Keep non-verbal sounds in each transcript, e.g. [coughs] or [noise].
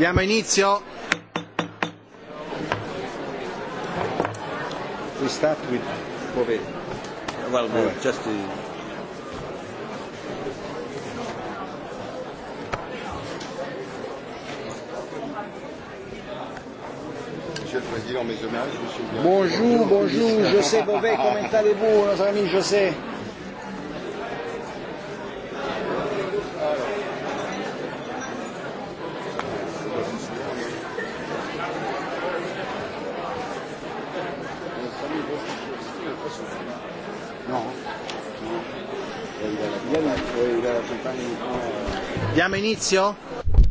Diamo inizio. We start with Bove. Well, Bove. Uh, just to... Bonjour, bonjour, José Bové, comment allez-vous, nos amis José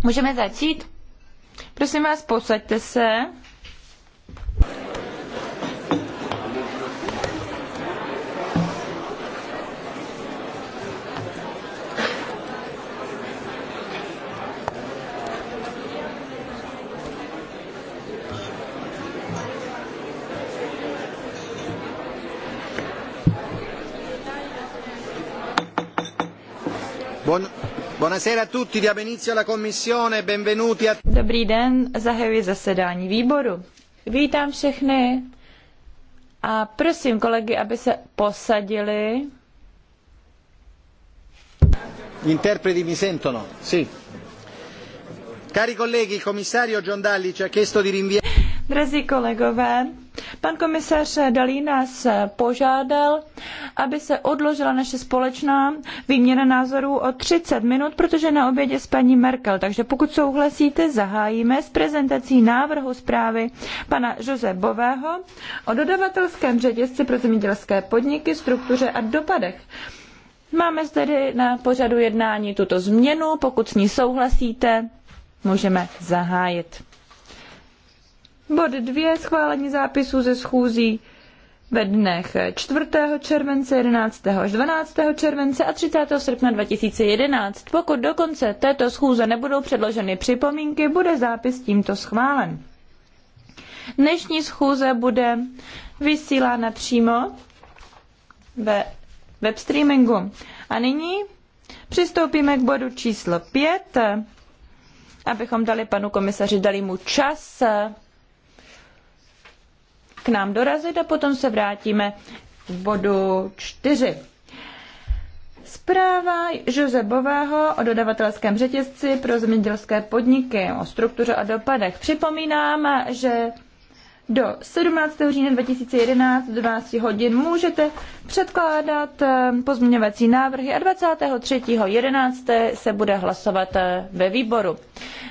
Můžeme začít? Prosím vás, posaďte se. Dobrý den, zahajuji zasedání výboru. Vítám všechny a prosím kolegy, aby se posadili. Gli interpreti mi sentono, sì. Cari colleghi, il commissario ci ha chiesto di rinviare... Drazí kolegové, Pan komisař Dalí nás požádal, aby se odložila naše společná výměna názorů o 30 minut, protože na obědě s paní Merkel. Takže pokud souhlasíte, zahájíme s prezentací návrhu zprávy pana Jose Bového o dodavatelském řetězci pro zemědělské podniky, struktuře a dopadech. Máme tedy na pořadu jednání tuto změnu, pokud s ní souhlasíte, můžeme zahájit. Bod 2. Schválení zápisu ze schůzí ve dnech 4. července, 11. až 12. července a 30. srpna 2011. Pokud do konce této schůze nebudou předloženy připomínky, bude zápis tímto schválen. Dnešní schůze bude vysílána přímo ve web streamingu. A nyní přistoupíme k bodu číslo 5, abychom dali panu komisaři dali mu čas nám dorazit a potom se vrátíme k bodu 4. Zpráva Jose Bového o dodavatelském řetězci pro zemědělské podniky, o struktuře a dopadech. Připomínám, že do 17. října 2011 do 12 hodin můžete předkládat eh, pozměňovací návrhy a 23. 11. se bude hlasovat eh, ve výboru.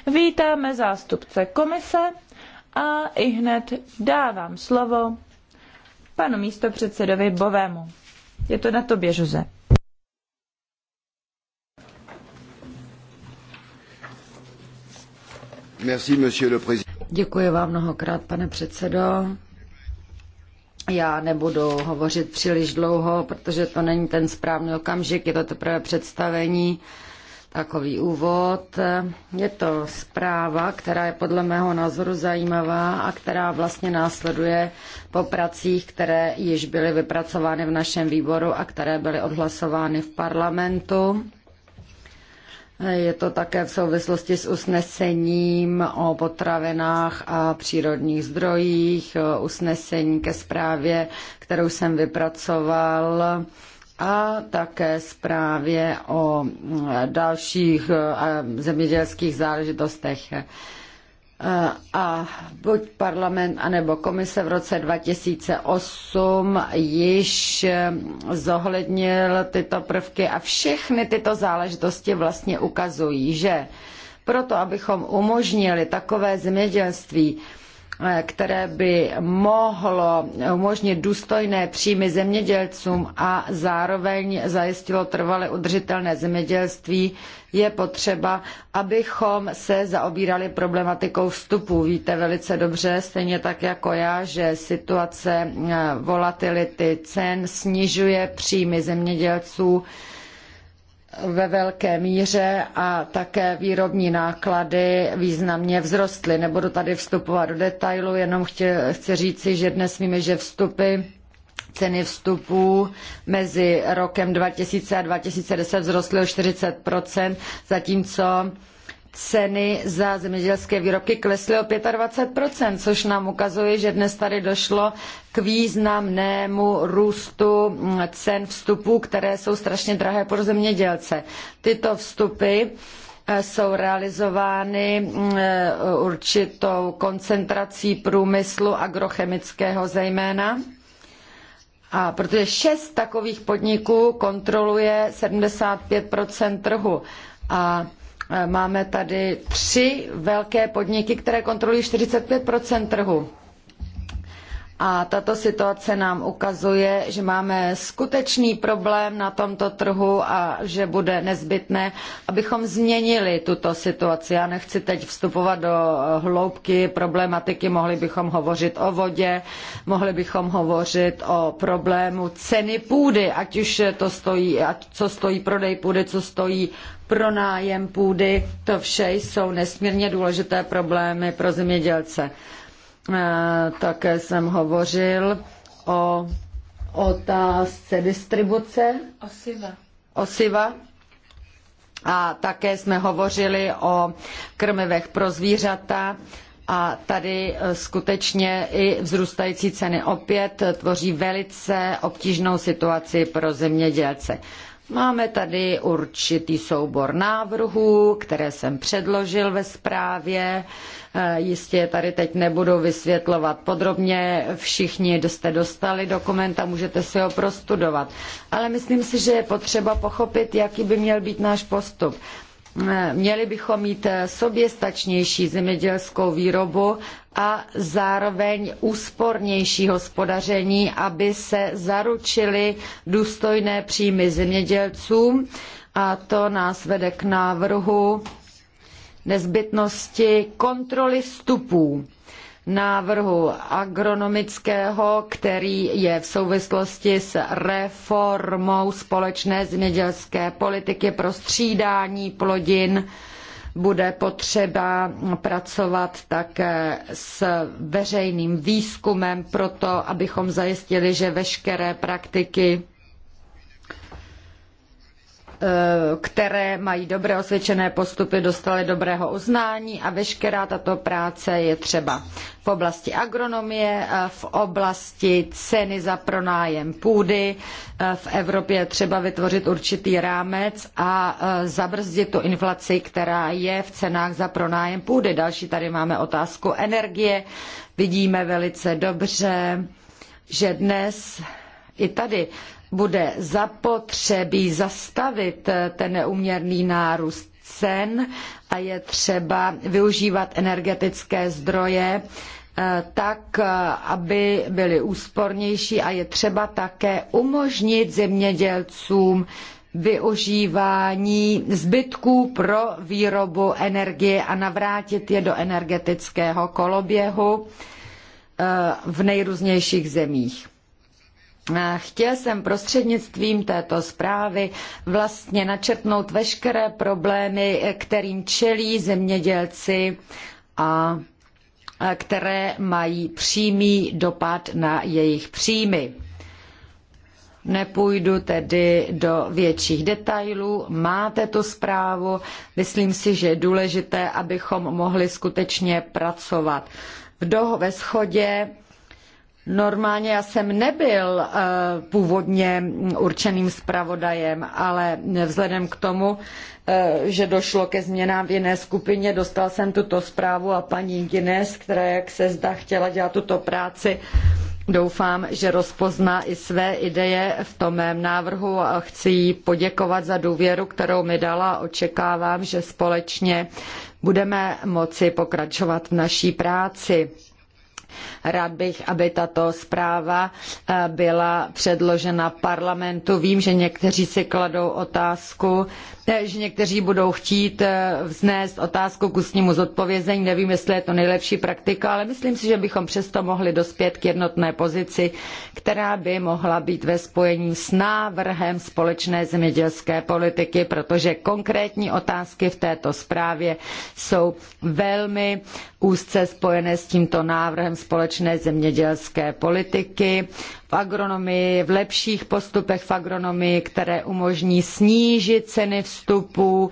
Vítáme zástupce komise a i hned dávám slovo panu místopředsedovi Bovému. Je to na tobě, Žuze. Děkuji vám mnohokrát, pane předsedo. Já nebudu hovořit příliš dlouho, protože to není ten správný okamžik, je to teprve představení takový úvod. Je to zpráva, která je podle mého názoru zajímavá a která vlastně následuje po pracích, které již byly vypracovány v našem výboru a které byly odhlasovány v parlamentu. Je to také v souvislosti s usnesením o potravinách a přírodních zdrojích, usnesení ke zprávě, kterou jsem vypracoval a také zprávě o dalších eh, zemědělských záležitostech. Eh, a buď parlament anebo komise v roce 2008 již eh, zohlednil tyto prvky a všechny tyto záležitosti vlastně ukazují, že proto, abychom umožnili takové zemědělství, které by mohlo umožnit důstojné příjmy zemědělcům a zároveň zajistilo trvale udržitelné zemědělství, je potřeba, abychom se zaobírali problematikou vstupu. Víte velice dobře, stejně tak jako já, že situace volatility cen snižuje příjmy zemědělců, ve velké míře a také výrobní náklady významně vzrostly. Nebudu tady vstupovat do detailu, jenom chci, chci říci, že dnes víme, že vstupy ceny vstupů mezi rokem 2000 a 2010 vzrostly o 40%, zatímco ceny za zemědělské výrobky klesly o 25%, což nám ukazuje, že dnes tady došlo k významnému růstu mm, cen vstupů, které jsou strašně drahé pro zemědělce. Tyto vstupy eh, jsou realizovány mm, eh, určitou koncentrací průmyslu agrochemického zejména. A protože šest takových podniků kontroluje 75 trhu. A Máme tady tři velké podniky, které kontrolují 45 trhu. A tato situace nám ukazuje, že máme skutečný problém na tomto trhu a že bude nezbytné, abychom změnili tuto situaci. Já nechci teď vstupovat do eh, hloubky problematiky, mohli bychom hovořit o vodě, mohli bychom hovořit o problému ceny půdy, ať už to stojí, ať co stojí prodej půdy, co stojí pronájem půdy, to vše jsou nesmírně důležité problémy pro zemědělce. Eh, také jsem hovořil o otázce distribuce osiva. osiva. A také jsme hovořili o krmivech pro zvířata. A tady eh, skutečně i vzrůstající ceny opět tvoří velice obtížnou situaci pro zemědělce. Máme tady určitý soubor návrhů, které jsem předložil ve zprávě. E, jistě tady teď nebudu vysvětlovat podrobně, všichni jste dostali dokument a můžete si ho prostudovat. Ale myslím si, že je potřeba pochopit, jaký by měl být náš postup. Měli bychom mít eh, soběstačnější zemědělskou výrobu a zároveň úspornější hospodaření, aby se zaručily důstojné příjmy zemědělcům. A to nás vede k návrhu nezbytnosti kontroly vstupů návrhu agronomického, který je v souvislosti s reformou společné zemědělské politiky pro střídání plodin bude potřeba pracovat také s veřejným výzkumem proto, abychom zajistili, že veškeré praktiky Eh, které mají dobré osvědčené postupy, dostaly dobrého uznání a veškerá tato práce je třeba v oblasti agronomie, eh, v oblasti ceny za pronájem půdy. Eh, v Evropě je třeba vytvořit určitý rámec a zabrzdit tu inflaci, která je v cenách za pronájem půdy. Další tady máme otázku energie. Vidíme velice dobře, že dnes i tady bude zapotřebí zastavit eh, ten neuměrný nárůst cen a je třeba využívat energetické zdroje eh, tak, eh, aby byly úspornější a je třeba také umožnit zemědělcům využívání zbytků pro výrobu energie a navrátit je do energetického koloběhu v nejrůznějších zemích. Chtěl jsem prostřednictvím této zprávy vlastně načrtnout veškeré problémy, kterým čelí zemědělci a které mají přímý dopad na jejich příjmy. Nepůjdu tedy do větších detailů. Máte tu zprávu. Myslím si, že je důležité, abychom mohli skutečně pracovat v doho ve Normálně já jsem nebyl eh, původně určeným zpravodajem, ale vzhledem k tomu, eh, že došlo ke změnám v jiné skupině, dostal jsem tuto zprávu a paní Guinness, která, jak se zdá, chtěla dělat tuto práci, Doufám, že rozpozná i své ideje v tom mém návrhu a chci jí poděkovat za důvěru, kterou mi dala a očekávám, že společně budeme moci pokračovat v naší práci. Rád bych, aby tato zpráva eh, byla předložena parlamentu. Vím, že někteří si kladou otázku, že někteří budou chtít eh, vznést otázku k ústnímu zodpovězení. Nevím, jestli je to nejlepší praktika, ale myslím si, že bychom přesto mohli dospět k jednotné pozici, která by mohla být ve spojení s návrhem společné zemědělské politiky, protože konkrétní otázky v této zprávě jsou velmi úzce spojené s tímto návrhem společné zemědělské politiky v agronomii, v lepších postupech v agronomii, které umožní snížit ceny vstupů,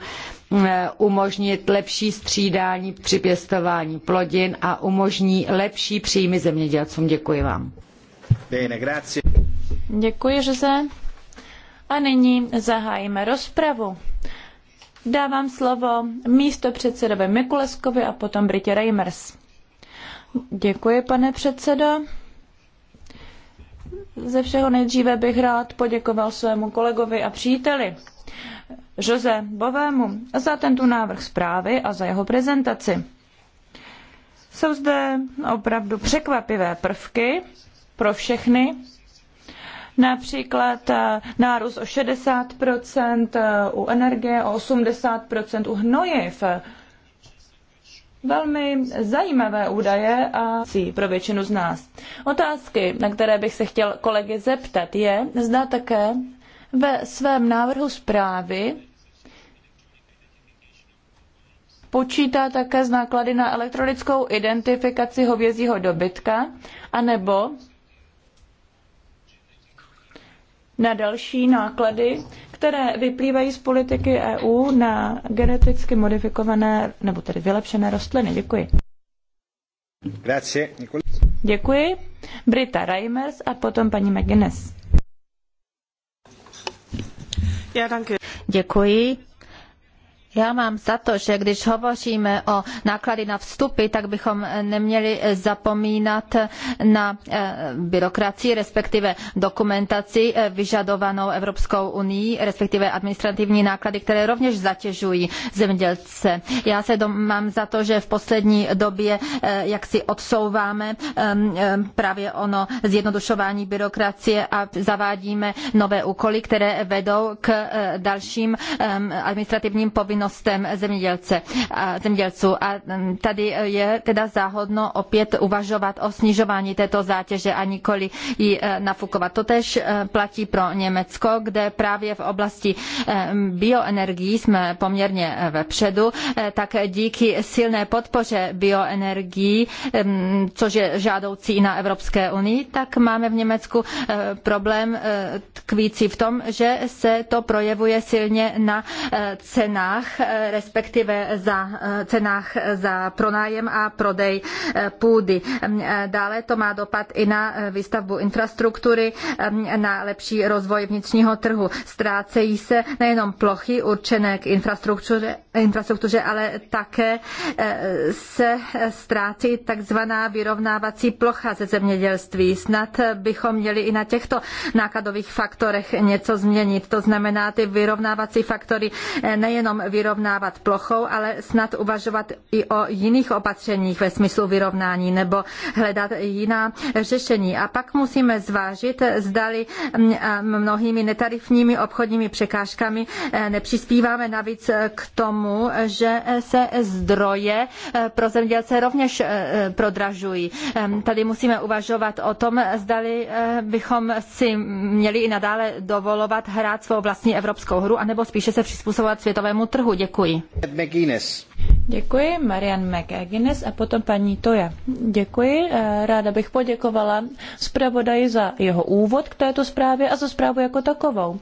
eh, umožnit lepší střídání při pěstování plodin a umožní lepší příjmy zemědělcům. Děkuji vám. Děkuji, Jose. A nyní zahájíme rozpravu. Dávám slovo místo předsedovi Mikuleskovi a potom Britě Reimers. Děkuji, pane předsedo. Ze všeho nejdříve bych rád poděkoval svému kolegovi a příteli Jose Bovému za tento návrh zprávy a za jeho prezentaci. Jsou zde opravdu překvapivé prvky pro všechny, například eh, nárůst o 60 eh, u energie, o 80 u hnojiv velmi zajímavé údaje a pro většinu z nás. Otázky, na které bych se chtěl kolegy zeptat, je, zda také ve svém návrhu zprávy počítá také z náklady na elektronickou identifikaci hovězího dobytka, anebo na další náklady, které vyplývají z politiky EU na geneticky modifikované nebo tedy vylepšené rostliny. Děkuji. Děkuji. Brita Reimers a potom paní McGuinness. Děkuji. Já mám za to, že když hovoříme o náklady na vstupy, tak bychom neměli zapomínat na eh, byrokracii, respektive dokumentaci eh, vyžadovanou Evropskou unii, respektive administrativní náklady, které rovněž zatěžují zemědělce. Já se dom- mám za to, že v poslední době eh, jak si odsouváme ehm, ehm, právě ono zjednodušování byrokracie a zavádíme nové úkoly, které vedou k dalším ehm, administrativním povinnostem povinnostem zemědělce, zemědělců. A tady je teda záhodno opět uvažovat o snižování této zátěže a nikoli ji e, nafukovat. Totež e, platí pro Německo, kde právě v oblasti e, bioenergií jsme poměrně vepředu, tak díky silné podpoře bioenergií, což je žádoucí i na Evropské unii, tak máme v Německu problém tkvící v tom, že se to projevuje silně na cenách cenách, respektive za eh, cenách za pronájem a prodej eh, půdy. Eh, dále to má dopad i na výstavbu infrastruktury, na lepší rozvoj vnitřního trhu. Ztrácejí se nejenom plochy určené k infrastruktuře, infrastruktuře ale také se ztrácí takzvaná vyrovnávací plocha ze zemědělství. Snad bychom měli i na těchto nákladových faktorech něco změnit. To znamená ty vyrovnávací faktory nejenom vyrovnávací vyrovnávat plochou, ale snad uvažovat i o jiných opatřeních ve smyslu vyrovnání nebo hledat jiná řešení. A pak musíme zvážit, zdali mm, mnohými netarifními obchodními překážkami e, nepřispíváme navíc k tomu, že se zdroje e, pro zemědělce rovněž e, prodražují. Tady musíme uvažovat o tom, zdali bychom si měli i nadále dovolovat hrát svou vlastní evropskou hru, anebo spíše se přizpůsobovat světovému trhu návrhu. Děkuji. McGuinness. Děkuji, Marian McGuinness a potom paní Toja. Děkuji, eh, ráda bych poděkovala zpravodaji za jeho úvod k této zprávě a za zprávu jako takovou.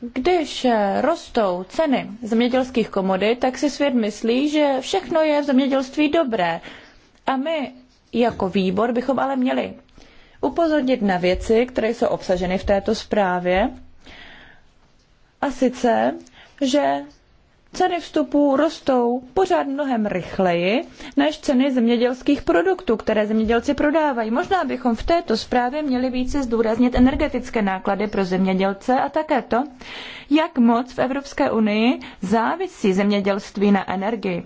Když eh, rostou ceny zemědělských komodit, tak si svět myslí, že všechno je v zemědělství dobré. A my jako výbor bychom ale měli upozornit na věci, které jsou obsaženy v této zprávě a sice, že ceny vstupů rostou pořád mnohem rychleji než ceny zemědělských produktů, které zemědělci prodávají. Možná bychom v této zprávě měli více zdůraznit energetické náklady pro zemědělce a také to, jak moc v Evropské unii závisí zemědělství na energii.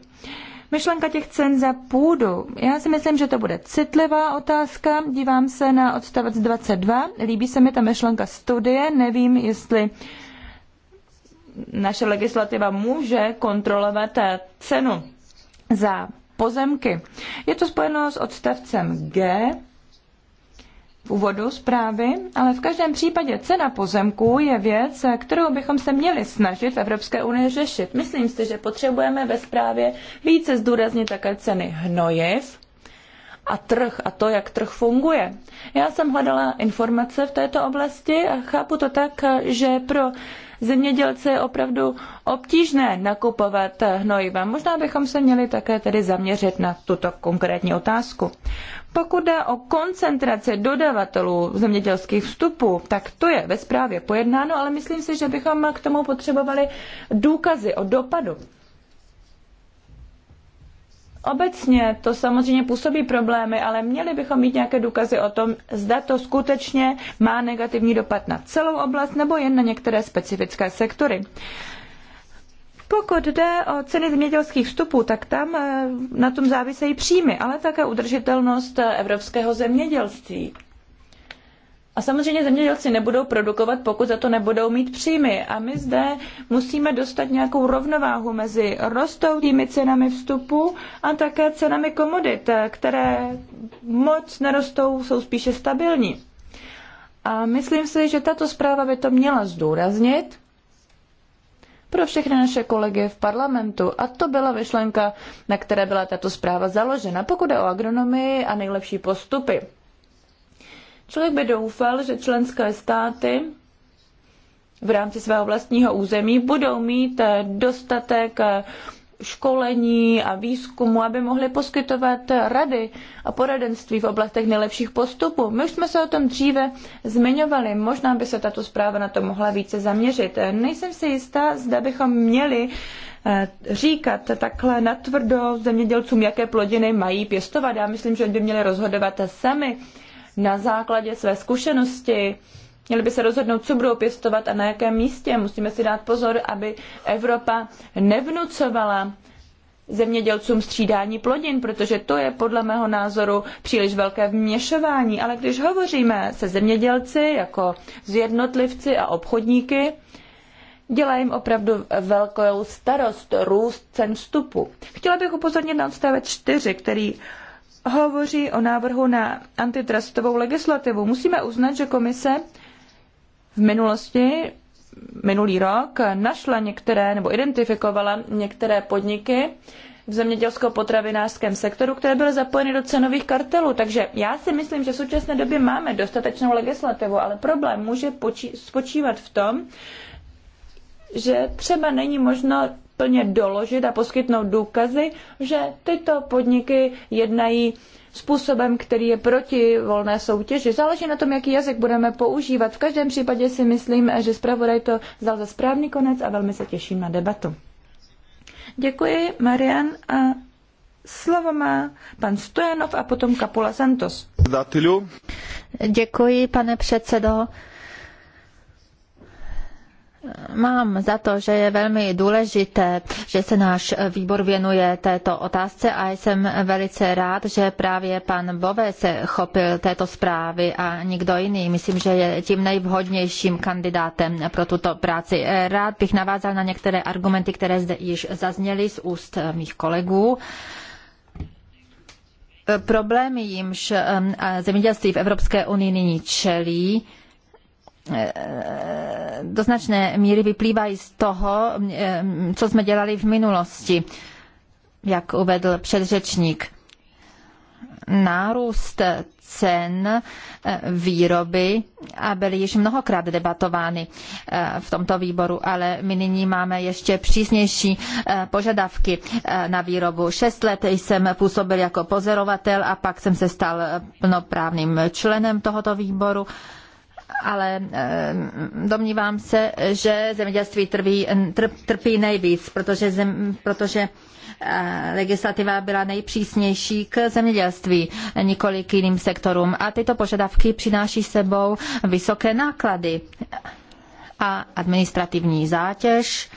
Myšlenka těch cen za půdu. Já si myslím, že to bude citlivá otázka. Dívám se na odstavec 22. Líbí se mi ta myšlenka studie. Nevím, jestli naše legislativa může kontrolovat eh, cenu za pozemky. Je to spojeno s odstavcem G v úvodu zprávy, ale v každém případě cena pozemků je věc, eh, kterou bychom se měli snažit v Evropské unii řešit. Myslím si, že potřebujeme ve zprávě více zdůraznit také ceny hnojiv, a trh a to, jak trh funguje. Já jsem hledala informace v této oblasti a chápu to tak, eh, že pro zemědělce je opravdu obtížné nakupovat hnojiva. Možná bychom se měli také tedy zaměřit na tuto konkrétní otázku. Pokud jde o koncentraci dodavatelů zemědělských vstupů, tak to je ve zprávě pojednáno, ale myslím si, že bychom k tomu potřebovali důkazy o dopadu. Obecně to samozřejmě působí problémy, ale měli bychom mít nějaké důkazy o tom, zda to skutečně má negativní dopad na celou oblast nebo jen na některé specifické sektory. Pokud jde o ceny zemědělských vstupů, tak tam eh, na tom závisejí příjmy, ale také udržitelnost eh, evropského zemědělství. A samozřejmě zemědělci nebudou produkovat, pokud za to nebudou mít příjmy. A my zde musíme dostat nějakou rovnováhu mezi rostoucími cenami vstupu a také cenami komodit, které moc nerostou, jsou spíše stabilní. A myslím si, že tato zpráva by to měla zdůraznit pro všechny naše kolegy v parlamentu. A to byla vyšlenka, na které byla tato zpráva založena, pokud je o agronomii a nejlepší postupy. Člověk by doufal, že členské státy v rámci svého vlastního území budou mít eh, dostatek eh, školení a výzkumu, aby mohli poskytovat eh, rady a poradenství v oblastech nejlepších postupů. My už jsme se o tom dříve zmiňovali, možná by se tato zpráva na to mohla více zaměřit. Nejsem si jistá, zda bychom měli říkat takhle natvrdo zemědělcům, jaké plodiny mají pěstovat. Já myslím, že by měli rozhodovat sami na základě své zkušenosti. Měli by se rozhodnout, co budou pěstovat a na jakém místě. Musíme si dát pozor, aby Evropa nevnucovala zemědělcům střídání plodin, protože to je podle mého názoru příliš velké vměšování. Ale když hovoříme se zemědělci jako s jednotlivci a obchodníky, dělá jim opravdu velkou starost růst cen vstupu. Chtěla bych upozornit na odstavec 4, který hovoří o návrhu na antitrustovou legislativu. Musíme uznat, že komise v minulosti, minulý rok, našla některé nebo identifikovala některé podniky v zemědělsko-potravinářském sektoru, které byly zapojeny do cenových kartelů. Takže já si myslím, že v současné době máme dostatečnou legislativu, ale problém může spočívat v tom, že třeba není možno plně doložit a poskytnout důkazy, že tyto podniky jednají způsobem, který je proti volné soutěži. Záleží na tom, jaký jazyk budeme používat. V každém případě si myslím, že zpravodaj to vzal za správný konec a velmi se těším na debatu. Děkuji, Marian. A slovo má pan Stojanov a potom Kapula Santos. Děkuji, pane předsedo. Mám za to, že je velmi důležité, že se náš výbor věnuje této otázce a jsem velice rád, že právě pan Bové se chopil této zprávy a nikdo jiný. Myslím, že je tím nejvhodnějším kandidátem pro tuto práci. Rád bych navázal na některé argumenty, které zde již zazněly z úst mých kolegů problémy, jimž eh, zemědělství v Evropské unii nyní čelí, Eh, do značné míry vyplývají z toho, eh, co jsme dělali v minulosti, jak uvedl předřečník. Nárůst cen eh, výroby a byly již mnohokrát debatovány v tomto výboru, ale my nyní máme ještě přísnější požadavky na výrobu. Šest let jsem působil jako pozorovatel a pak jsem se stal plnoprávným členem tohoto výboru ale eh, domnívám se, že zemědělství trví, trpí nejvíc, protože, zem, protože eh, legislativa byla nejpřísnější k zemědělství, nikoli k jiným sektorům. A tyto požadavky přináší sebou vysoké náklady a administrativní zátěž,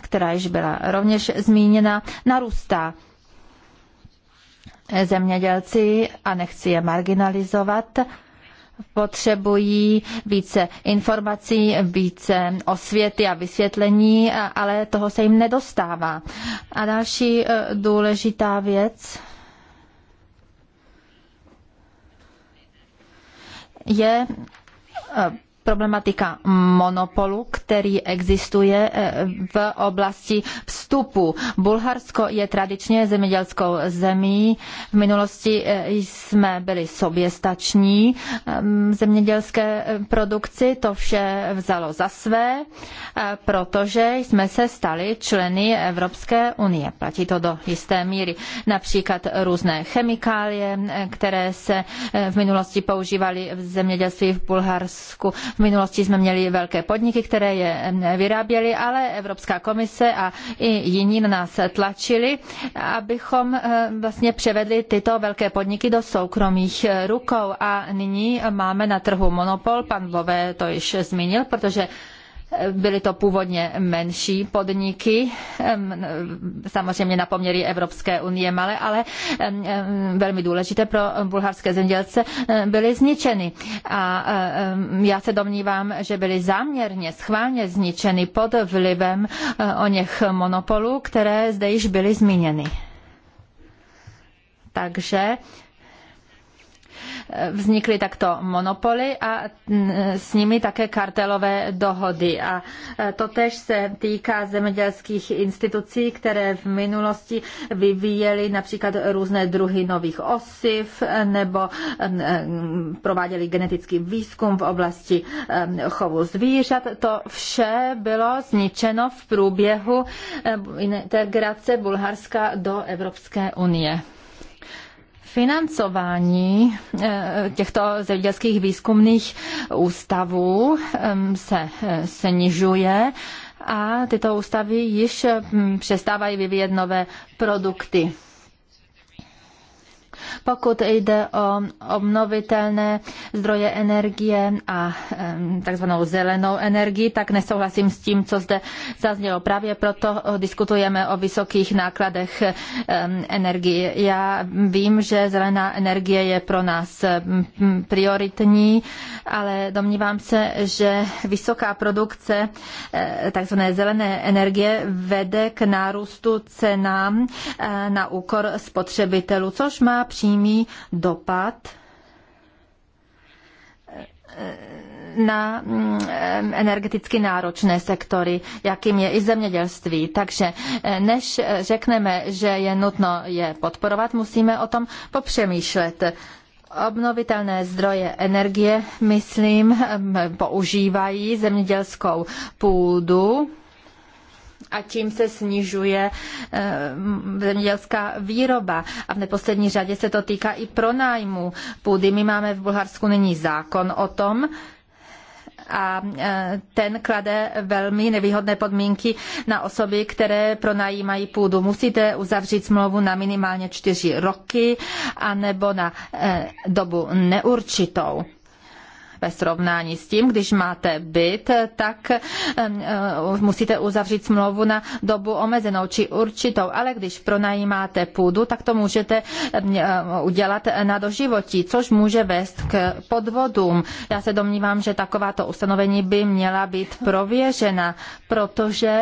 která již byla rovněž zmíněna, narůstá zemědělci, a nechci je marginalizovat, potřebují více informací, více osvěty a vysvětlení, ale toho se jim nedostává. A další eh, důležitá věc je eh, problematika monopolu, který existuje eh, v oblasti vstupu. Bulharsko je tradičně zemědělskou zemí. V minulosti eh, jsme byli soběstační ehm, zemědělské eh, produkci. To vše vzalo za své, protože jsme se stali členy Evropské unie. Platí to do jisté míry. Například různé chemikálie, které se v minulosti používaly v zemědělství v Bulharsku minulosti jsme měli velké podniky, které je vyráběly, ale Evropská komise a i jiní na nás tlačili, abychom eh, vlastně převedli tyto velké podniky do soukromých eh, rukou. A nyní máme na trhu monopol, pan Bové to již zmínil, protože Byly to původně menší podniky, samozřejmě na poměry Evropské unie malé, ale velmi důležité pro bulharské zemědělce, byly zničeny. A já se domnívám, že byly záměrně, schválně zničeny pod vlivem e, o něch monopolů, které zde již byly zmíněny. Takže vznikly takto monopoly a mm, s nimi také kartelové dohody. A e, totež se týká zemědělských institucí, které v minulosti vyvíjely například různé druhy nových osiv nebo mm, e, mm, prováděly genetický výzkum v oblasti chovu zvířat. To vše bylo zničeno v průběhu e, integrace Bulharska do Evropské unie. Financování eh, těchto zemědělských výzkumných ústavů se eh, snižuje a tyto ústavy již mm, přestávají vyvíjet nové produkty. Pokud jde o obnovitelné zdroje energie a takzvanou zelenou energii, tak nesouhlasím s tím, co zde zaznělo. Právě proto diskutujeme o vysokých nákladech energie. Já vím, že zelená energie je pro nás prioritní, ale domnívám se, že vysoká produkce eh, takzvané zelené energie vede k nárůstu cenám eh, na úkor spotřebitelů, což má přímý dopad eh, na mm, energeticky náročné sektory, jakým je i zemědělství. Takže eh, než řekneme, že je nutno je podporovat, musíme o tom popřemýšlet. Obnovitelné zdroje energie, myslím, eh, používají zemědělskou půdu a tím se snižuje eh, zemědělská výroba. A v neposlední řadě se to týká i pronájmu půdy. My máme v Bulharsku nyní zákon o tom, a eh, ten klade velmi nevýhodné podmínky na osoby, které pronajímají půdu. Musíte uzavřít smlouvu na minimálně čtyři roky anebo na eh, dobu neurčitou ve srovnání s tím, když máte byt, tak eh, eh, musíte uzavřít smlouvu na dobu omezenou či určitou, ale když pronajímáte půdu, tak to můžete eh, udělat na doživotí, což může vést k podvodům. Já se domnívám, že takováto ustanovení by měla být prověřena, protože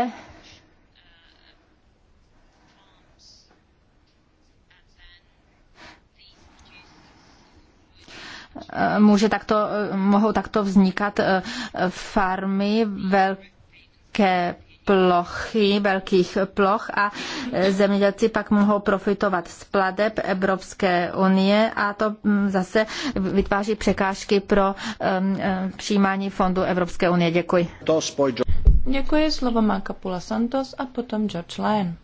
může takto, mohou takto vznikat eh, farmy velké plochy, velkých ploch a eh, zemědělci pak mohou profitovat z pladeb Evropské unie a to hm, zase vytváří překážky pro um, přijímání fondu Evropské unie. Děkuji. Děkuji, slovo má Kapula Santos a potom George Lyon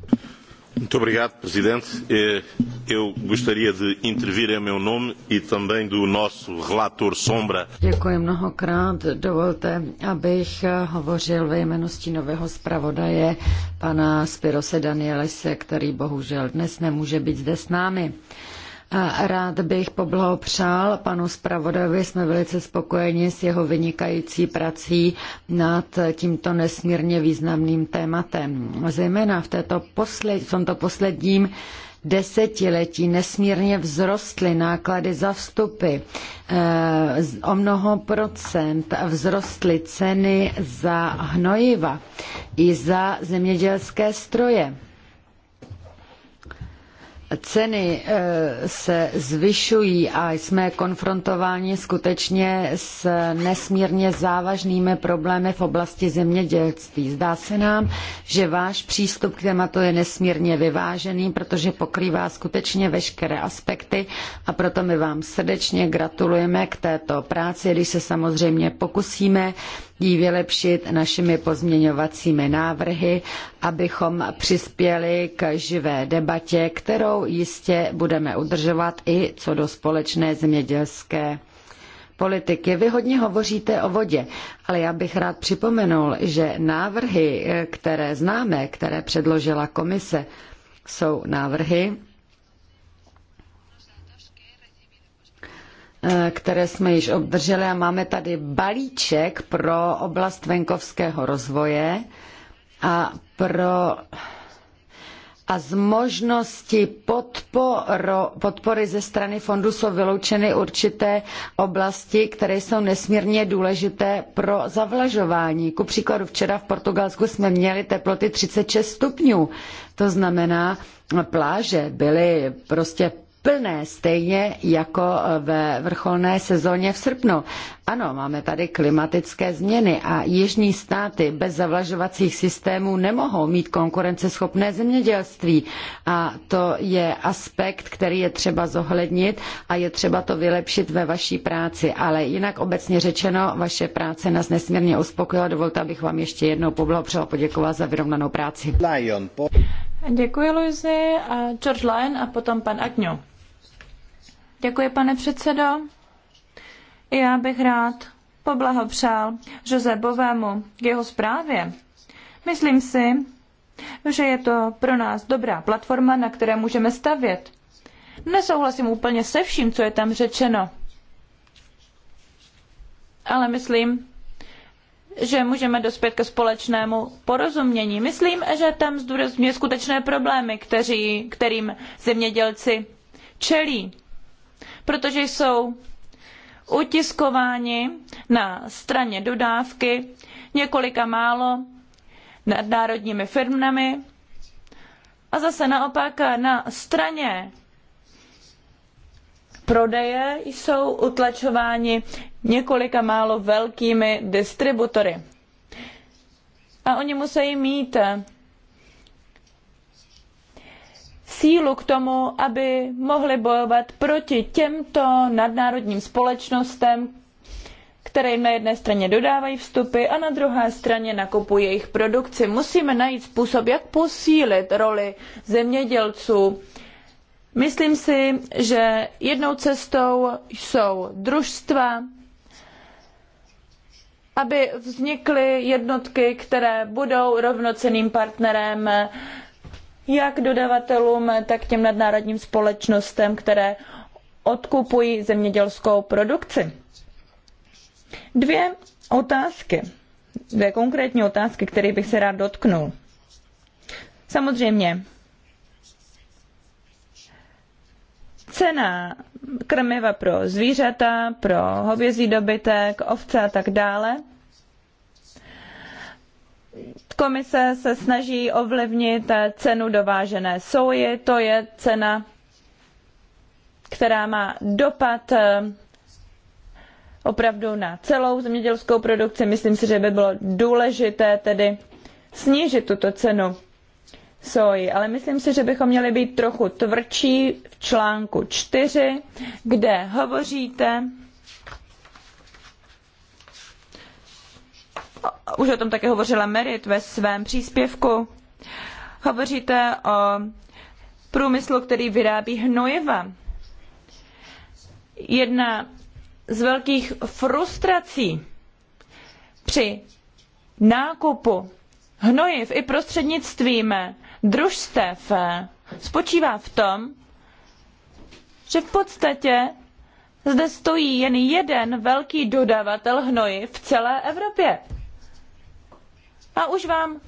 senhor Presidente. Eh, eu gostaria de intervir em meu nome e também do nosso relator Sombra. Děkuji mnohokrát. Dovolte, abych hovořil ve jménu stínového zpravodaje pana Spirose Danielese, který bohužel dnes nemůže být zde s námi. Uh, rád bych poblahopřál panu zpravodajovi, jsme velice spokojeni s jeho vynikající prací nad tímto nesmírně významným tématem. Zejména v, této posled, v tomto posledním desetiletí nesmírně vzrostly náklady za vstupy. Eh, o mnoho procent vzrostly ceny za hnojiva i za zemědělské stroje ceny eh, se zvyšují a jsme konfrontováni skutečně s nesmírně závažnými problémy v oblasti zemědělství. Zdá se nám, že váš přístup k tématu je nesmírně vyvážený, protože pokrývá skutečně veškeré aspekty a proto my vám srdečně gratulujeme k této práci, když se samozřejmě pokusíme ji vylepšit našimi pozměňovacími návrhy, abychom přispěli k živé debatě, kterou jistě budeme udržovat i co do společné zemědělské politiky. Vy hodně hovoříte o vodě, ale já bych rád připomenul, že návrhy, které známe, které předložila komise, jsou návrhy, Eh, které jsme již obdrželi a máme tady balíček pro oblast venkovského rozvoje a pro a z možnosti podporo, podpory ze strany fondu jsou vyloučeny určité oblasti, které jsou nesmírně důležité pro zavlažování. Ku příkladu včera v Portugalsku jsme měli teploty 36 stupňů. To znamená, pláže byly prostě plné, stejně jako ve vrcholné sezóně v srpnu. Ano, máme tady klimatické změny a jižní státy bez zavlažovacích systémů nemohou mít konkurenceschopné zemědělství. A to je aspekt, který je třeba zohlednit a je třeba to vylepšit ve vaší práci. Ale jinak obecně řečeno, vaše práce nás nesmírně uspokojila. Dovolte, abych vám ještě jednou poblahopřela poděkovala za vyrovnanou práci. Lion, po... Děkuji, Luizi. George Lyon a potom pan Agňo. Děkuji, pane předsedo. Já bych rád poblahopřál Josebovému k jeho zprávě. Myslím si, že je to pro nás dobrá platforma, na které můžeme stavět. Nesouhlasím úplně se vším, co je tam řečeno. Ale myslím, že můžeme dospět ke společnému porozumění. Myslím, že tam zdůrazňuje skutečné problémy, kteří, kterým zemědělci čelí protože jsou utiskováni na straně dodávky několika málo nadnárodními firmami a zase naopak na straně prodeje jsou utlačováni několika málo velkými distributory. A oni musí mít sílu k tomu, aby mohli bojovat proti těmto nadnárodním společnostem, které jim na jedné straně dodávají vstupy a na druhé straně nakupují jejich produkci. Musíme najít způsob, jak posílit roli zemědělců. Myslím si, že jednou cestou jsou družstva, aby vznikly jednotky, které budou rovnocenným partnerem jak dodavatelům, tak těm nadnárodním společnostem, které odkupují zemědělskou produkci. Dvě otázky, dvě konkrétní otázky, které bych se rád dotknul. Samozřejmě, cena krmiva pro zvířata, pro hovězí dobytek, ovce a tak dále – Komise se snaží ovlivnit cenu dovážené soji, to je cena, která má dopad eh, opravdu na celou zemědělskou produkci. Myslím si, že by bylo důležité tedy snížit tuto cenu soji, ale myslím si, že bychom měli být trochu tvrdší v článku 4, kde hovoříte už o tom také hovořila Merit ve svém příspěvku. Hovoříte o průmyslu, který vyrábí hnojiva. Jedna z velkých frustrací při nákupu hnojiv i prostřednictvím družstev spočívá v tom, že v podstatě zde stojí jen jeden velký dodavatel hnojiv v celé Evropě a už vám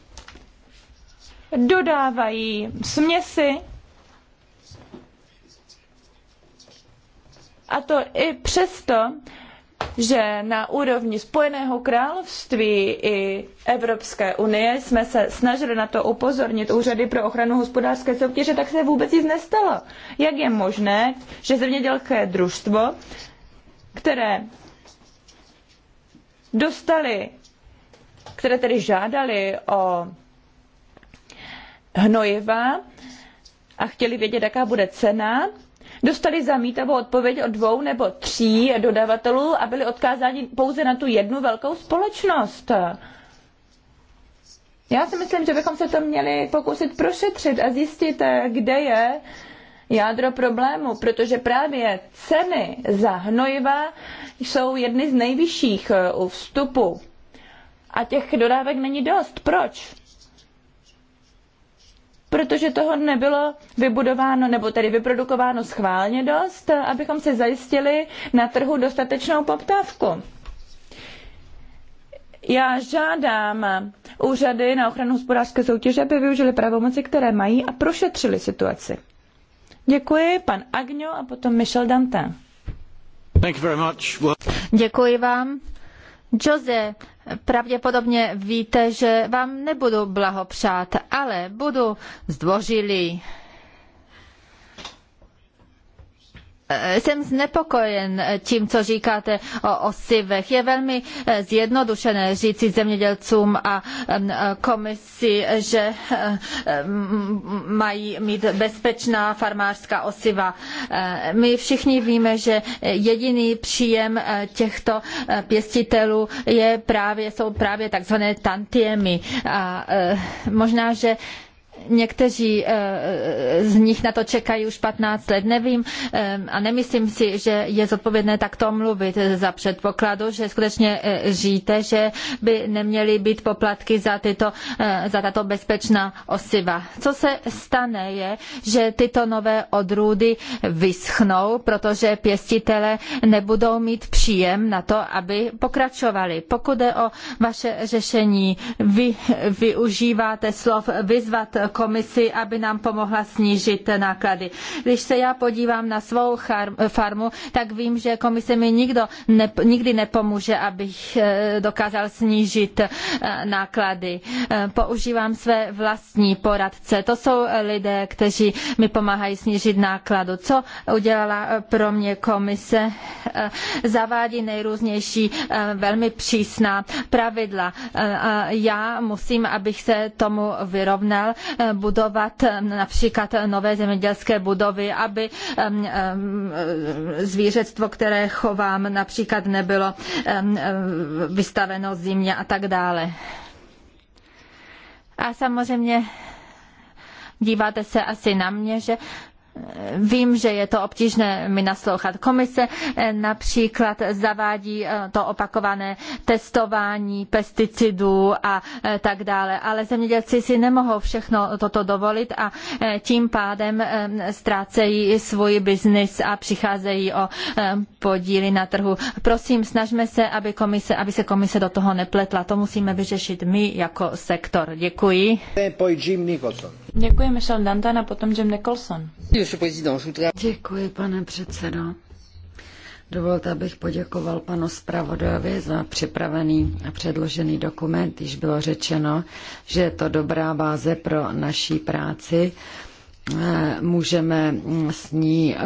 dodávají směsi, a to i přesto, že na úrovni Spojeného království i Evropské unie jsme se snažili na to upozornit úřady pro ochranu hospodářské soutěže, tak se vůbec nic nestalo. Jak je možné, že zemědělské družstvo, které dostali které tedy žádali o hnojiva a chtěli vědět, jaká bude cena, dostali zamítavou odpověď od dvou nebo tří dodavatelů a byli odkázáni pouze na tu jednu velkou společnost. Já si myslím, že bychom se to měli pokusit prošetřit a zjistit, kde je jádro problému, protože právě ceny za hnojiva jsou jedny z nejvyšších u vstupu a těch dodávek není dost. Proč? Protože toho nebylo vybudováno nebo tedy vyprodukováno schválně dost, abychom si zajistili na trhu dostatečnou poptávku. Já žádám úřady na ochranu hospodářské soutěže, aby využili pravomoci, které mají a prošetřili situaci. Děkuji, pan Agňo a potom Michel Dante. Děkuji vám. Jose, pravděpodobně víte, že vám nebudu blahopřát, ale budu zdvořilý. Eh, jsem znepokojen eh, tím, co říkáte o osivech. Je velmi eh, zjednodušené říci zemědělcům a mm, komisi, že mm, mm, mají mít bezpečná farmářská osiva. My všichni víme, že jediný příjem těchto pěstitelů je právě, jsou právě takzvané tantiemy. A možná, že Někteří eh, z nich na to čekají už 15 let, nevím eh, a nemyslím si, že je zodpovědné takto mluvit za předpokladu, že skutečně eh, žijete, že by neměly být poplatky za, tyto, za tato bezpečná osiva. Co se stane je, že tyto nové odrůdy vyschnou, protože pěstitele nebudou mít příjem na to, aby pokračovali. Pokud je o vaše řešení, vy využíváte slov vyzvat komisi, aby nám pomohla snížit náklady. Když se já podívám na svou farmu, tak vím, že komise mi nikdo ne, nikdy nepomůže, abych eh, dokázal snížit eh, náklady. Eh, používám své vlastní poradce. To jsou lidé, kteří mi pomáhají snížit nákladu. Co udělala pro mě komise? Zavádí nejrůznější velmi přísná pravidla. Já musím, abych se tomu vyrovnal, budovat například nové zemědělské budovy, aby zvířectvo, které chovám, například nebylo vystaveno zimě a tak dále. A samozřejmě díváte se asi na mě, že Vím, že je to obtížné mi naslouchat. Komise například zavádí eh, to opakované testování pesticidů a eh, tak dále, ale zemědělci si nemohou všechno toto dovolit a eh, tím pádem ztrácejí svůj biznis a přicházejí o podíly na trhu. Prosím, snažme se, aby, komise, aby se komise do toho nepletla. To musíme vyřešit my jako sektor. Děkuji. Poi Jim Nicholson. Děkuji Michel Dantan a potom Jim Nicholson. Děkuji, pane předsedo. Dovolte, abych poděkoval panu zpravodajovi za připravený a předložený dokument. Již bylo řečeno, že je to dobrá báze pro naší práci. Eh, můžeme mm, s ní eh,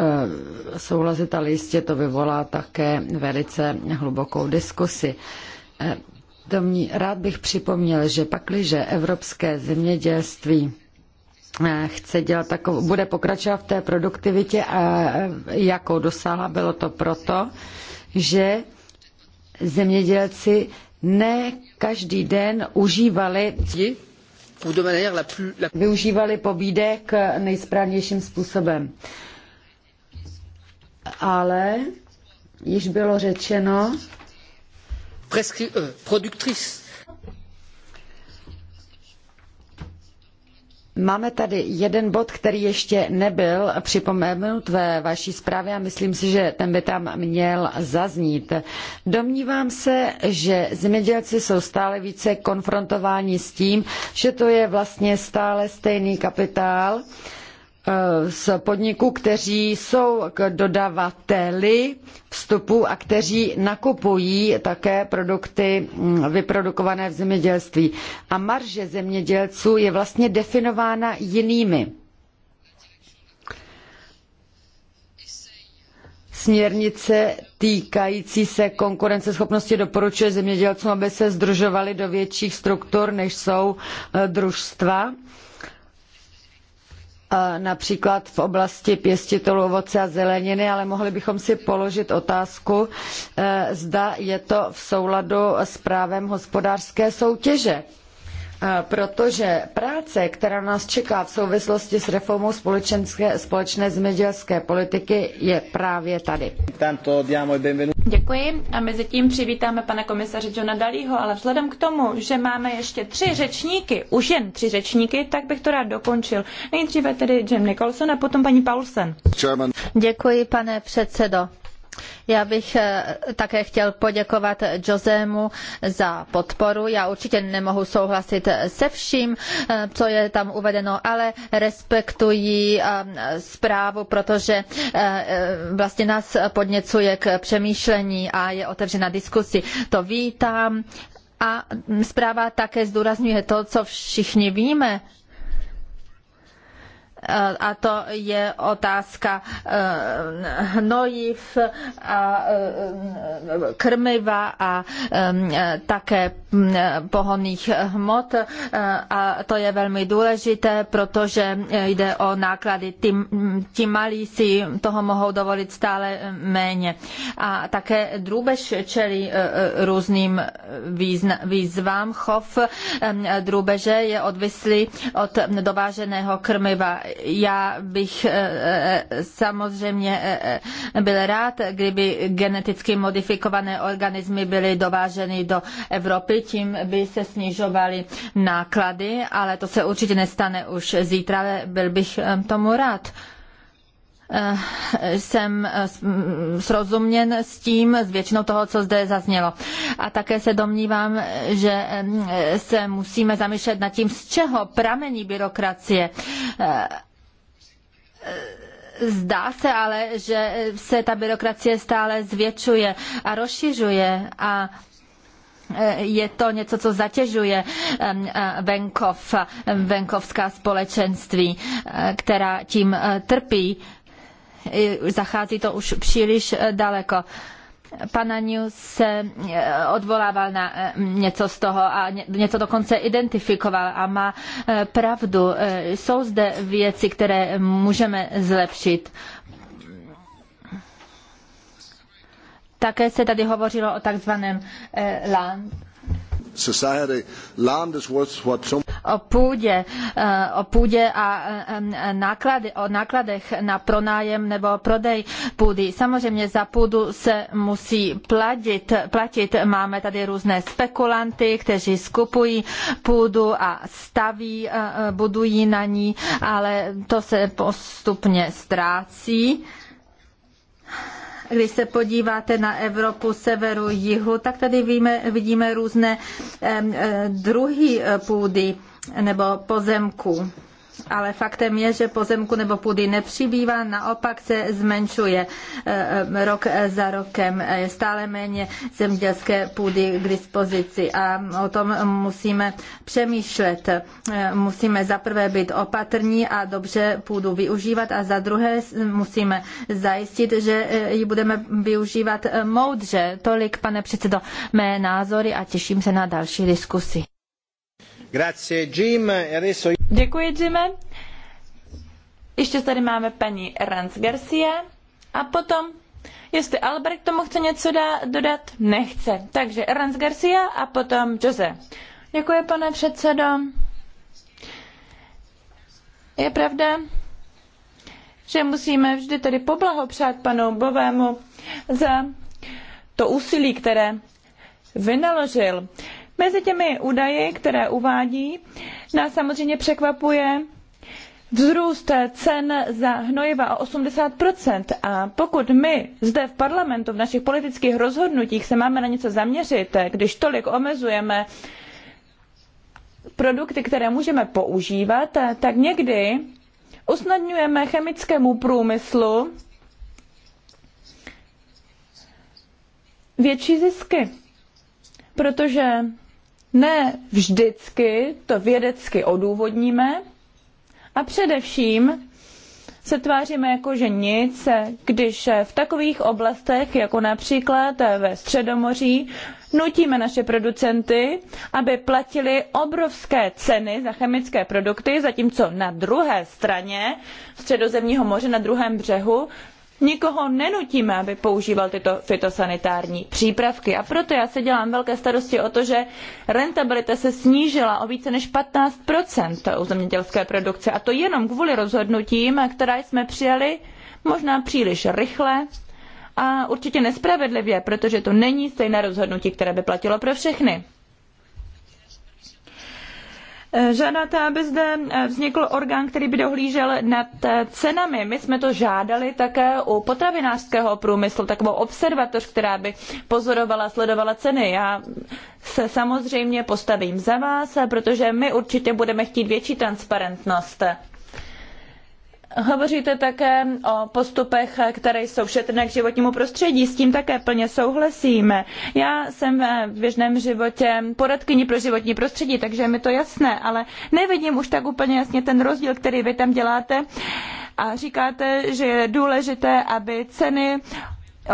souhlasit, ale jistě to vyvolá také velice hlubokou diskusi. Eh, rád bych připomněl, že pakliže evropské zemědělství chce dělat takovou, bude pokračovat v té produktivitě, a jakou dosáhla, bylo to proto, že zemědělci ne každý den užívali využívali pobídek nejsprávnějším způsobem. Ale již bylo řečeno, euh, productrice Máme tady jeden bod, který ještě nebyl připomenut ve vaší zprávě a myslím si, že ten by tam měl zaznít. Domnívám se, že zemědělci jsou stále více konfrontováni s tím, že to je vlastně stále stejný kapitál, Eh, z podniků, kteří jsou dodavateli vstupů a kteří nakupují také produkty hm, vyprodukované v zemědělství. A marže zemědělců je vlastně definována jinými. Směrnice týkající se konkurenceschopnosti doporučuje zemědělcům, aby se združovali do větších struktur, než jsou eh, družstva například v oblasti pěstitelů ovoce a zeleniny, ale mohli bychom si položit otázku, eh, zda je to v souladu s právem hospodářské soutěže Eh, protože práce, která nás čeká v souvislosti s reformou společenské, společné zemědělské politiky, je právě tady. Děkuji a mezi tím přivítáme pana komisaře Johna Dalího, ale vzhledem k tomu, že máme ještě tři řečníky, už jen tři řečníky, tak bych to rád dokončil. Nejdříve tedy Jim Nicholson a potom paní Paulsen. Děkuji, pane předsedo. Já bych eh, také chtěl poděkovat Josemu za podporu. Já určitě nemohu souhlasit se vším, eh, co je tam uvedeno, ale respektuji eh, zprávu, protože vlastně nás podněcuje k přemýšlení a je otevřena diskusi. To vítám. A zpráva také zdůrazňuje to, co všichni víme, a to je otázka eh, hnojiv a eh, krmiva a eh, také pohonných hmot a to je velmi důležité, protože jde o náklady. Ti, ti malí si toho mohou dovolit stále méně. A také drůbež čelí různým výzvám. Chov drůbeže je odvislý od dováženého krmiva já bych eh, eh, samozřejmě eh, byl rád, kdyby geneticky modifikované organismy byly dováženy do Evropy, tím by se snižovaly náklady, ale to se určitě nestane už zítra, ale byl bych tomu rád jsem eh, srozuměn s tím, s většinou toho, co zde zaznělo. A také se domnívám, že mm, se musíme zamýšlet nad tím, z čeho pramení byrokracie. Eh, zdá se ale, že se ta byrokracie stále zvětšuje a rozšiřuje a eh, je to něco, co zatěžuje mm, venkov, venkovská společenství, která tím trpí zachází to už příliš eh, daleko. Pananiu se eh, odvolával na eh, něco z toho a něco dokonce identifikoval a má pravdu. Jsou zde věci, které můžeme zlepšit. Také se tady hovořilo o takzvaném land society. Land is worth what some o půdě, eh, o půdě a eh, eh, náklady, o nákladech na pronájem nebo prodej půdy. Samozřejmě za půdu se musí platit. platit. Máme tady různé spekulanty, kteří skupují půdu a staví, budují na ní, ale to se postupně ztrácí. Když se podíváte na Evropu severu, jihu, tak tady víme, vidíme různé eh, druhy eh, půdy nebo pozemku ale faktem je, že pozemku nebo půdy nepřibývá, naopak se zmenšuje eh, eh, rok za rokem. Je stále méně zemědělské půdy k dispozici a o tom musíme přemýšlet. Eh, musíme zaprvé být opatrní a dobře půdu využívat a za druhé musíme zajistit, že ji budeme využívat moudře. Tolik, pane předsedo, mé názory a těším se na další diskusi. Jim. E Děkuji, Jime. Ještě tady máme paní Rans Garcia a potom, jestli Albert tomu chce něco dá, dodat, nechce. Takže Rans Garcia a potom Jose. Děkuji, pane předsedo. Je pravda, že musíme vždy tedy poblahopřát panu Bovému za to úsilí, které vynaložil. Mezi těmi údaji, které uvádí, nás samozřejmě překvapuje vzrůst cen za hnojiva o 80%. A pokud my zde v parlamentu, v našich politických rozhodnutích se máme na něco zaměřit, když tolik omezujeme produkty, které můžeme používat, tak někdy usnadňujeme chemickému průmyslu větší zisky. Protože ne vždycky to vědecky odůvodníme a především se tváříme jako, že nic, když v takových oblastech, jako například ve Středomoří, nutíme naše producenty, aby platili obrovské ceny za chemické produkty, zatímco na druhé straně Středozemního moře, na druhém břehu, nikoho nenutíme, aby používal tyto fitosanitární přípravky. A proto já se dělám velké starosti o to, že rentabilita se snížila o více než 15 u zemědělské produkce. A to jenom kvůli rozhodnutím, která jsme přijali možná příliš rychle a určitě nespravedlivě, protože to není stejné rozhodnutí, které by platilo pro všechny. Eh, žádáte, aby zde eh, vznikl orgán, který by dohlížel nad eh, cenami. My jsme to žádali také u potravinářského průmyslu, takovou observatoř, která by pozorovala, sledovala ceny. Já se samozřejmě postavím za vás, protože my určitě budeme chtít větší transparentnost. Hovoříte také o postupech, které jsou šetrné k životnímu prostředí, s tím také plně souhlasíme. Já jsem v běžném životě poradkyní pro životní prostředí, takže je mi to jasné, ale nevidím už tak úplně jasně ten rozdíl, který vy tam děláte a říkáte, že je důležité, aby ceny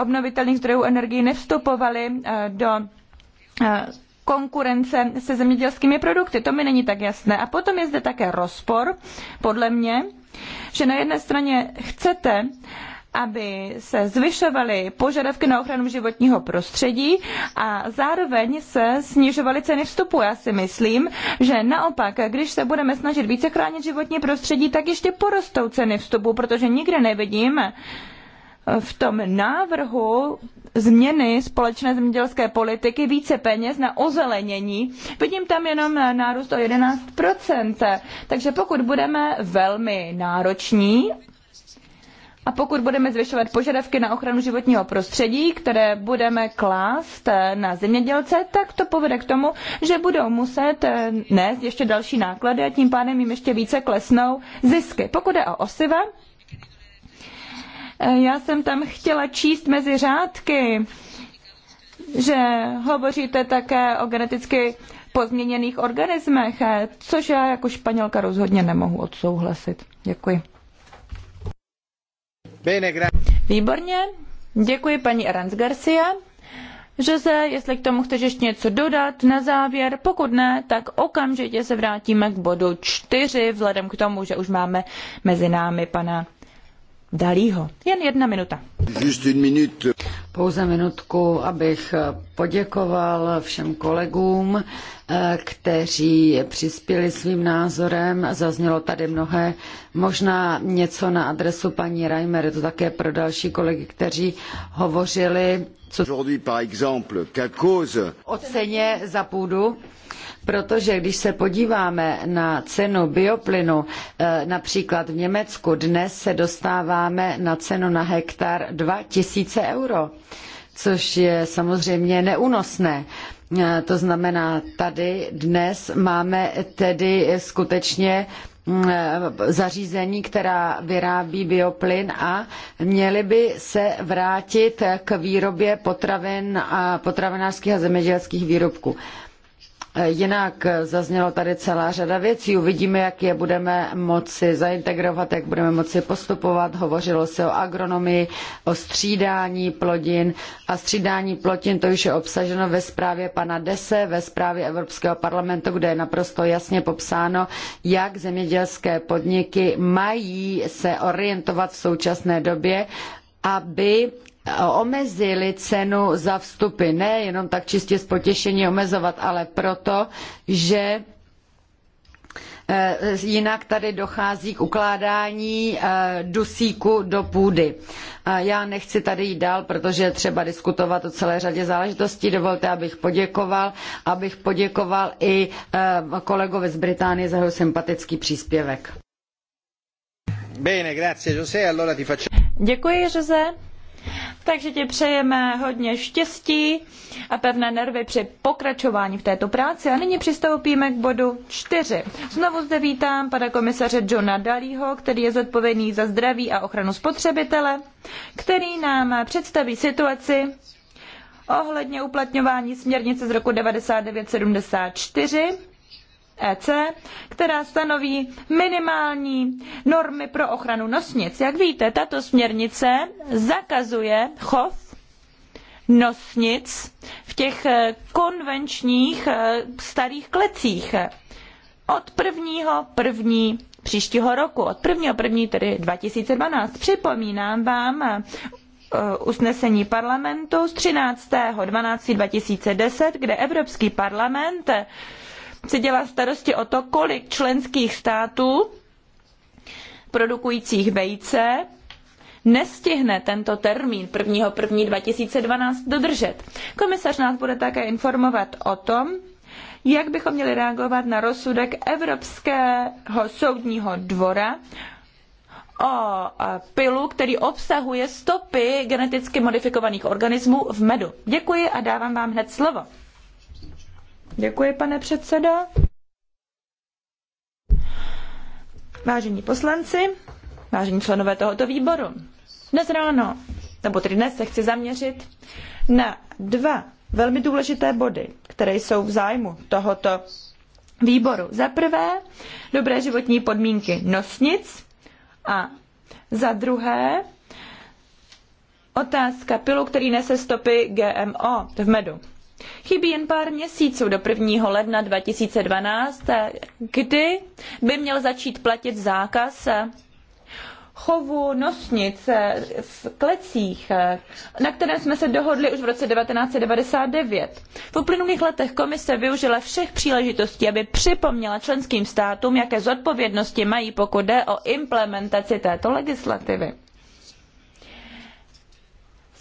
obnovitelných zdrojů energií nevstupovaly eh, do eh, konkurence se zemědělskými produkty. To mi není tak jasné. A potom je zde také rozpor, podle mě, že na jedné straně chcete, aby se zvyšovaly požadavky na ochranu životního prostředí a zároveň se snižovaly ceny vstupu. Já si myslím, že naopak, když se budeme snažit více chránit životní prostředí, tak ještě porostou ceny vstupu, protože nikde nevidím, v tom návrhu změny společné zemědělské politiky více peněz na ozelenění. Vidím tam jenom nárůst o 11%. Takže pokud budeme velmi nároční a pokud budeme zvyšovat požadavky na ochranu životního prostředí, které budeme klást na zemědělce, tak to povede k tomu, že budou muset nést ještě další náklady a tím pádem jim ještě více klesnou zisky. Pokud je o osiva, Eh, já jsem tam chtěla číst mezi řádky, že hovoříte také o geneticky pozměněných organismech, eh, což já jako Španělka rozhodně nemohu odsouhlasit. Děkuji. Výborně. Děkuji paní Aranz Garcia. se, jestli k tomu chceš ještě něco dodat na závěr, pokud ne, tak okamžitě se vrátíme k bodu čtyři, vzhledem k tomu, že už máme mezi námi pana Dalího. Jen jedna minuta. Pouze minutku, abych poděkoval všem kolegům, eh, kteří přispěli svým názorem. Zaznělo tady mnohé, možná něco na adresu paní Reimer, to také pro další kolegy, kteří hovořili co... o ceně za půdu Protože když se podíváme na cenu bioplynu, eh, například v Německu, dnes se dostáváme na cenu na hektar 2000 euro, což je samozřejmě neúnosné. Eh, to znamená, tady dnes máme tedy skutečně mm, eh, zařízení, která vyrábí bioplyn a měly by se vrátit k výrobě potravin a potravinářských a zemědělských výrobků. Jinak zaznělo tady celá řada věcí. Uvidíme, jak je budeme moci zaintegrovat, jak budeme moci postupovat. Hovořilo se o agronomii, o střídání plodin a střídání plodin to už je obsaženo ve zprávě pana Dese, ve zprávě Evropského parlamentu, kde je naprosto jasně popsáno, jak zemědělské podniky mají se orientovat v současné době, aby omezili cenu za vstupy. Ne jenom tak čistě z potěšení omezovat, ale proto, že eh, jinak tady dochází k ukládání eh, dusíku do půdy. Já nechci tady jít dál, protože je třeba diskutovat o celé řadě záležitostí. Dovolte, abych poděkoval, abych poděkoval i eh, kolegovi z Británie za jeho sympatický příspěvek. Bene, grazie José, allora ti faccio... Děkuji, Jose. Takže ti přejeme hodně štěstí a pevné nervy při pokračování v této práci. A nyní přistoupíme k bodu 4. Znovu zde vítám pana komisaře Johna Dalího, který je zodpovědný za zdraví a ochranu spotřebitele, který nám představí situaci ohledně uplatňování směrnice z roku 9974 EC, která stanoví minimální normy pro ochranu nosnic. Jak víte, tato směrnice zakazuje chov nosnic v těch e, konvenčních e, starých klecích od prvního první příštího roku, od prvního první tedy 2012. Připomínám vám e, usnesení parlamentu z 13. 12. 2010, kde Evropský parlament si dělá starosti o to, kolik členských států produkujících vejce nestihne tento termín 1.1.2012 dodržet. Komisař nás bude také informovat o tom, jak bychom měli reagovat na rozsudek Evropského soudního dvora o pilu, který obsahuje stopy geneticky modifikovaných organismů v medu. Děkuji a dávám vám hned slovo. Děkuji, pane předsedo. Vážení poslanci, vážení členové tohoto výboru, dnes ráno, nebo tedy dnes se chci zaměřit na dva velmi důležité body, které jsou v zájmu tohoto výboru. Za prvé, dobré životní podmínky nosnic a za druhé, otázka pilu, který nese stopy GMO v medu. Chybí jen pár měsíců do 1. ledna 2012, kdy by měl začít platit zákaz chovu nosnic v klecích, na kterém jsme se dohodli už v roce 1999. V uplynulých letech komise využila všech příležitostí, aby připomněla členským státům, jaké zodpovědnosti mají, pokud jde o implementaci této legislativy.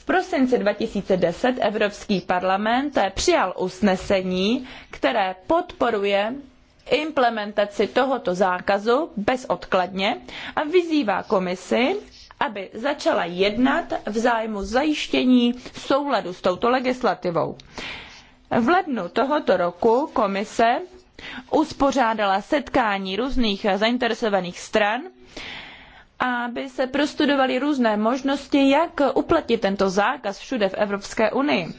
V prosinci 2010 Evropský parlament přijal usnesení, které podporuje implementaci tohoto zákazu bezodkladně a vyzývá komisi, aby začala jednat v zájmu zajištění souladu s touto legislativou. V lednu tohoto roku komise uspořádala setkání různých zainteresovaných stran, aby se prostudovaly různé možnosti, jak uplatnit tento zákaz všude v Evropské unii.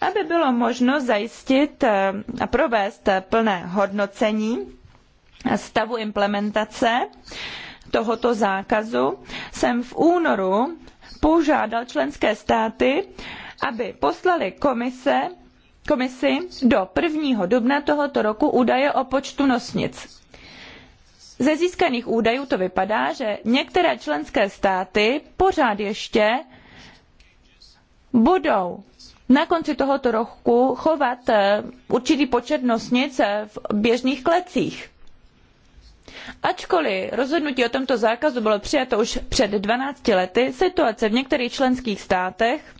Aby bylo možno zajistit eh, a provést plné hodnocení stavu implementace tohoto zákazu, jsem v únoru požádal členské státy, aby poslali komise, komisi do 1. dubna tohoto roku údaje o počtu nosnic ze získaných údajů to vypadá, že některé členské státy pořád ještě budou na konci tohoto roku chovat eh, určitý počet nosnic eh, v běžných klecích. Ačkoliv rozhodnutí o tomto zákazu bylo přijato už před 12 lety, situace v některých členských státech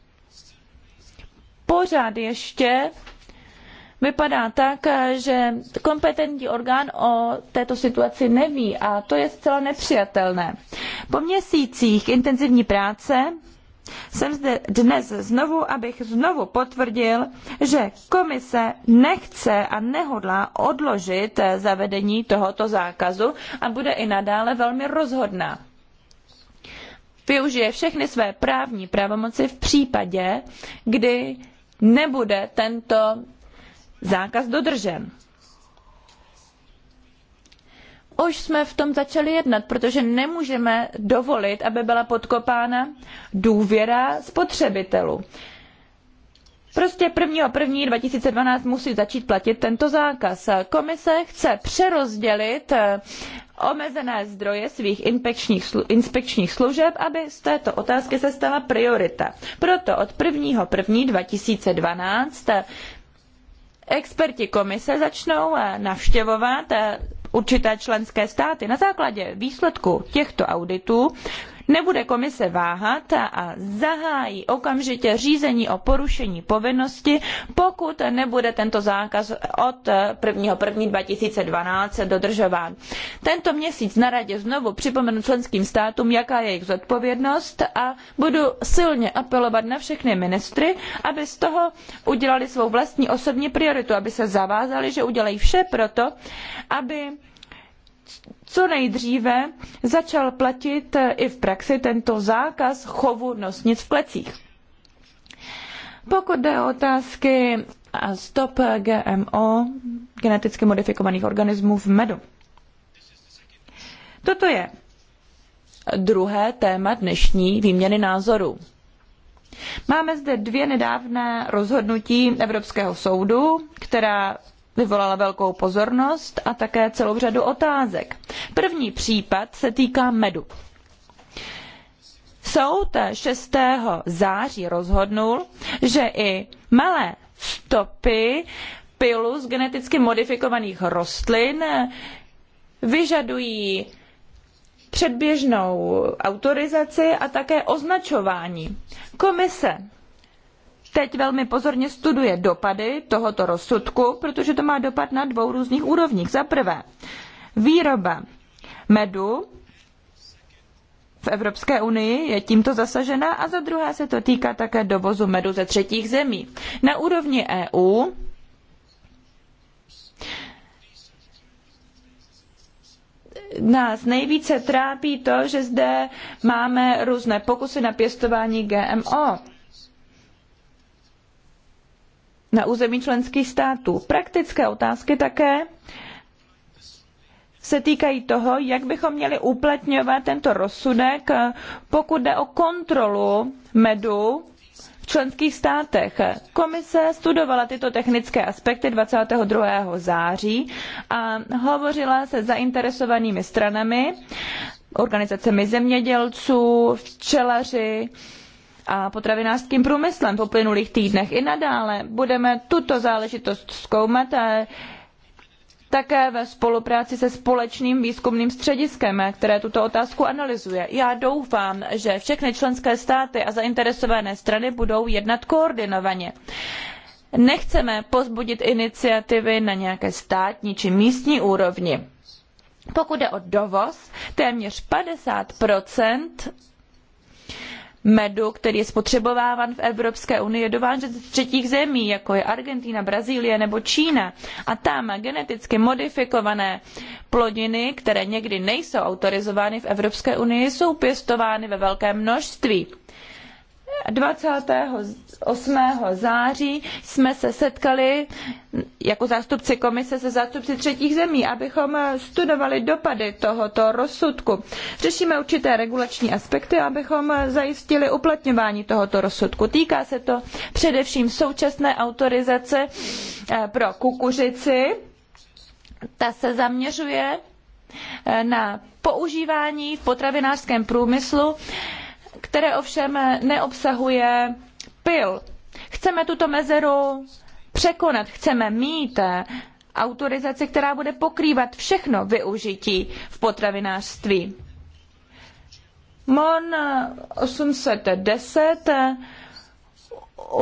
pořád ještě vypadá tak, že kompetentní orgán o této situaci neví a to je zcela nepřijatelné. Po měsících intenzivní práce jsem zde dnes znovu, abych znovu potvrdil, že komise nechce a nehodlá odložit zavedení tohoto zákazu a bude i nadále velmi rozhodná. Využije všechny své právní pravomoci v případě, kdy nebude tento zákaz dodržen. Už jsme v tom začali jednat, protože nemůžeme dovolit, aby byla podkopána důvěra spotřebitelů. Prostě 1.1.2012 musí začít platit tento zákaz. Komise chce přerozdělit eh, omezené zdroje svých inspekčních, služeb, aby z této otázky se stala priorita. Proto od 1.1.2012 experti komise začnou eh, navštěvovat eh, určité členské státy. Na základě výsledku těchto auditů Nebude komise váhat a zahájí okamžitě řízení o porušení povinnosti, pokud nebude tento zákaz od 1.1.2012 dodržován. Tento měsíc na radě znovu připomenu členským státům, jaká je jejich zodpovědnost a budu silně apelovat na všechny ministry, aby z toho udělali svou vlastní osobní prioritu, aby se zavázali, že udělají vše proto, aby co nejdříve začal platit eh, i v praxi tento zákaz chovu nosnic v klecích. Pokud jde o otázky stop eh, GMO, geneticky modifikovaných organismů v medu. Toto je druhé téma dnešní výměny názorů. Máme zde dvě nedávné rozhodnutí Evropského soudu, která vyvolala velkou pozornost a také celou řadu otázek. První případ se týká medu. Soud 6. září rozhodnul, že i malé stopy pilu z geneticky modifikovaných rostlin vyžadují předběžnou autorizaci a také označování. Komise teď velmi pozorně studuje dopady tohoto rozsudku, protože to má dopad na dvou různých úrovních. Za prvé, výroba medu v Evropské unii je tímto zasažena a za druhé se to týká také dovozu medu ze třetích zemí. Na úrovni EU nás nejvíce trápí to, že zde máme různé pokusy na pěstování GMO na území členských států. Praktické otázky také se týkají toho, jak bychom měli uplatňovat tento rozsudek, eh, pokud jde o kontrolu medu v členských státech. Komise studovala tyto technické aspekty 22. září a hovořila se zainteresovanými stranami, organizacemi zemědělců, včelaři, a potravinářským průmyslem v uplynulých týdnech. I nadále budeme tuto záležitost zkoumat eh, také ve spolupráci se společným výzkumným střediskem, eh, které tuto otázku analyzuje. Já doufám, že všechny členské státy a zainteresované strany budou jednat koordinovaně. Nechceme pozbudit iniciativy na nějaké státní či místní úrovni. Pokud jde o dovoz, téměř 50 medu, který je spotřebováván v Evropské unii, je dovážen z třetích zemí, jako je Argentina, Brazílie nebo Čína. A tam geneticky modifikované plodiny, které někdy nejsou autorizovány v Evropské unii, jsou pěstovány ve velkém množství. 20. 8. září jsme se setkali jako zástupci komise se zástupci třetích zemí, abychom studovali dopady tohoto rozsudku. Řešíme určité regulační aspekty, abychom zajistili uplatňování tohoto rozsudku. Týká se to především současné autorizace eh, pro kukuřici. Ta se zaměřuje eh, na používání v potravinářském průmyslu, které ovšem neobsahuje pil. Chceme tuto mezeru překonat, chceme mít autorizaci, která bude pokrývat všechno využití v potravinářství. MON 810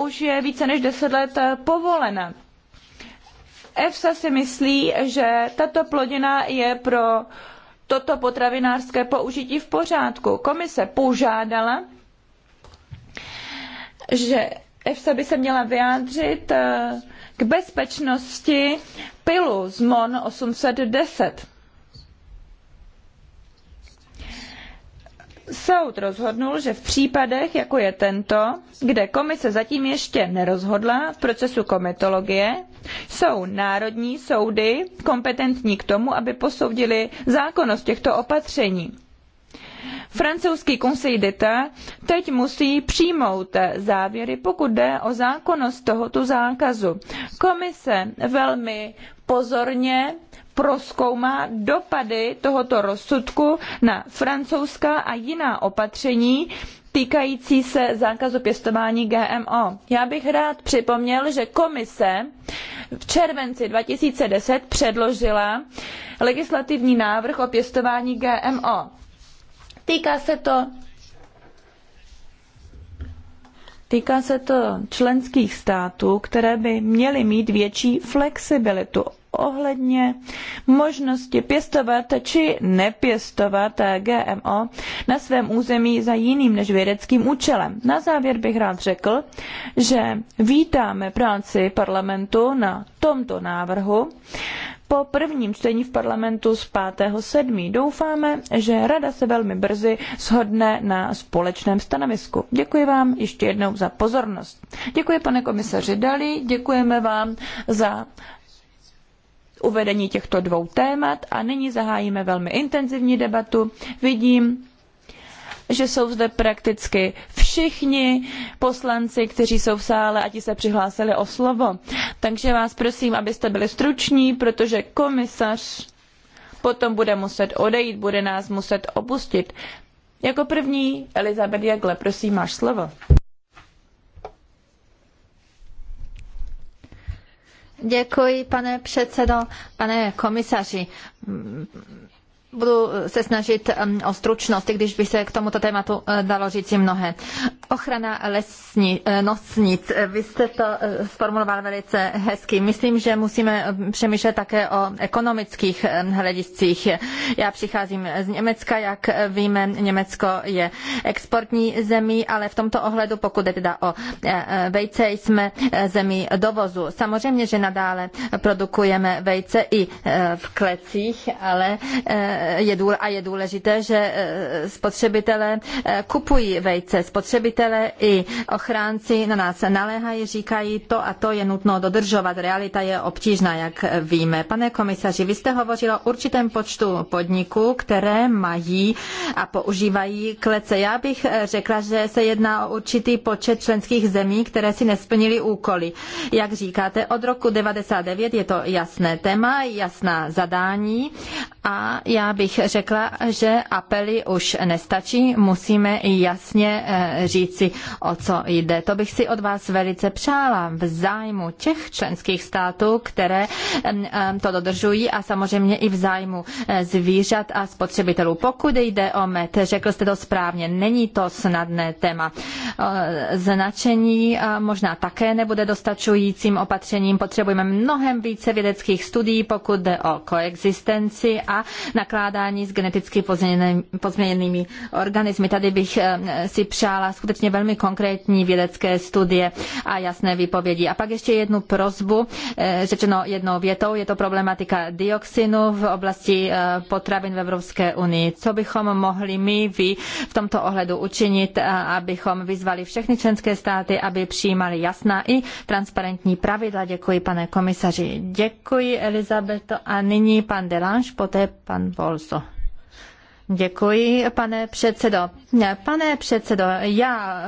už je více než 10 let povolena. EFSA si myslí, že tato plodina je pro toto potravinářské použití v pořádku. Komise požádala že EFSA by se měla vyjádřit eh, k bezpečnosti pilu z MON 810. Soud rozhodnul, že v případech, jako je tento, kde komise zatím ještě nerozhodla v procesu komitologie, jsou národní soudy kompetentní k tomu, aby posoudili zákonnost těchto opatření. Francouzský conseil d'État teď musí přijmout závěry, pokud jde o zákonnost tohoto zákazu. Komise velmi pozorně prozkoumá dopady tohoto rozsudku na francouzská a jiná opatření týkající se zákazu pěstování GMO. Já bych rád připomněl, že komise v červenci 2010 předložila legislativní návrh o pěstování GMO. Týká se to Týká se to členských států, které by měly mít větší flexibilitu ohledně možnosti pěstovat či nepěstovat GMO na svém území za jiným než vědeckým účelem. Na závěr bych rád řekl, že vítáme práci parlamentu na tomto návrhu po prvním čtení v parlamentu z 5.7. Doufáme, že Rada se velmi brzy shodne na společném stanovisku. Děkuji vám ještě jednou za pozornost. Děkuji, pane komisaři Dali, děkujeme vám za uvedení těchto dvou témat a nyní zahájíme velmi intenzivní debatu. Vidím, že jsou zde prakticky všichni poslanci, kteří jsou v sále a ti se přihlásili o slovo. Takže vás prosím, abyste byli struční, protože komisař potom bude muset odejít, bude nás muset opustit. Jako první Elizabeth Jagle, prosím, máš slovo. Děkuji, pane předsedo, pane komisaři budu se snažit um, o stručnost, i když by se k tomuto tématu uh, dalo říct mnohé. Ochrana lesní, uh, nocnic, vy jste to sformuloval uh, velice hezky. Myslím, že musíme um, přemýšlet také o ekonomických um, hlediscích. Já přicházím z Německa, jak víme, Německo je exportní zemí, ale v tomto ohledu, pokud je teda o eh, eh, vejce, jsme eh, zemí dovozu. Samozřejmě, že nadále produkujeme vejce i v klecích, ale je a je důležité, že eh, spotřebitelé eh, kupují vejce. Spotřebitelé i ochránci na nás naléhají, říkají to a to je nutno dodržovat. Realita je obtížná, jak víme. Pane komisaři, vy jste hovořil o určitém počtu podniků, které mají a používají klece. Já bych eh, řekla, že se jedná o určitý počet členských zemí, které si nesplnily úkoly. Jak říkáte, od roku 99 je to jasné téma, jasná zadání a já bych řekla, že apely už nestačí, musíme jasně eh, říci, o co jde. To bych si od vás velice přála v zájmu těch členských států, které to dodržují a samozřejmě i v zájmu eh, zvířat a spotřebitelů. Pokud jde o med, řekl jste to správně, není to snadné téma. Eh, značení možná také nebude dostačujícím opatřením, potřebujeme mnohem více vědeckých studií, pokud jde o koexistenci a nakládání nakládání s geneticky pozměněnými organismy. Tady bych eh, si přála skutečně velmi konkrétní vědecké studie a jasné výpovědi. A pak ještě jednu prozbu, eh, řečeno jednou větou, je to problematika dioxinu v oblasti eh, potravin v Evropské unii. Co bychom mohli my, vy v tomto ohledu učinit, abychom vyzvali všechny členské státy, aby přijímali jasná i transparentní pravidla. Děkuji, pane komisaři. Děkuji, Elizabeto. A nyní pan Delange, poté pan Bo also. Děkuji, pane předsedo. Pane předsedo, já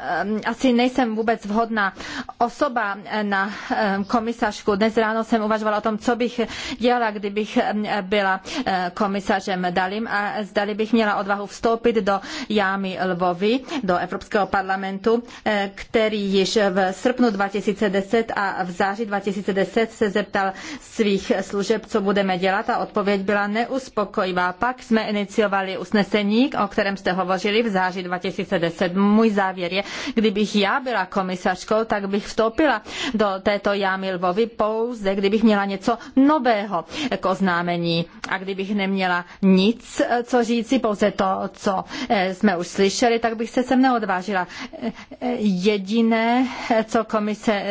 Ehm, asi nejsem vůbec vhodná osoba eh, na ehm, komisařku. Dnes ráno jsem uvažovala o tom, co bych dělala, kdybych ehm, byla eh, komisařem Dalim a zdali bych měla odvahu vstoupit do jámy Lvovy, do Evropského parlamentu, eh, který již v srpnu 2010 a v září 2010 se zeptal svých služeb, co budeme dělat a odpověď byla neuspokojivá. Pak jsme iniciovali usnesení, o kterém jste hovořili v září 2010. Můj závěr Sýrie. Kdybych já byla komisařkou, tak bych vstoupila do této jámy Lvovy pouze, kdybych měla něco nového k oznámení a kdybych neměla nic, eh, co říci, pouze to, co eh, jsme už slyšeli, tak bych se sem neodvážila. Eh, jediné, co, komise,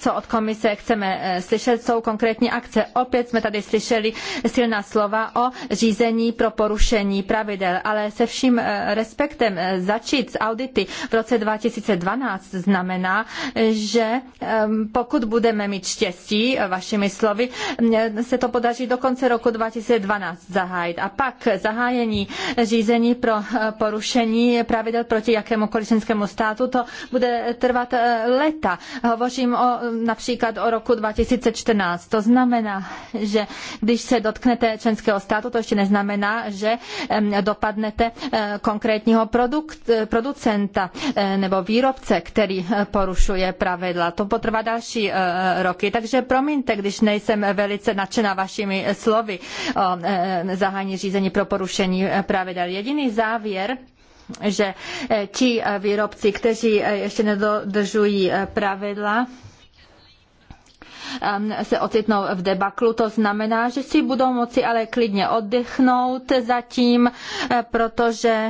co od komise chceme slyšet, jsou konkrétní akce. Opět jsme tady slyšeli silná slova o řízení pro porušení pravidel, ale se vším respektem začít s audity debaty v roce 2012 znamená, že pokud budeme mít štěstí, e, vašimi slovy, se to podaří do konce roku 2012 zahájit. A pak zahájení řízení pro e, porušení pravidel proti jakémukoliv členskému státu, to bude trvat e, leta. Hovořím o, například o roku 2014. To znamená, že když se dotknete členského státu, to ještě neznamená, že dopadnete konkrétního produkt, producenta producenta eh, nebo výrobce, který eh, porušuje pravidla. To potrvá další eh, roky. Takže promiňte, když nejsem velice nadšená vašimi slovy o zahájení řízení pro porušení pravidel. Jediný závěr, že ti výrobci, kteří ještě nedodržují pravidla, ehm, se ocitnou v debaklu. To znamená, že si budou moci ale klidně oddechnout zatím, protože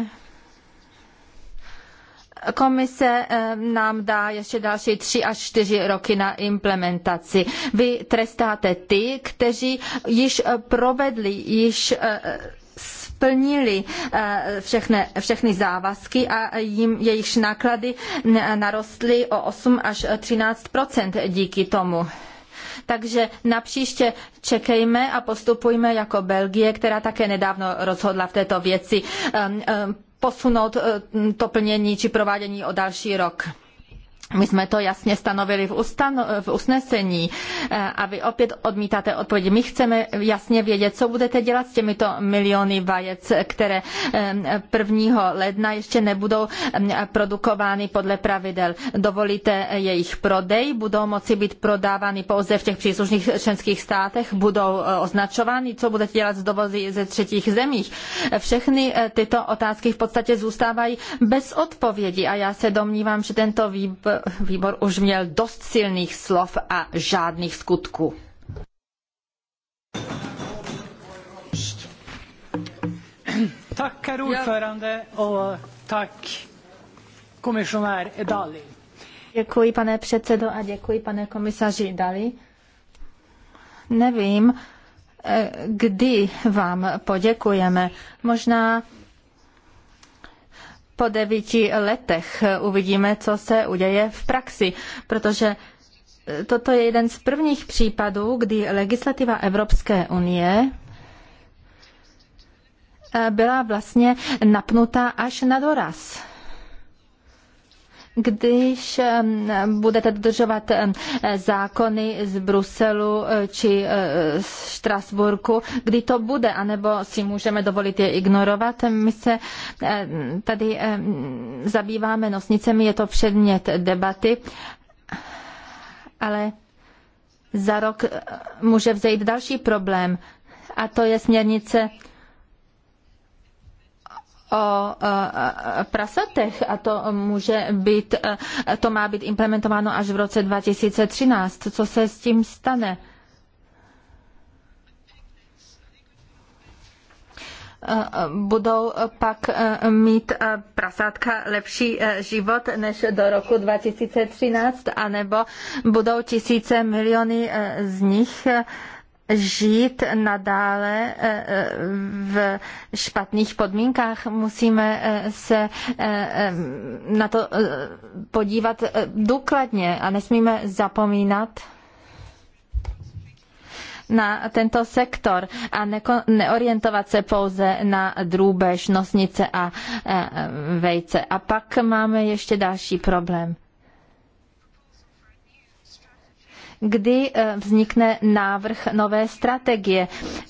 Komise eh, nám dá ještě další tři až čtyři roky na implementaci. Vy trestáte ty, kteří již eh, provedli, již eh, splnili všechny, všechny závazky a jim jejichž náklady narostly o 8 až 13 díky tomu. Takže napříště čekejme a postupujme jako Belgie, která také nedávno rozhodla v této věci. Ehm, ehm, posunout eh, to plnění či provádění o další rok. My jsme to jasně stanovili v, ustano, v usnesení eh, a vy opět odmítáte odpovědi. My chceme jasně vědět, co budete dělat s těmito miliony vajec, které 1. Eh, ledna ještě nebudou mm, produkovány podle pravidel. Dovolíte jejich prodej, budou moci být prodávány pouze v těch příslušných členských státech, budou eh, označovány, co budete dělat s dovozy ze třetích zemí. Všechny tyto otázky v podstatě zůstávají bez odpovědi a já se domnívám, že tento výbor výbor už měl dost silných slov a žádných skutků. ordförande, och tack, Děkuji, pane předsedo, a děkuji, pane komisaři Dali. Nevím, eh, kdy vám poděkujeme. Možná po devíti letech uvidíme, co se uděje v praxi, protože e, toto je jeden z prvních případů, kdy legislativa Evropské unie e, byla vlastně napnuta až na doraz když budete dodržovat zákony z Bruselu e, či e, z Štrasburku, kdy to bude, anebo si můžeme dovolit je ignorovat, my se tady zabýváme nosnicemi, je to předmět debaty, ale za rok e, může vzejít další problém, a to je směrnice o prasatech a to může být, e, to má být implementováno až v roce 2013. Co se s tím stane? E, budou pak e, mít prasátka lepší život než do roku 2013, anebo budou tisíce miliony z nich žít nadále e, e, v špatných podmínkách. Musíme e, se na to podívat důkladně a nesmíme zapomínat na tento sektor a neorientovat se pouze na drůbež, nosnice a vejce. A pak máme ještě další problém. kdy eh, vznikne návrh nové strategie eh,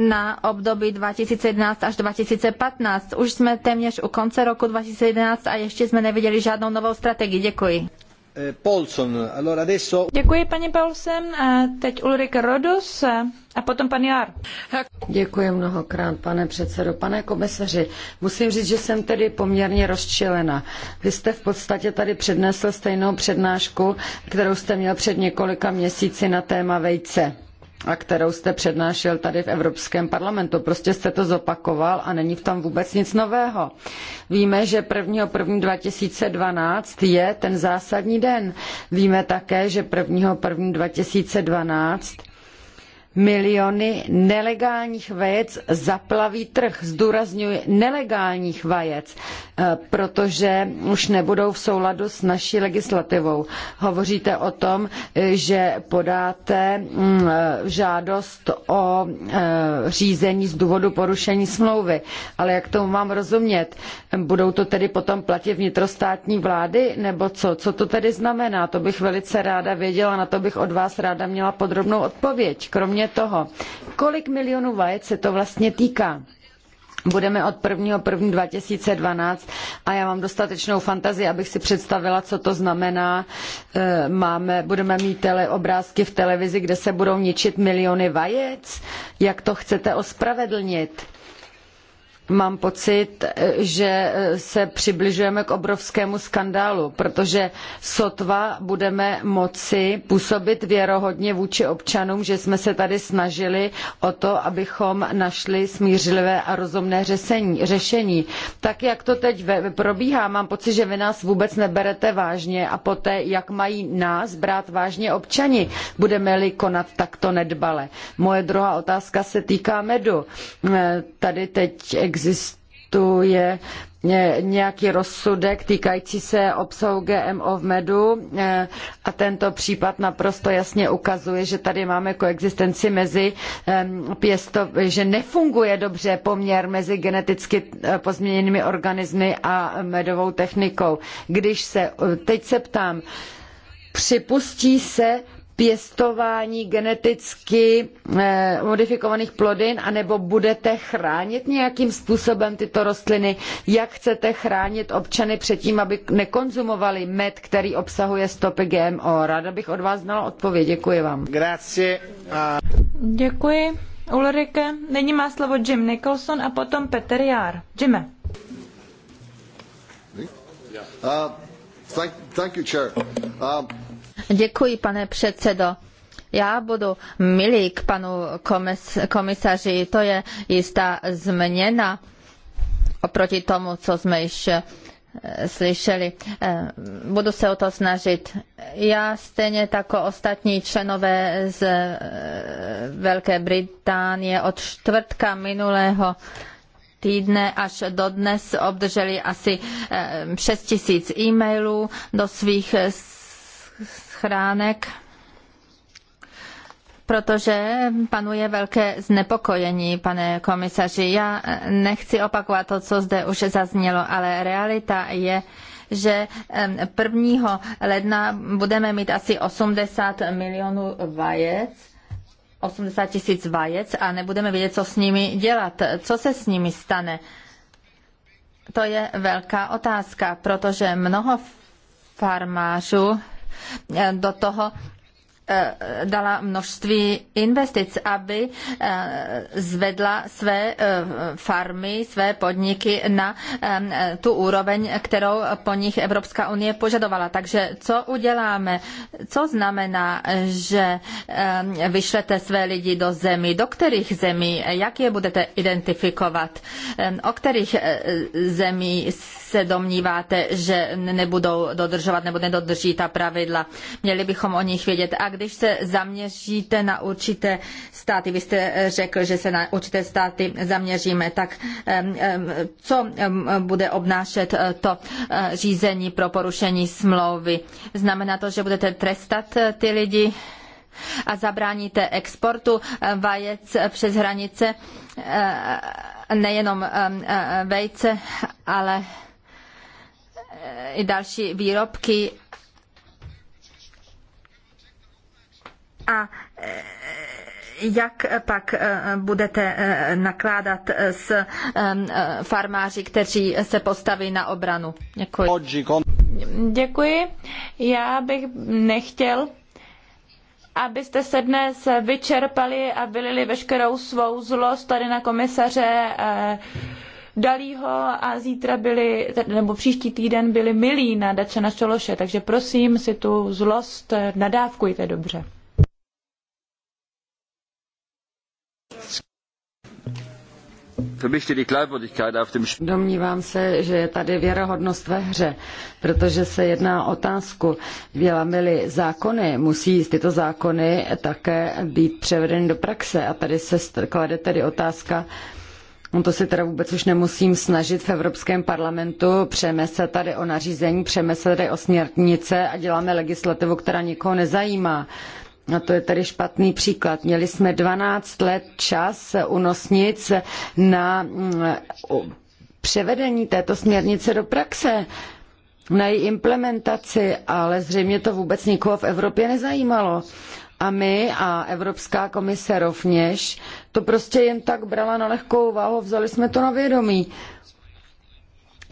na období 2011 až 2015. Už jsme téměř u konce roku 2011 a ještě jsme neviděli žádnou novou strategii. Děkuji. Eh, Paulson. Allora adesso... Děkuji paní Paulsen, teď Ulrike Rodus a potom pan Jár. Děkuji mnohokrát, pane předsedo. Pane komisaři, musím říct, že jsem tedy poměrně rozčilena. Vy jste v podstatě tady přednesl stejnou přednášku, kterou jste měl před několika měsíci na téma vejce a kterou jste přednášel tady v Evropském parlamentu. Prostě jste to zopakoval a není v tom vůbec nic nového. Víme, že 1.1.2012 je ten zásadní den. Víme také, že 1.1.2012 miliony nelegálních vajec zaplaví trh. Zdůrazňuji nelegálních vajec, eh, protože už nebudou v souladu s naší legislativou. Hovoříte o tom, eh, že podáte mm, eh, žádost o řízení z důvodu porušení smlouvy. Ale jak tomu mám rozumět? Budou to tedy potom platit vnitrostátní vlády, nebo co? Co to tedy znamená? To bych velice ráda věděla, na to bych od vás ráda měla podrobnou odpověď. Kromě toho, kolik milionů vajec se to vlastně týká budeme od 1.1.2012 a já mám dostatečnou fantazii, abych si představila, co to znamená. Eh, máme, budeme mít tele, obrázky v televizi, kde se budou ničit miliony vajec. Jak to chcete ospravedlnit? mám pocit, že se přibližujeme k obrovskému skandálu, protože sotva budeme moci působit věrohodně vůči občanům, že jsme se tady snažili o to, abychom našli smířlivé a rozumné řešení. řešení. Tak, jak to teď probíhá, mám pocit, že vy nás vůbec neberete vážně a poté, jak mají nás brát vážně občani, budeme-li konat takto nedbale. Moje druhá otázka se týká medu. Tady teď existuje existuje nějaký rozsudek týkající se obsahu GMO v medu e, a tento případ naprosto jasně ukazuje, že tady máme koexistenci mezi e, pěsto, že nefunguje dobře poměr mezi geneticky e, pozměněnými organismy a medovou technikou. Když se, teď se ptám, připustí se pěstování geneticky eh, modifikovaných plodin, anebo budete chránit nějakým způsobem tyto rostliny? Jak chcete chránit občany před tím, aby nekonzumovali med, který obsahuje stopy GMO? Ráda bych od vás znala odpověď. Děkuji vám. Děkuji. Ulrike, nyní má slovo Jim Nicholson a potom Peter Jár. Jime. Uh, thank, thank you, chair. Uh, Děkuji, pane předsedo. Já budu milý k panu komisaři. To je jistá změna oproti tomu, co jsme již eh, slyšeli. Eh, budu se o to snažit. Já stejně tako ostatní členové z eh, Velké Británie od čtvrtka minulého týdne až dodnes obdrželi asi 6 tisíc e-mailů do svých schránek, protože panuje velké znepokojení, pane komisaři. Já nechci opakovat to, co zde už zaznělo, ale realita je, že 1. ledna budeme mít asi 80 milionů vajec, 80 tisíc vajec a nebudeme vědět, co s nimi dělat, co se s nimi stane. To je velká otázka, protože mnoho farmářů do toho Eh, dala množství investic, aby eh, zvedla své eh, farmy, své podniky na tu úroveň, kterou po nich Evropská unie požadovala. Takže co uděláme? Co znamená, že vyšlete své lidi do zemí? Do kterých zemí? Jak je budete identifikovat? O kterých zemí se domníváte, že nebudou dodržovat nebo nedodrží ta pravidla? Měli bychom o nich vědět. A když se zaměříte na určité státy, vy jste řekl, že se na určité státy zaměříme, tak co bude obnášet eh, to eh, řízení pro porušení smlouvy? Znamená to, že budete trestat eh, ty lidi a zabráníte exportu vajec přes hranice, nejenom vejce, ale i další výrobky A e, jak pak e, budete e, nakládat s farmáři, kteří se postaví na obranu? Děkuji. Děkuji. Já bych nechtěl abyste se dnes vyčerpali a vylili veškerou svou zlost tady na komisaře Dalího a zítra byli, nebo příští týden byli milí na na Čološe, takže prosím si tu zlost nadávkujte dobře. Domnívám se, že je tady věrohodnost ve hře, protože se jedná o otázku, děláme-li zákony, musí tyto zákony také být převedeny do praxe. A tady se klade tedy otázka, On no to si teda vůbec už nemusím snažit v Evropském parlamentu. Přejeme se tady o nařízení, přejeme se tady o směrnice a děláme legislativu, která nikoho nezajímá No to je tady špatný příklad. Měli jsme 12 let čas u nosnic na mm, převedení této směrnice do praxe, na její implementaci, ale zřejmě to vůbec nikoho v Evropě nezajímalo. A my a Evropská komise rovněž to prostě jen tak brala na lehkou váhu, vzali jsme to na vědomí.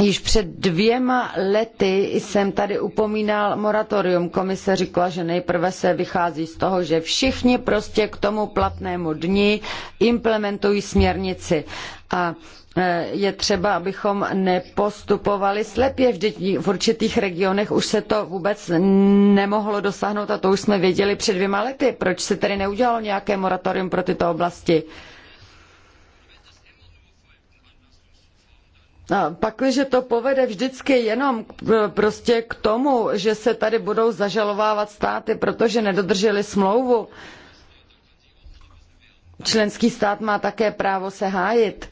Již před dvěma lety jsem tady upomínal moratorium. Komise říkala, že nejprve se vychází z toho, že všichni prostě k tomu platnému dni implementují směrnici. A e, je třeba, abychom nepostupovali slepě. Vždyť v určitých regionech už se to vůbec nemohlo dosáhnout a to už jsme věděli před dvěma lety. Proč se tedy neudělalo nějaké moratorium pro tyto oblasti? Pakliže to povede vždycky jenom e, prostě k tomu, že se tady budou zažalovávat státy, protože nedodrželi smlouvu, členský stát má také právo se hájit.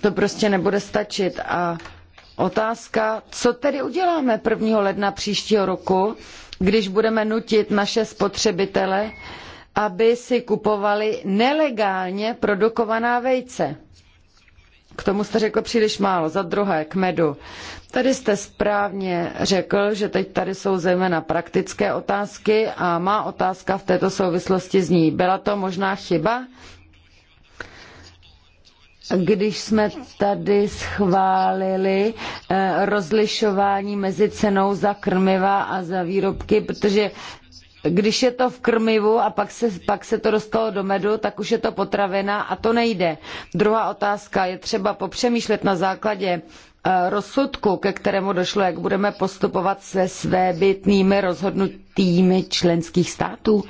To prostě nebude stačit. A otázka, co tedy uděláme 1. ledna příštího roku, když budeme nutit naše spotřebitele, aby si kupovali nelegálně produkovaná vejce. K tomu jste řekl příliš málo. Za druhé, k medu. Tady jste správně řekl, že teď tady jsou zejména praktické otázky a má otázka v této souvislosti zní. Byla to možná chyba? Když jsme tady schválili eh, rozlišování mezi cenou za krmiva a za výrobky, protože když je to v krmivu a pak se, pak se to dostalo do medu, tak už je to potravina a to nejde. Druhá otázka je třeba popřemýšlet na základě e, rozsudku, ke kterému došlo, jak budeme postupovat se svébytnými rozhodnutími členských států. Uh,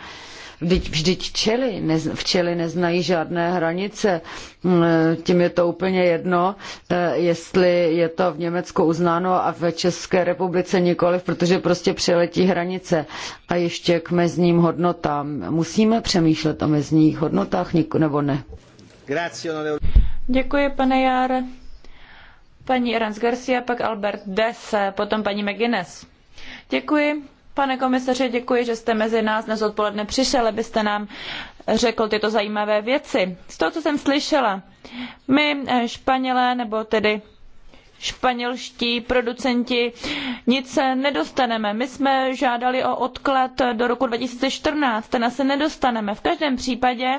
Vždyť, vždyť včely, nez, včely neznají žádné hranice. Mm, tím je to úplně jedno, eh, jestli je to v Německu uznáno a v České republice nikoliv, protože prostě přeletí hranice. A ještě k mezním hodnotám. Musíme přemýšlet o mezních hodnotách nebo ne? Děkuji, pane Jare. Paní Erans Garcia, pak Albert Dese, potom paní McGuinness. Děkuji. Pane komisaři, děkuji, že jste mezi nás dnes odpoledne přišel, abyste nám řekl tyto zajímavé věci. Z toho, co jsem slyšela, my eh, Španělé, nebo tedy španělští producenti nic nedostaneme. My jsme žádali o odklad do roku 2014, ten asi nedostaneme. V každém případě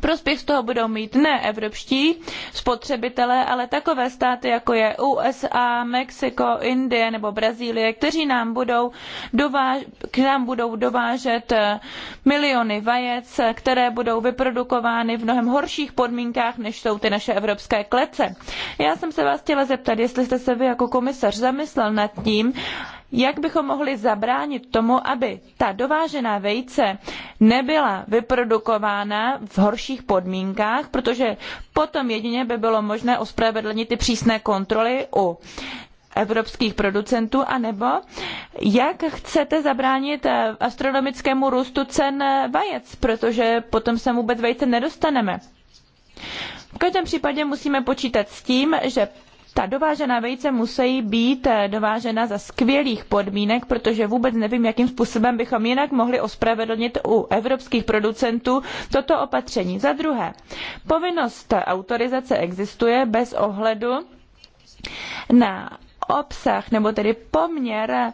Prospěch z toho budou mít ne evropští spotřebitelé, ale takové státy, jako je USA, Mexiko, Indie nebo Brazílie, kteří nám budou, dováž, k nám budou dovážet eh, miliony vajec, které budou vyprodukovány v mnohem horších podmínkách, než jsou ty naše evropské klece. Já jsem se vás chtěla zeptat, jestli jste se vy jako komisař zamyslel nad tím, jak bychom mohli zabránit tomu, aby ta dovážená vejce nebyla vyprodukována v horších podmínkách, protože potom jedině by bylo možné ospravedlnit ty přísné kontroly u evropských producentů, anebo jak chcete zabránit eh, astronomickému růstu cen eh, vajec, protože potom se vůbec vejce nedostaneme. V každém případě musíme počítat s tím, že ta dovážená vejce musí být eh, dovážena za skvělých podmínek, protože vůbec nevím, jakým způsobem bychom jinak mohli ospravedlnit u evropských producentů toto opatření. Za druhé, povinnost autorizace existuje bez ohledu na obsah nebo tedy poměr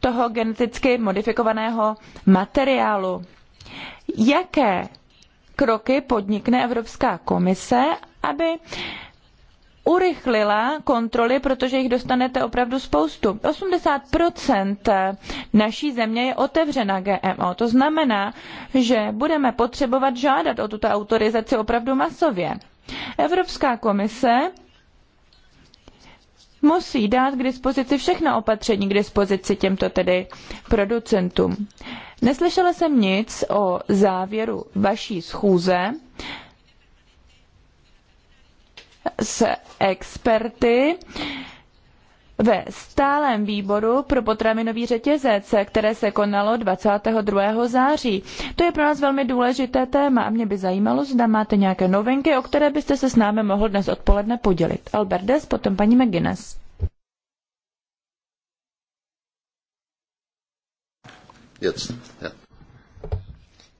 toho geneticky modifikovaného materiálu. Jaké kroky podnikne Evropská komise, aby urychlila kontroly, protože jich dostanete opravdu spoustu. 80% naší země je otevřena GMO. To znamená, že budeme potřebovat žádat o tuto autorizaci opravdu masově. Evropská komise musí dát k dispozici všechna opatření k dispozici těmto tedy producentům. Neslyšela jsem nic o závěru vaší schůze, s experty ve stálém výboru pro potravinový řetězec, které se konalo 22. září. To je pro nás velmi důležité téma a mě by zajímalo, zda máte nějaké novinky, o které byste se s námi mohl dnes odpoledne podělit. Albertes, potom paní McGuinness.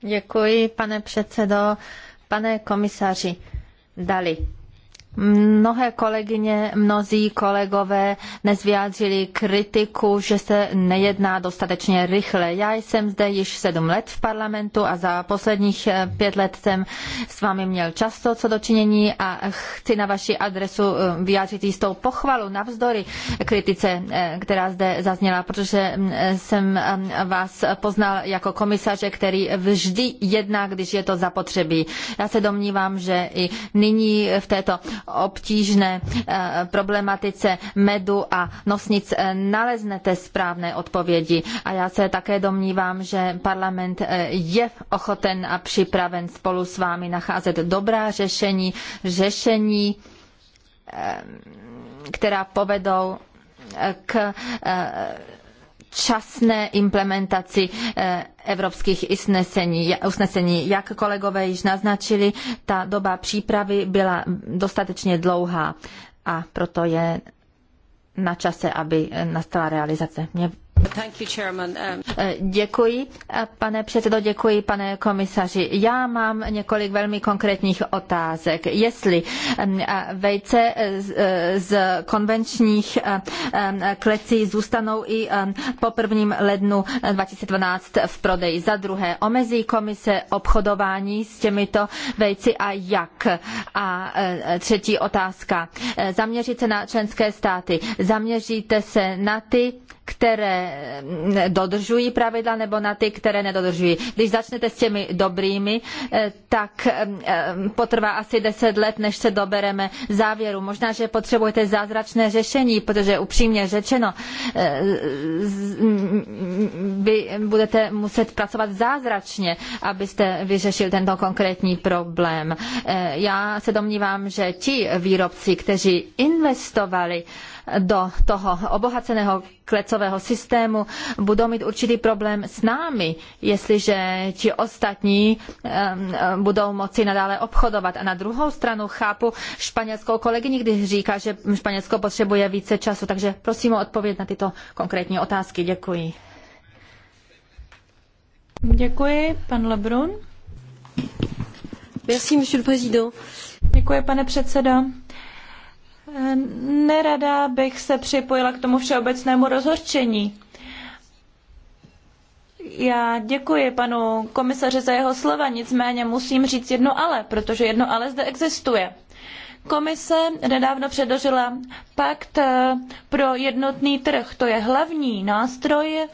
Děkuji, pane předsedo, pane komisaři Dali. Mnohé kolegyně, mnozí kolegové dnes vyjádřili kritiku, že se nejedná dostatečně rychle. Já jsem zde již sedm let v parlamentu a za posledních eh, pět let jsem s vámi měl často co dočinění a chci na vaši adresu eh, vyjádřit jistou pochvalu navzdory kritice, eh, která zde zazněla, protože mm, jsem vás poznal jako komisaře, který vždy jedná, když je to zapotřebí. Já se domnívám, že i nyní v této obtížné eh, problematice medu a nosnic eh, naleznete správné odpovědi. A já se také domnívám, že parlament eh, je ochoten a připraven spolu s vámi nacházet dobrá řešení, řešení, která povedou k včasné implementaci eh, evropských usnesení. Jak kolegové již naznačili, ta doba přípravy byla dostatečně dlouhá a proto je na čase, aby eh, nastala realizace. Mě Um, eh, děkuji, eh, pane předsedo, děkuji, pane komisaři. Já mám několik velmi konkrétních otázek. Jestli vejce eh, z konvenčních klecí zůstanou i po prvním lednu 2012 v prodeji. Za druhé, omezí komise obchodování s těmito vejci a jak? A třetí otázka. Zaměřit se na členské státy. Zaměříte se na ty, které dodržují pravidla nebo na ty, které nedodržují. Když začnete s těmi dobrými, eh, tak eh, potrvá asi deset let, než se dobereme závěru. Možná, že potřebujete zázračné řešení, protože upřímně řečeno, eh, vy budete muset pracovat zázračně, abyste vyřešil tento konkrétní problém. Já se domnívám, že ti výrobci, kteří investovali, do toho obohaceného klecového systému budou mít určitý problém s námi, jestliže ti ostatní budou moci nadále obchodovat. A na druhou stranu chápu španělskou kolegyni, když říká, že Španělsko potřebuje více času. Takže prosím o odpověď na tyto konkrétní otázky. Děkuji. Děkuji, pan Lebrun. Merci, monsieur le président. Děkuji, pane předsedo. Nerada bych se připojila k tomu všeobecnému rozhorčení. Já děkuji panu komisaři za jeho slova, nicméně musím říct jedno ale, protože jedno ale zde existuje. Komise nedávno předložila pakt eh, pro jednotný trh. To je hlavní nástroj,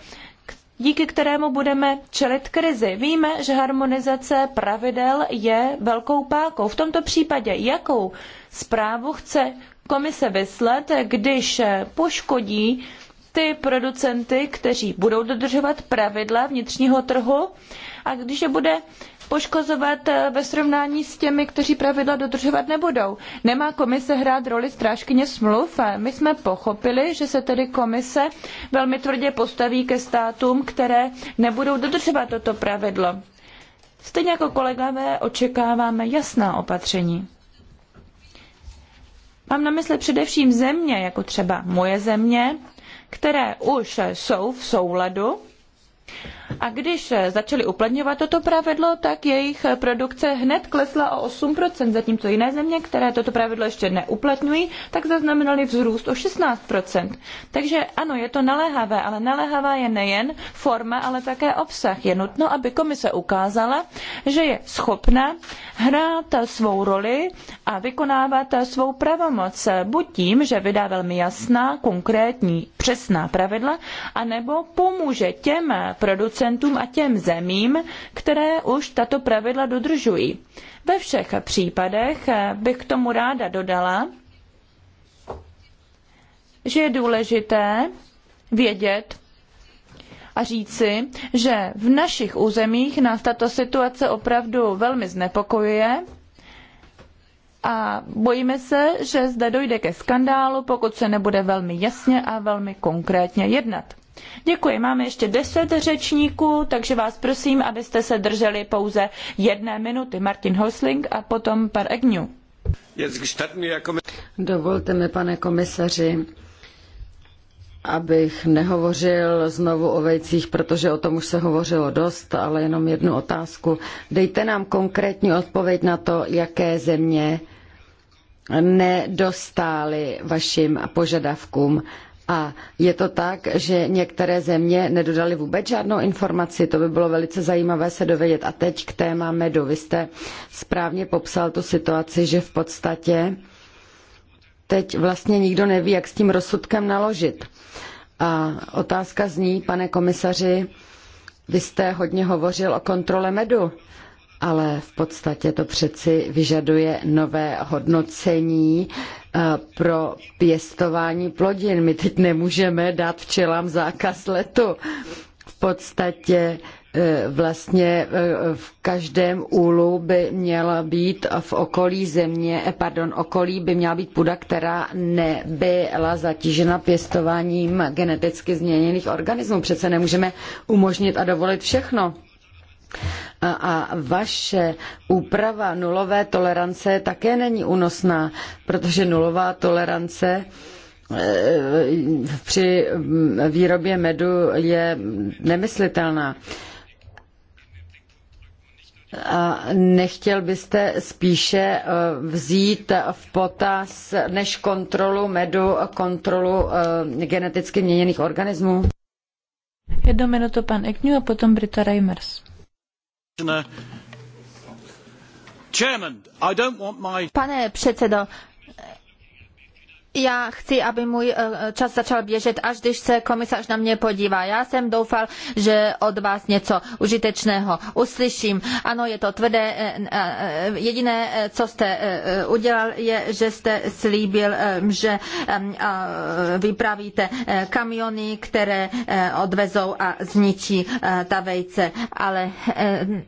díky kterému budeme čelit krizi. Víme, že harmonizace pravidel je velkou pákou. V tomto případě, jakou zprávu chce komise vyslat, když poškodí ty producenty, kteří budou dodržovat pravidla vnitřního trhu a když je bude poškozovat eh, ve srovnání s těmi, kteří pravidla dodržovat nebudou. Nemá komise hrát roli strážkyně smluv. My jsme pochopili, že se tedy komise velmi tvrdě postaví ke státům, které nebudou dodržovat toto pravidlo. Stejně jako kolegové očekáváme jasná opatření. Mám na mysli především země, jako třeba moje země, které už jsou v souladu a když začaly uplatňovat toto pravidlo, tak jejich produkce hned klesla o 8%, zatímco jiné země, které toto pravidlo ještě neuplatňují, tak zaznamenaly vzrůst o 16%. Takže ano, je to naléhavé, ale naléhavá je nejen forma, ale také obsah. Je nutno, aby komise ukázala, že je schopna hrát svou roli a vykonávat svou pravomoc, buď tím, že vydá velmi jasná, konkrétní, přesná pravidla, anebo pomůže těm producentům a těm zemím, které už tato pravidla dodržují. Ve všech případech bych k tomu ráda dodala, že je důležité vědět a říci, že v našich územích nás tato situace opravdu velmi znepokojuje a bojíme se, že zde dojde ke skandálu, pokud se nebude velmi jasně a velmi konkrétně jednat. Děkuji, máme ještě deset řečníků, takže vás prosím, abyste se drželi pouze jedné minuty. Martin Hosling a potom par Egnu. Dovolte mi, pane komisaři, abych nehovořil znovu o vejcích, protože o tom už se hovořilo dost, ale jenom jednu otázku. Dejte nám konkrétní odpověď na to, jaké země nedostály vašim požadavkům a je to tak, že některé země nedodaly vůbec žádnou informaci, to by bylo velice zajímavé se dovědět. A teď k téma medu. Vy jste správně popsal tu situaci, že v podstatě teď vlastně nikdo neví, jak s tím rozsudkem naložit. A otázka zní, pane komisaři, vy jste hodně hovořil o kontrole medu, ale v podstatě to přeci vyžaduje nové hodnocení pro pěstování plodin. My teď nemůžeme dát včelám zákaz letu. V podstatě e, vlastně e, v každém úlu by měla být v okolí země, e, pardon, okolí by měla být půda, která nebyla zatížena pěstováním geneticky změněných organismů. Přece nemůžeme umožnit a dovolit všechno. A vaše úprava nulové tolerance také není únosná, protože nulová tolerance e, při výrobě medu je nemyslitelná. A nechtěl byste spíše e, vzít v potaz než kontrolu medu, kontrolu e, geneticky měněných organismů? Jednu minutu pan Ekňu a potom Brita Reimers. Pane předsedo, já chci, aby můj eh, čas začal běžet, až když se komisař na mě podívá. Já jsem doufal, že od vás něco užitečného uslyším. Ano, je to tvrdé. Eh, eh, jediné, co jste udělal, je, že jste slíbil, že vypravíte kamiony, které odvezou a zničí ta vejce. Ale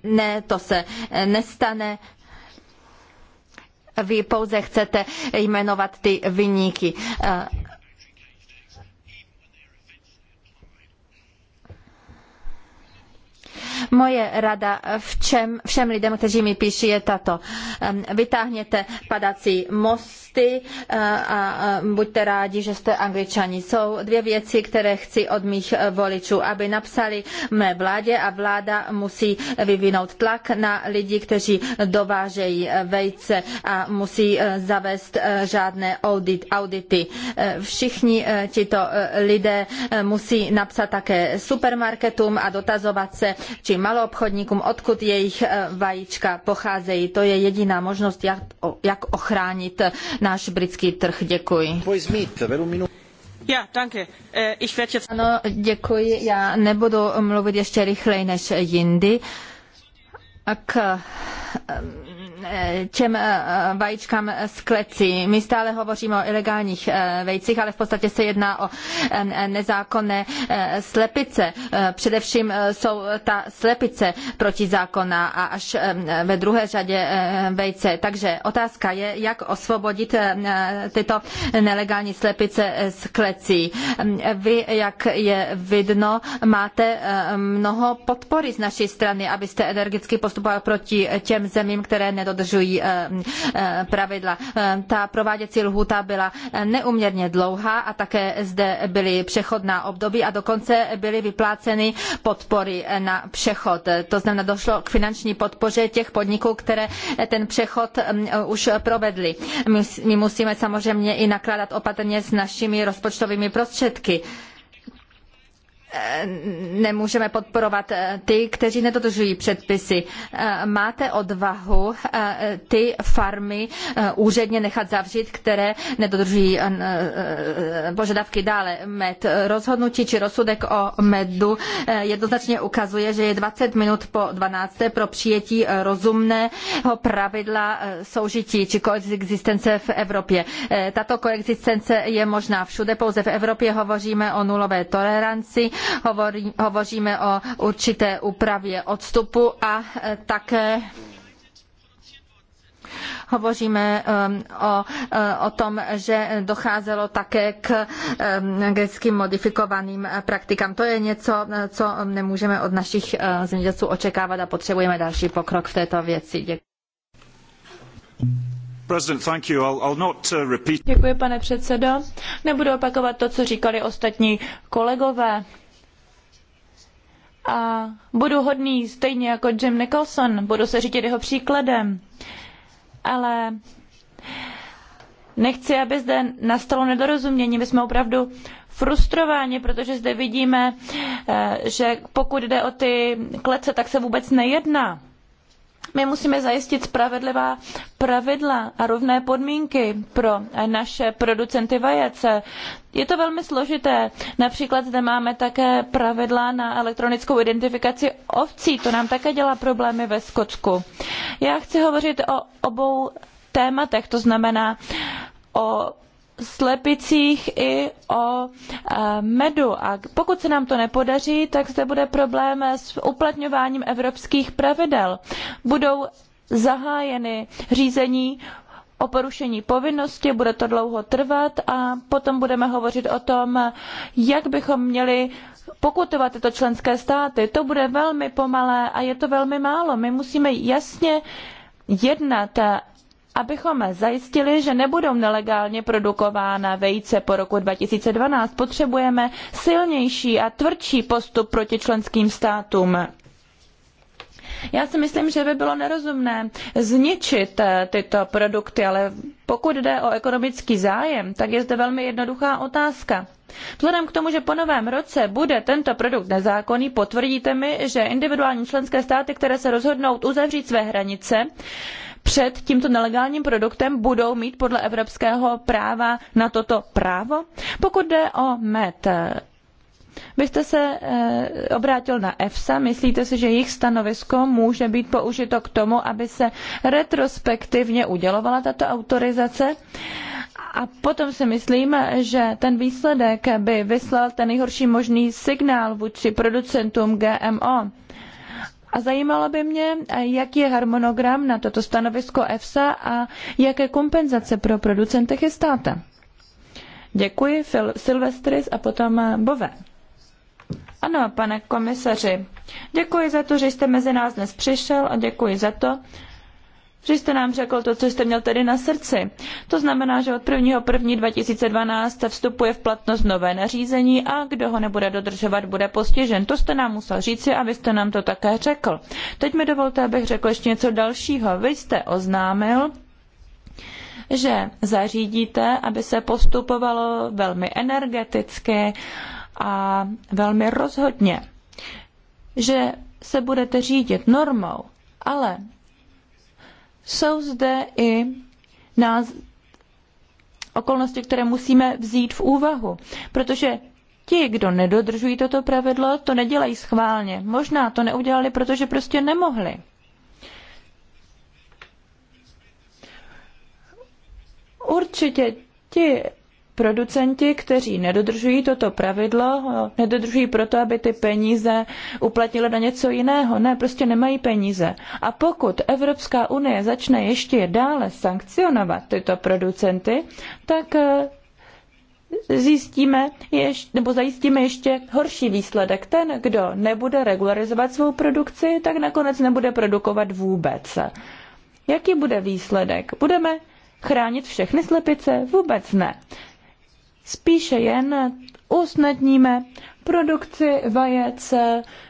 ne, to se nestane vy pouze chcete jmenovat ty vyníky. Moje rada všem, všem lidem, kteří mi píší, je tato. Vytáhněte padací mosty eh, a buďte rádi, že jste angličani. Jsou dvě věci, které chci od mých eh, voličů, aby napsali mé vládě a vláda musí vyvinout tlak na lidi, kteří dovážejí eh, vejce a musí zavést žádné audit, audity. Všichni tito lidé musí napsat také supermarketům a dotazovat se, či či maloobchodníkům, odkud jejich eh, vajíčka pocházejí. To je jediná možnost, jak, jak ochránit eh, náš britský trh. Děkuji. Ja, danke. Eh, ich werde jetzt... Ano, děkuji. Já nebudu mluvit ještě rychleji než jindy. K Eh, těm eh, eh, vajíčkám z klecí. My stále hovoříme o ilegálních vejcích, ale v podstatě se jedná o nezákonné slepice. Především jsou ta slepice protizákonná a až ve druhé řadě vejce. Takže otázka je, jak osvobodit tyto nelegální slepice z klecí. Vy, jak je vidno, máte mnoho podpory z naší strany, abyste energicky postupoval proti těm zemím, které nedodržují eh, eh, pravidla. Eh, ta prováděcí lhůta byla neuměrně dlouhá a také zde byly přechodná období a dokonce byly vypláceny podpory na přechod. To znamená, došlo k finanční podpoře těch podniků, které ten přechod mm, už provedly. My musíme samozřejmě i nakládat opatrně s našimi rozpočtovými prostředky. Eh, nemůžeme podporovat eh, ty, kteří nedodržují předpisy. Eh, máte odvahu ty farmy úředně nechat zavřít, které nedodržují požadavky dále. Med rozhodnutí či rozsudek o medu jednoznačně ukazuje, že je 20 minut po 12. pro přijetí rozumného pravidla soužití či koexistence v Evropě. Tato koexistence je možná všude, pouze v Evropě hovoříme o nulové toleranci Hovorí, hovoříme o určité úpravě odstupu a eh, také Hovoříme ehm, o, eh, o tom, že docházelo také k ehm, geneticky modifikovaným eh, praktikám. To je něco, co nemůžeme od našich zemědělců očekávat a potřebujeme další pokrok v této věci. Děkuji. Uh, Děkuji, pane předsedo. Nebudu opakovat to, co říkali ostatní kolegové a budu hodný stejně jako Jim Nicholson, budu se řídit jeho příkladem, ale nechci, aby zde nastalo nedorozumění. My jsme opravdu frustrováni, protože zde vidíme, eh, že pokud jde o ty klece, tak se vůbec nejedná my musíme zajistit spravedlivá pravidla a rovné podmínky pro naše producenty vajec. Je to velmi složité. Například zde máme také pravidla na elektronickou identifikaci ovcí. To nám také dělá problémy ve Skotsku. Já chci hovořit o obou tématech, to znamená o slepicích i o eh, medu. A pokud se nám to nepodaří, tak zde bude problém s uplatňováním evropských pravidel. Budou zahájeny řízení o porušení povinnosti, bude to dlouho trvat a potom budeme hovořit o tom, jak bychom měli pokutovat tyto členské státy. To bude velmi pomalé a je to velmi málo. My musíme jasně jednat Abychom zajistili, že nebudou nelegálně produkována vejce po roku 2012, potřebujeme silnější a tvrdší postup proti členským státům. Já si myslím, že by bylo nerozumné zničit eh, tyto produkty, ale pokud jde o ekonomický zájem, tak je zde velmi jednoduchá otázka. Vzhledem k tomu, že po novém roce bude tento produkt nezákonný, potvrdíte mi, že individuální členské státy, které se rozhodnou uzavřít své hranice, před tímto nelegálním produktem budou mít podle evropského práva na toto právo? Pokud jde o med, vy jste se eh, obrátil na EFSA. Myslíte si, že jejich stanovisko může být použito k tomu, aby se retrospektivně udělovala tato autorizace? A potom si myslím, že ten výsledek by vyslal ten nejhorší možný signál vůči producentům GMO. A zajímalo by mě, jaký je harmonogram na toto stanovisko EFSA a jaké kompenzace pro producenty chystáte. Děkuji, Phil Silvestris a potom eh, Bové. Ano, pane komisaři, děkuji za to, že jste mezi nás dnes přišel a děkuji za to, že jste nám řekl to, co jste měl tedy na srdci. To znamená, že od 1.1.2012 vstupuje v platnost nové nařízení a kdo ho nebude dodržovat, bude postižen. To jste nám musel říci a vy jste nám to také řekl. Teď mi dovolte, abych řekl ještě něco dalšího. Vy jste oznámil, že zařídíte, aby se postupovalo velmi energeticky a velmi rozhodně, že se budete řídit normou, ale jsou zde i nás okolnosti, které musíme vzít v úvahu, protože ti, kdo nedodržují toto pravidlo, to nedělají schválně. Možná to neudělali, protože prostě nemohli. Určitě ti producenti, kteří nedodržují toto pravidlo, nedodržují proto, aby ty peníze uplatnili na něco jiného. Ne, prostě nemají peníze. A pokud Evropská unie začne ještě dále sankcionovat tyto producenty, tak eh, zjistíme, nebo zajistíme ještě horší výsledek. Ten, kdo nebude regularizovat svou produkci, tak nakonec nebude produkovat vůbec. Jaký bude výsledek? Budeme chránit všechny slepice? Vůbec ne. Spíše jen usnadníme produkci vajec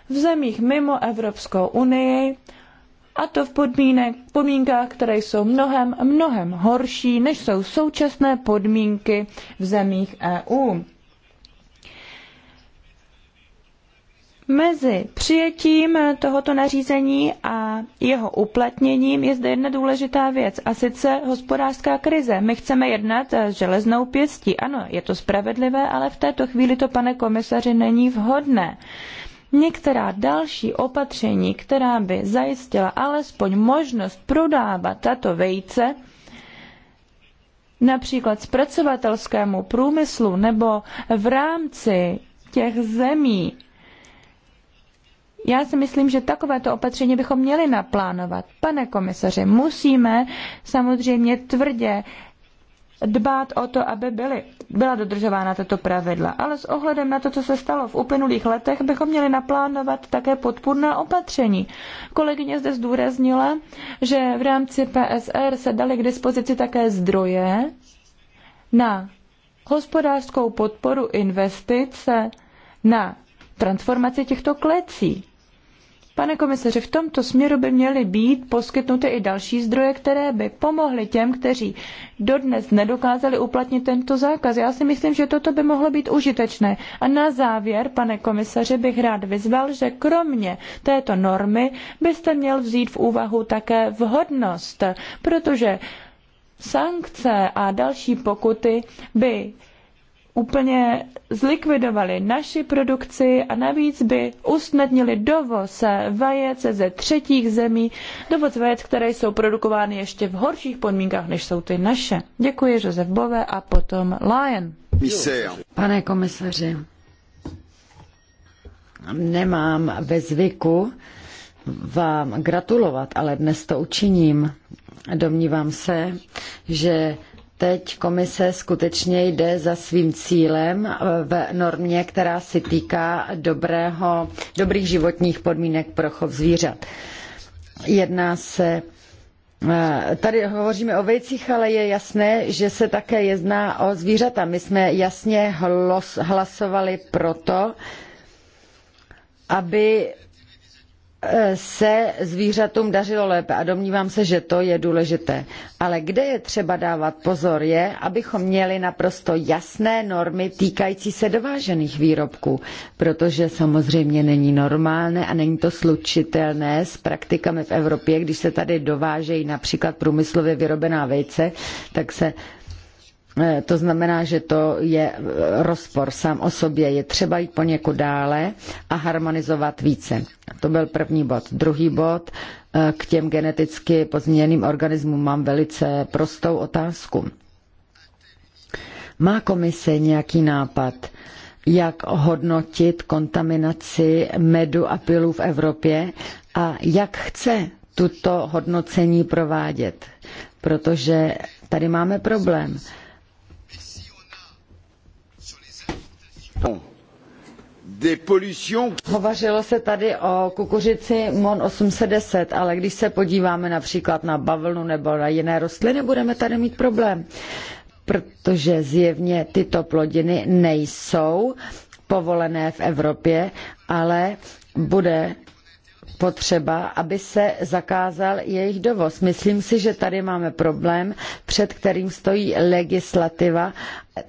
v zemích mimo Evropskou unii, a to v podmínek, podmínkách, které jsou mnohem, mnohem horší, než jsou současné podmínky v zemích EU. Mezi přijetím tohoto nařízení a jeho uplatněním je zde jedna důležitá věc, a sice hospodářská krize. My chceme jednat s železnou pěstí. Ano, je to spravedlivé, ale v této chvíli to, pane komisaři, není vhodné. Některá další opatření, která by zajistila alespoň možnost prodávat tato vejce, například zpracovatelskému průmyslu nebo v rámci těch zemí, já si myslím, že takovéto opatření bychom měli naplánovat. Pane komisaři, musíme samozřejmě tvrdě dbát o to, aby byly, byla dodržována tato pravidla. Ale s ohledem na to, co se stalo v uplynulých letech, bychom měli naplánovat také podpůrná opatření. Kolegyně zde zdůraznila, že v rámci PSR se daly k dispozici také zdroje na hospodářskou podporu investice na transformaci těchto klecí. Pane komisaři, v tomto směru by měly být poskytnuty i další zdroje, které by pomohly těm, kteří dodnes nedokázali uplatnit tento zákaz. Já si myslím, že toto by mohlo být užitečné. A na závěr, pane komisaři, bych rád vyzval, že kromě této normy byste měl vzít v úvahu také vhodnost, protože sankce a další pokuty by úplně zlikvidovali naši produkci a navíc by usnadnili dovoz vajec ze třetích zemí, dovoz vajec, které jsou produkovány ještě v horších podmínkách, než jsou ty naše. Děkuji Josef Bové a potom Lion. Pane komisaři, nemám ve zvyku vám gratulovat, ale dnes to učiním. Domnívám se, že Teď komise skutečně jde za svým cílem eh, v normě, která se týká dobrého, dobrých životních podmínek pro chov zvířat. Jedná se eh, Tady hovoříme o vejcích, ale je jasné, že se také jedná o zvířata. My jsme jasně hlos, hlasovali proto, aby se zvířatům dařilo lépe a domnívám se, že to je důležité. Ale kde je třeba dávat pozor je, abychom měli naprosto jasné normy týkající se dovážených výrobků, protože samozřejmě není normálné a není to slučitelné s praktikami v Evropě, když se tady dovážejí například průmyslově vyrobená vejce, tak se Eh, to znamená, že to je eh, rozpor sám o sobě. Je třeba jít poněkud dále a harmonizovat více. To byl první bod. Druhý bod, eh, k těm geneticky pozměněným organismům mám velice prostou otázku. Má komise nějaký nápad, jak hodnotit kontaminaci medu a pilů v Evropě a jak chce tuto hodnocení provádět? Protože tady máme problém Hovořilo se tady o kukuřici MON 810, ale když se podíváme například na bavlnu nebo na jiné rostliny, budeme tady mít problém, protože zjevně tyto plodiny nejsou povolené v Evropě, ale bude potřeba, aby se zakázal jejich dovoz. Myslím si, že tady máme problém, před kterým stojí legislativa.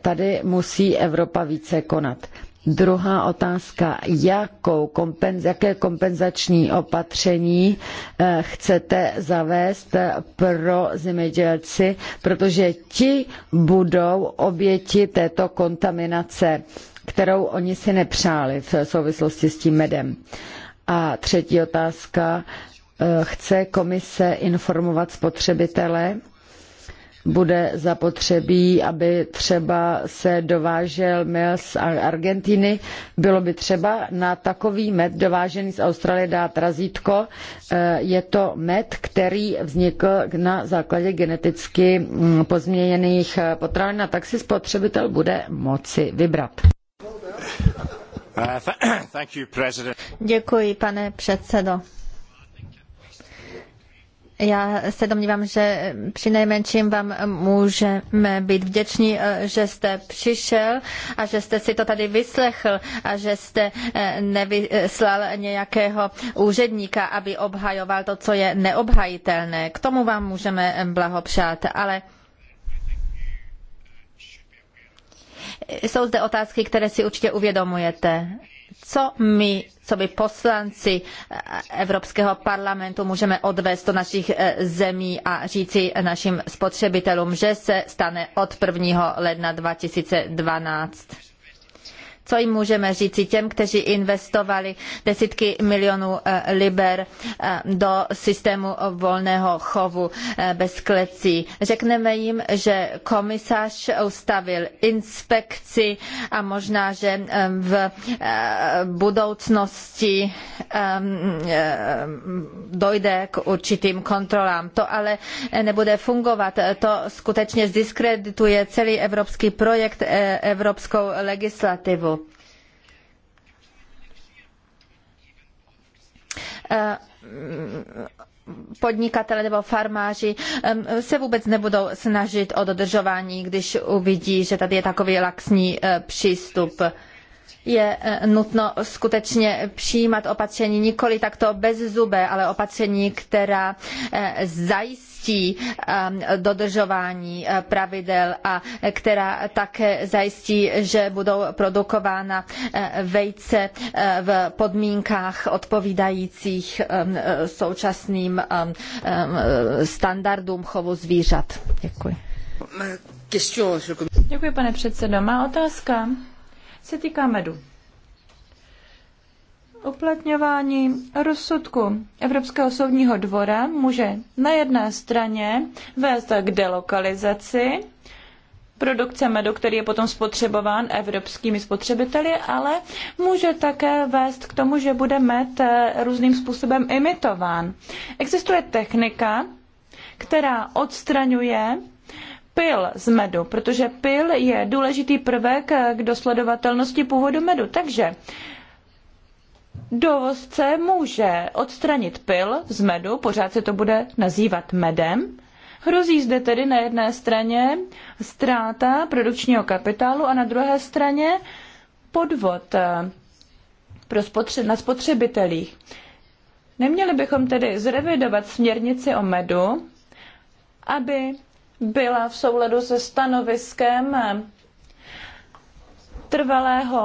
Tady musí Evropa více konat. Druhá otázka, jakou kompenz, jaké kompenzační opatření eh, chcete zavést eh, pro zemědělci, protože ti budou oběti této kontaminace, kterou oni si nepřáli v souvislosti s tím medem. A třetí otázka, eh, chce komise informovat spotřebitele? Bude zapotřebí, aby třeba se dovážel mil z Argentiny. Bylo by třeba na takový med dovážený z Austrálie dát razítko. Eh, je to med, který vznikl na základě geneticky mm, pozměněných eh, potravin a tak si spotřebitel bude moci vybrat. Uh, [coughs] Děkuji, pane předsedající Já se domnívám, že při vám můžeme být vděční, eh, že jste přišel a že jste si to tady vyslechl a že jste eh, nevyslal nějakého úředníka, aby obhajoval to, co je neobhajitelné. K tomu vám můžeme eh, blahopřát, ale Jsou zde otázky, které si určitě uvědomujete. Co my, co by poslanci Evropského parlamentu můžeme odvést do našich eh, zemí a říci našim spotřebitelům, že se stane od 1. ledna 2012? Co jim můžeme říci těm, kteří investovali desítky milionů eh, liber eh, do systému volného chovu eh, bez klecí? Řekneme jim, že komisař ustavil inspekci a možná, že v budoucnosti dojde k určitým kontrolám. To ale nebude fungovat. To skutečně zdiskredituje celý evropský projekt, evropskou legislativu. Eh, podnikatele nebo farmáři eh, se vůbec nebudou snažit o dodržování, když uvidí, že tady je takový laxní eh, přístup je nutno skutečně přijímat opatření nikoli takto bezzubé, ale opatření, která zajistí ctí ehm, dodržování eh, pravidel a která také zajistí, že budou produkována eh, vejce eh, v podmínkách odpovídajících ehm, současným ehm, standardům chovu zvířat. Děkuji. Děkuji, pane předsedo. Má otázka se týká medu uplatňování rozsudku Evropského soudního dvora může na jedné straně vést k delokalizaci produkce medu, který je potom spotřebován evropskými spotřebiteli, ale může také vést k tomu, že bude med eh, různým způsobem imitován. Existuje technika, která odstraňuje pil z medu, protože pil je důležitý prvek k dosledovatelnosti původu medu. Takže dovozce může odstranit pil z medu, pořád se to bude nazývat medem. Hrozí zde tedy na jedné straně ztráta produkčního kapitálu a na druhé straně podvod eh, pro spotře- na spotřebitelích. Neměli bychom tedy zrevidovat směrnici o medu, aby byla v souladu se stanoviskem eh, trvalého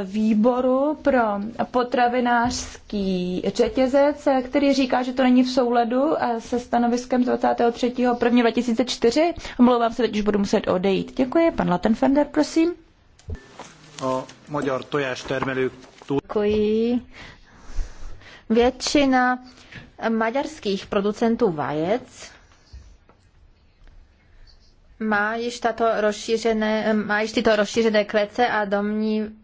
e, výboru pro potravinářský řetězec, e, který říká, že to není v souladu e, se stanoviskem 23.1.2004. Omlouvám se, teď už budu muset odejít. Děkuji. Pan Latenfender, prosím. O magyar tojástermelők túl... Děkuji. Většina maďarských producentů vajec má již, tato rozšířené, má již tyto rozšířené klece a domní,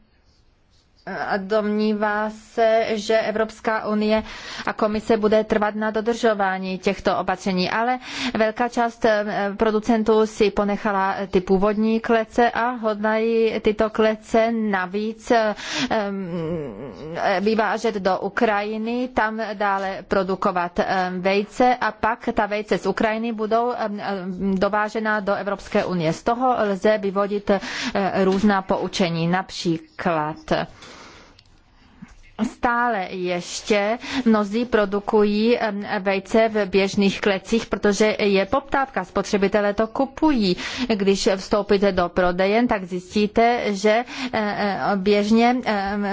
a domnívá se, že Evropská unie a komise bude trvat na dodržování těchto opatření, ale velká část eh, producentů si ponechala ty původní klece a hodlají tyto klece navíc eh, eh, vyvážet do Ukrajiny, tam dále produkovat vejce a pak ta vejce z Ukrajiny budou dovážena do Evropské unie. Z toho lze vyvodit různá poučení, například Stále ještě mnozí produkují vejce v běžných klecích, protože je poptávka. Spotřebitelé to kupují. Když vstoupíte do prodejen, tak zjistíte, že e, e, běžně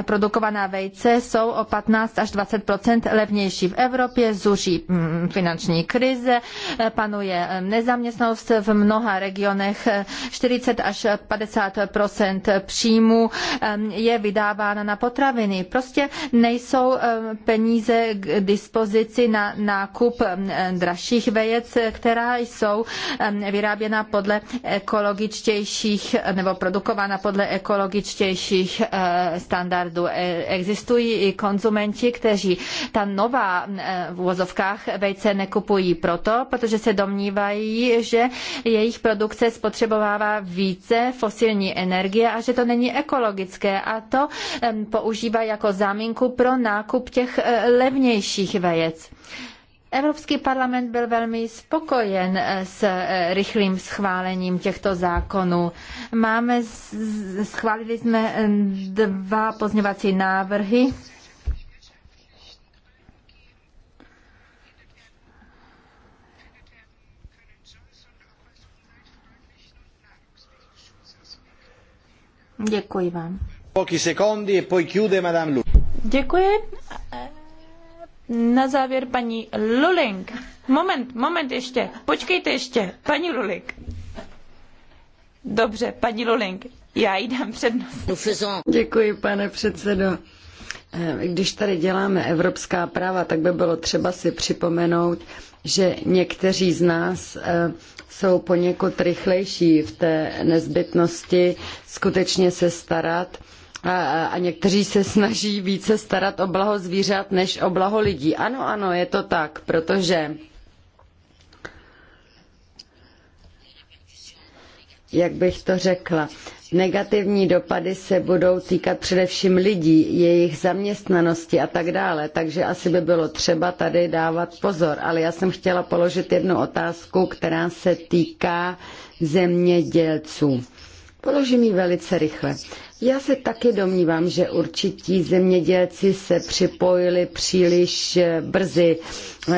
produkovaná vejce jsou o 15 až 20 levnější. V Evropě zuří finanční krize, e, panuje nezaměstnanost v mnoha regionech. 40 až 50 příjmů je vydávána na potraviny. Prostě nejsou eh, peníze k dispozici na nákup eh, dražších vejec, která jsou eh, vyráběna podle ekologičtějších nebo produkována podle ekologičtějších standardů. E, existují i konzumenti, kteří ta nová v uvozovkách vejce nekupují proto, protože se domnívají, že jejich produkce spotřebovává více fosilní energie a že to není ekologické a to používá jako záměr záminku pro nákup těch eh, levnějších vejec. Evropský parlament byl velmi spokojen eh, s eh, rychlým schválením těchto zákonů. Máme, schválili jsme dva pozněvací návrhy. Děkuji vám. Pochy sekundy, a e poi chiude Madame Lu. Děkuji. Na závěr paní Lulling. Moment, moment ještě. Počkejte ještě. Paní Lulling. Dobře, paní Lulling, já jí dám přednost. Děkuji, pane předsedo. Eh, když tady děláme evropská práva, tak by bylo třeba si připomenout, že někteří z nás eh, jsou poněkud rychlejší v té nezbytnosti skutečně se starat a někteří se snaží více starat o blaho zvířat než o blaho lidí. Ano, ano, je to tak, protože jak bych to řekla, negativní dopady se budou týkat především lidí, jejich zaměstnanosti a tak dále, takže asi by bylo třeba tady dávat pozor. Ale já jsem chtěla položit jednu otázku, která se týká zemědělců. Položím ji velice rychle. Já se taky domnívám, že určití zemědělci se připojili příliš brzy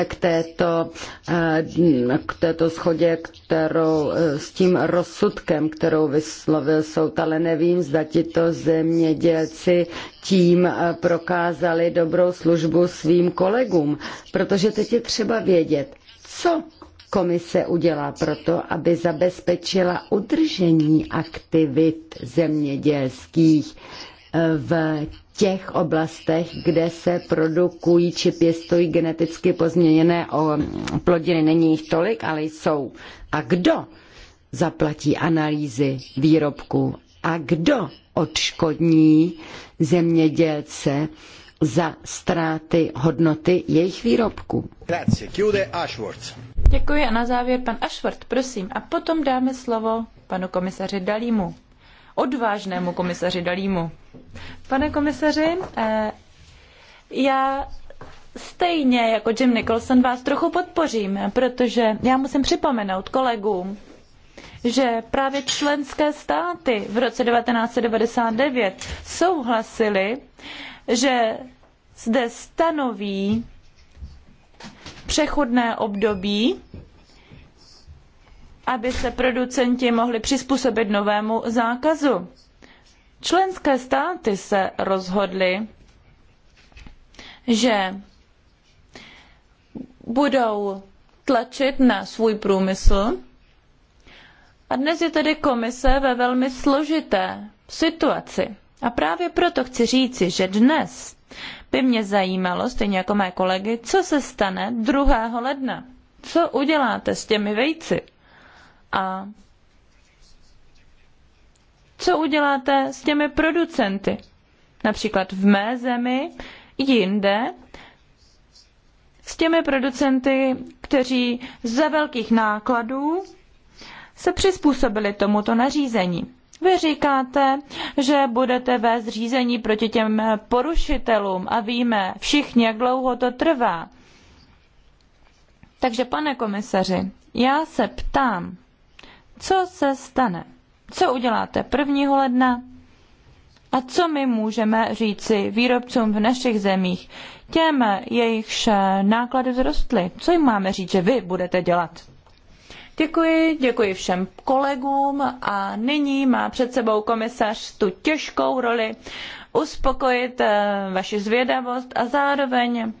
k této, eh, k této schodě, kterou eh, s tím rozsudkem, kterou vyslovil soud, ale nevím, zda ti to zemědělci tím eh, prokázali dobrou službu svým kolegům, protože teď je třeba vědět, co komise udělá proto, aby zabezpečila udržení aktivit zemědělských eh, v těch oblastech, kde se produkují či pěstují geneticky pozměněné plodiny. Není jich tolik, ale jsou. A kdo zaplatí analýzy výrobků? A kdo odškodní zemědělce za ztráty hodnoty jejich výrobků? Grazie. Chiude Ashworth. Děkuji a na závěr pan Ashford, prosím. A potom dáme slovo panu komisaři Dalímu. Odvážnému komisaři Dalímu. Pane komisaři, eh, já stejně jako Jim Nicholson vás trochu podpořím, protože já musím připomenout kolegům, že právě členské státy v roce 1999 souhlasili, že zde stanoví přechodné období, aby se producenti mohli přizpůsobit novému zákazu. Členské státy se rozhodly, že budou tlačit na svůj průmysl. A dnes je tedy komise ve velmi složité situaci. A právě proto chci říci, že dnes by mě zajímalo, stejně jako mé kolegy, co se stane 2. ledna. Co uděláte s těmi vejci? A co uděláte s těmi producenty? Například v mé zemi, jinde, s těmi producenty, kteří za velkých nákladů se přizpůsobili tomuto nařízení. Vy říkáte, že budete vést řízení proti těm porušitelům a víme všichni, jak dlouho to trvá. Takže, pane komisaři, já se ptám, co se stane? Co uděláte 1. ledna? A co my můžeme říci výrobcům v našich zemích, těm jejichž náklady vzrostly? Co jim máme říct, že vy budete dělat? Děkuji, děkuji všem kolegům a nyní má před sebou komisař tu těžkou roli uspokojit eh, vaši zvědavost a zároveň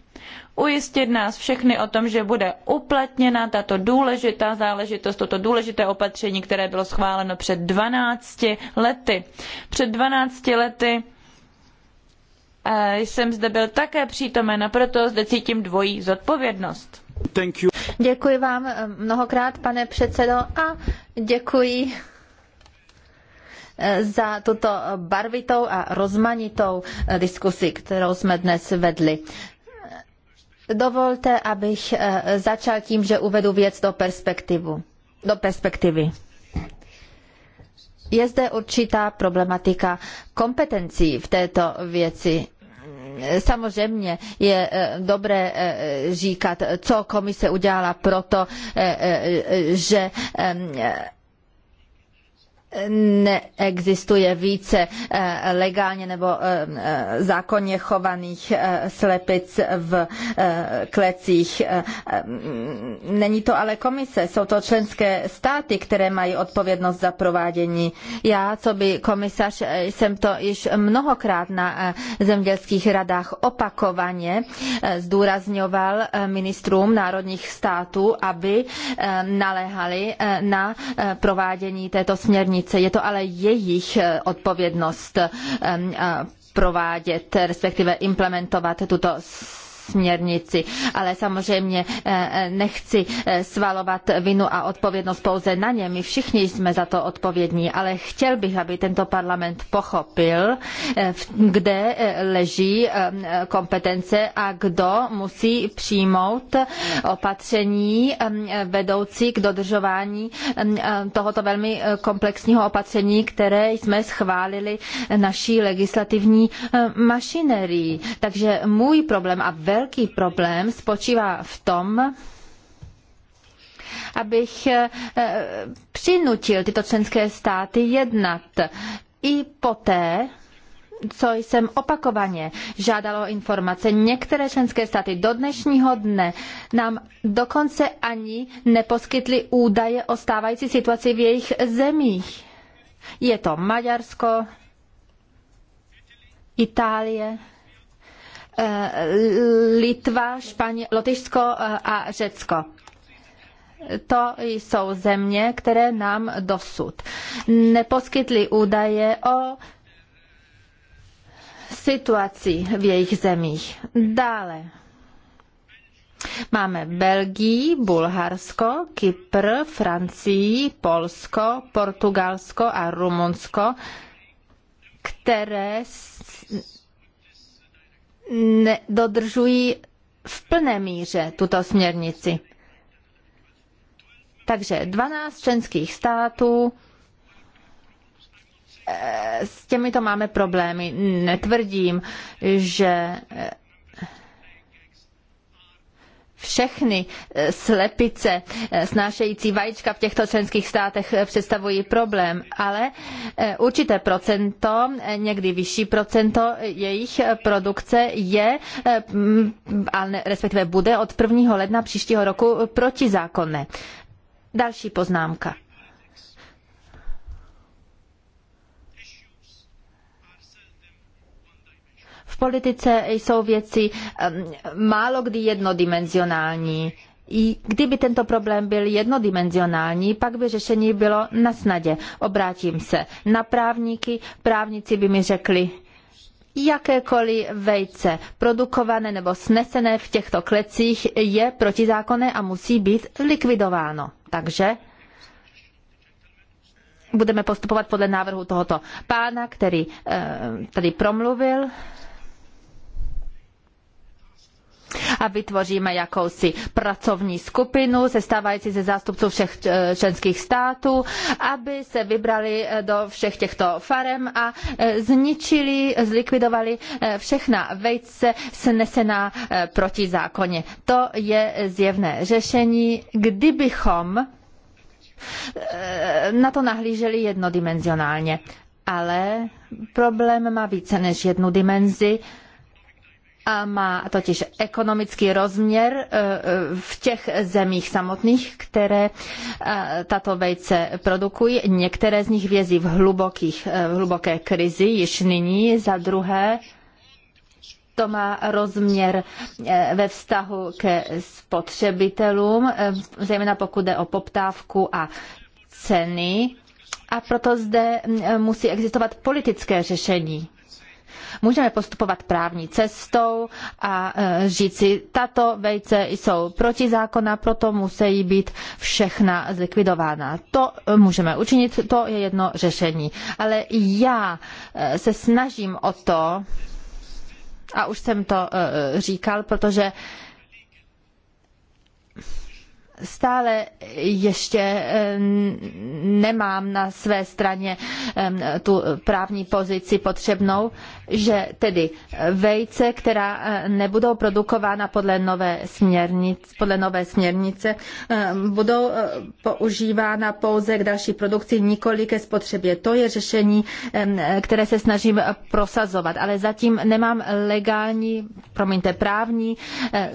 ujistit nás všechny o tom, že bude uplatněna tato důležitá záležitost, toto důležité opatření, které bylo schváleno před 12 lety. Před 12 lety eh, jsem zde byl také přítomen a proto zde cítím dvojí zodpovědnost. Thank you. Děkuji vám eh, mnohokrát, pane předsedo, a děkuji eh, za tuto eh, barvitou a rozmanitou diskusi, kterou jsme dnes vedli. Dovolte, abych začal tím, že uvedu věc do, perspektivu, do perspektivy. Je zde určitá problematika kompetencí v této věci samozřejmě je eh, dobré eh, říkat, co komise udělala to eh, že neexistuje více eh, legálně nebo eh, eh, zákonně chovaných slepic v klecích. Mm, není to ale komise, jsou to členské státy, které mají odpovědnost za provádění. Já, co by komisař, jsem to již mnohokrát na zemědělských radách opakovaně zdůrazňoval ministrům národních států, aby naléhali na provádění této směrnice hranice, Je to ale jejich eh, odpovědnost eh, eh, provádět, respektive implementovat tuto směrnici směrnici. Ale samozřejmě eh, eh, nechci eh, svalovat vinu a odpovědnost pouze na ně. My všichni jsme za to odpovědní, ale chtěl bych, aby tento parlament pochopil, kde leží kompetence a kdo musí přijmout opatření vedoucí k dodržování tohoto velmi komplexního opatření, které jsme schválili naší legislativní mašinerií. Takže můj problém a velmi velký problém spočívá v tom, abych eh, přinutil tyto členské státy jednat i poté, co jsem opakovaně žádalo o informace. Některé členské státy do dnešního dne nám dokonce ani neposkytly údaje o stávající situaci v jejich zemích. Je to Maďarsko, Itálie, Eh, Litva, Španě, Lotyšsko eh, a Řecko. To jsou země, které nám dosud neposkytly údaje o situaci v jejich zemích. Dále. Máme Belgii, Bulharsko, Kypr, Francii, Polsko, Portugalsko a Rumunsko, které nedodržují v plné míře tuto směrnici. Takže 12 členských států eh, s těmito máme problémy. Netvrdím, že eh, všechny eh, slepice eh, snášející vajíčka v těchto členských státech eh, představují problém, ale určité procento, někdy vyšší procento jejich produkce je, respektive bude od 1. ledna příštího roku protizákonné. Další poznámka. politice jsou věci málo kdy jednodimenzionální. I kdyby tento problém byl jednodimenzionální, pak by řešení bylo na snadě. Obrátím se na právníky, právníci by mi řekli, jakékoliv vejce produkované nebo snesené v těchto klecích je protizákonné a musí být likvidováno. Takže budeme postupovat podle návrhu tohoto pána, který eh, tady promluvil a vytvoříme jakousi pracovní skupinu sestávající ze zástupců všech eh, členských států, aby se vybrali eh, do všech těchto farem a eh, zničili, zlikvidovali všechna vejce snesená protizákonně. To je zjevné řešení, kdybychom na to nahlíželi jednodimenzionálně. Ale problém má více než jednu dimenzi a má totiž ekonomický rozměr e, e, v těch zemích samotných, které e, tato vejce produkují. Některé z nich vězí v, hlubokých, v hluboké krizi již nyní, za druhé to má rozměr ve vztahu ke spotřebitelům, zejména pokud jde o poptávku a ceny. A proto zde musí existovat politické řešení. Můžeme postupovat právní cestou a e, říct si, tato vejce jsou protizákonná, proto musí být všechna zlikvidována. To e, můžeme učinit, to je jedno řešení. Ale já e, se snažím o to, a už jsem to říkal, protože stále ještě eh, nemám na své straně tu právní pozici potřebnou, že tedy vejce, která eh, nebudou produkována podle nové, podle nové směrnice, budou eh, používána pouze k další produkci, nikoli ke spotřebě. To je řešení, které se snažím prosazovat, ale zatím nemám legální, promiňte, právní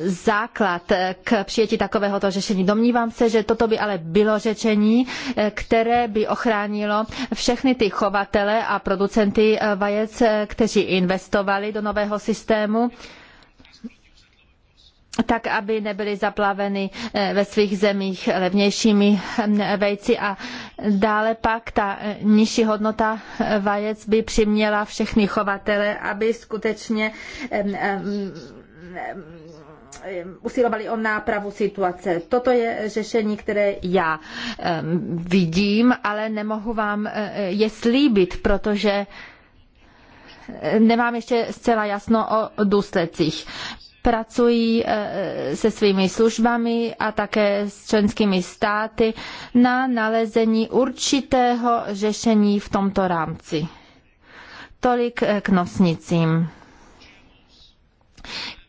základ k přijetí takovéhoto řešení Domnívám se, že toto by ale bylo řečení, eh, které by ochránilo všechny ty chovatele a producenty eh, vajec, eh, kteří investovali do nového systému tak aby nebyly zaplaveny ve svých zemích levnějšími hm, vejci a dále pak ta nižší hodnota vajec by přiměla všechny chovatele, aby skutečně hm, hm, Ehm, usilovali o nápravu situace. Toto je řešení, které já ehm, vidím, ale nemohu vám eh, je slíbit, protože eh, nemám ještě zcela jasno o důsledcích pracují eh, se svými službami a také s členskými státy na nalezení určitého řešení v tomto rámci. Tolik k nosnicím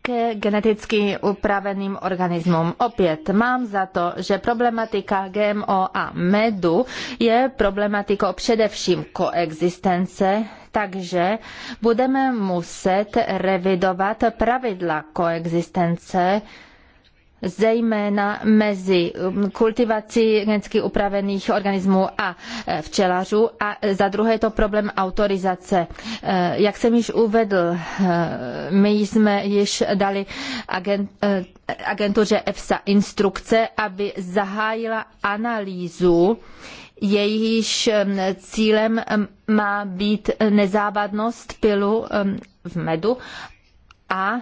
ke geneticky upraveným organismům. Opět mám za to, že problematika GMO a medu je problematikou především koexistence, takže budeme muset revidovat pravidla koexistence zejména mezi kultivací geneticky upravených organismů a e, včelařů a e, za druhé je to problém autorizace. E, jak jsem již uvedl, my jsme již dali agent, agentuře EFSA instrukce, aby zahájila analýzu jejíž cílem má být nezávadnost pilu v medu a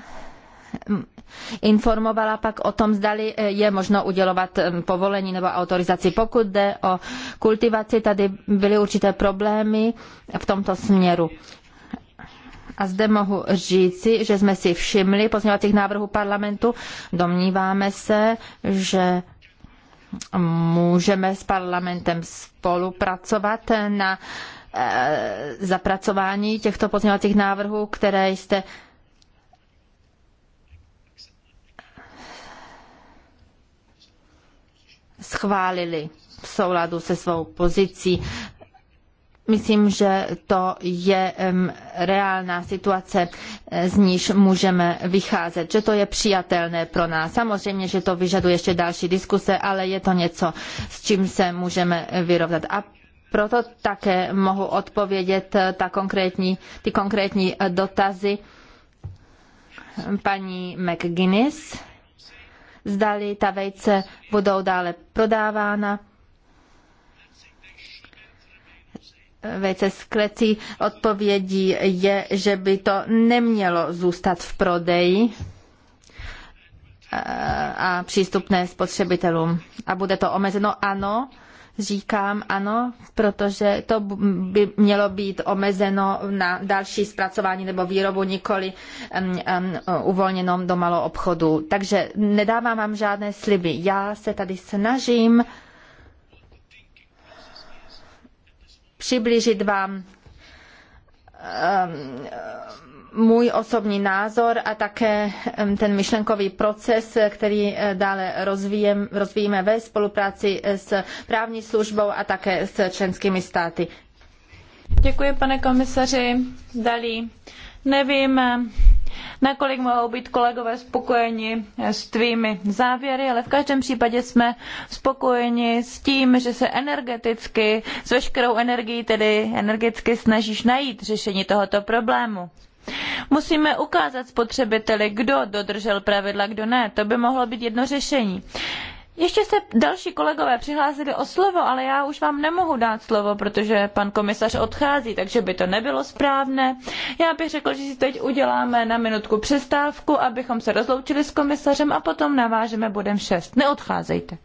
informovala pak o tom, zdali eh, je možno udělovat eh, povolení nebo autorizaci. Pokud jde o kultivaci, tady byly určité problémy v tomto směru. A zde mohu říci, že jsme si všimli pozměňovacích návrhů parlamentu. Domníváme se, že můžeme s parlamentem spolupracovat na eh, zapracování těchto pozměňovacích návrhů, které jste schválili v souladu se svou pozicí. Myslím, že to je reálná situace, z níž můžeme vycházet, že to je přijatelné pro nás. Samozřejmě, že to vyžaduje ještě další diskuse, ale je to něco, s čím se můžeme vyrovnat. A proto také mohu odpovědět eh, ta konkrétní, ty konkrétní eh, dotazy paní McGuinness zdali ta vejce budou dále prodávána. vejce z klecí. Odpovědí je, že by to nemělo zůstat v prodeji eh, a přístupné spotřebitelům. A bude to omezeno? Ano, říkám ano, protože to by mělo být omezeno na další zpracování nebo výrobu, nikoli um, um, uvolněnom do malou obchodu. Takže nedávám vám žádné sliby. Já se tady snažím přiblížit vám um, můj osobní názor a také ten myšlenkový proces, který eh, dále rozvíjem, rozvíjíme ve spolupráci eh, s právní službou a také s členskými státy. Děkuji, pane komisaři Dalí. Nevím, eh, nakolik mohou být kolegové spokojeni s tvými závěry, ale v každém případě jsme spokojeni s tím, že se energeticky, s veškerou energií, tedy energeticky snažíš najít řešení tohoto problému. Musíme ukázat spotřebiteli, kdo dodržel pravidla, kdo ne. To by mohlo být jedno řešení. Ještě se další kolegové přihlásili o slovo, ale já už vám nemohu dát slovo, protože pan komisař odchází, takže by to nebylo správné. Já bych řekl, že si teď uděláme na minutku přestávku, abychom se rozloučili s komisařem a potom navážeme bodem 6. Neodcházejte.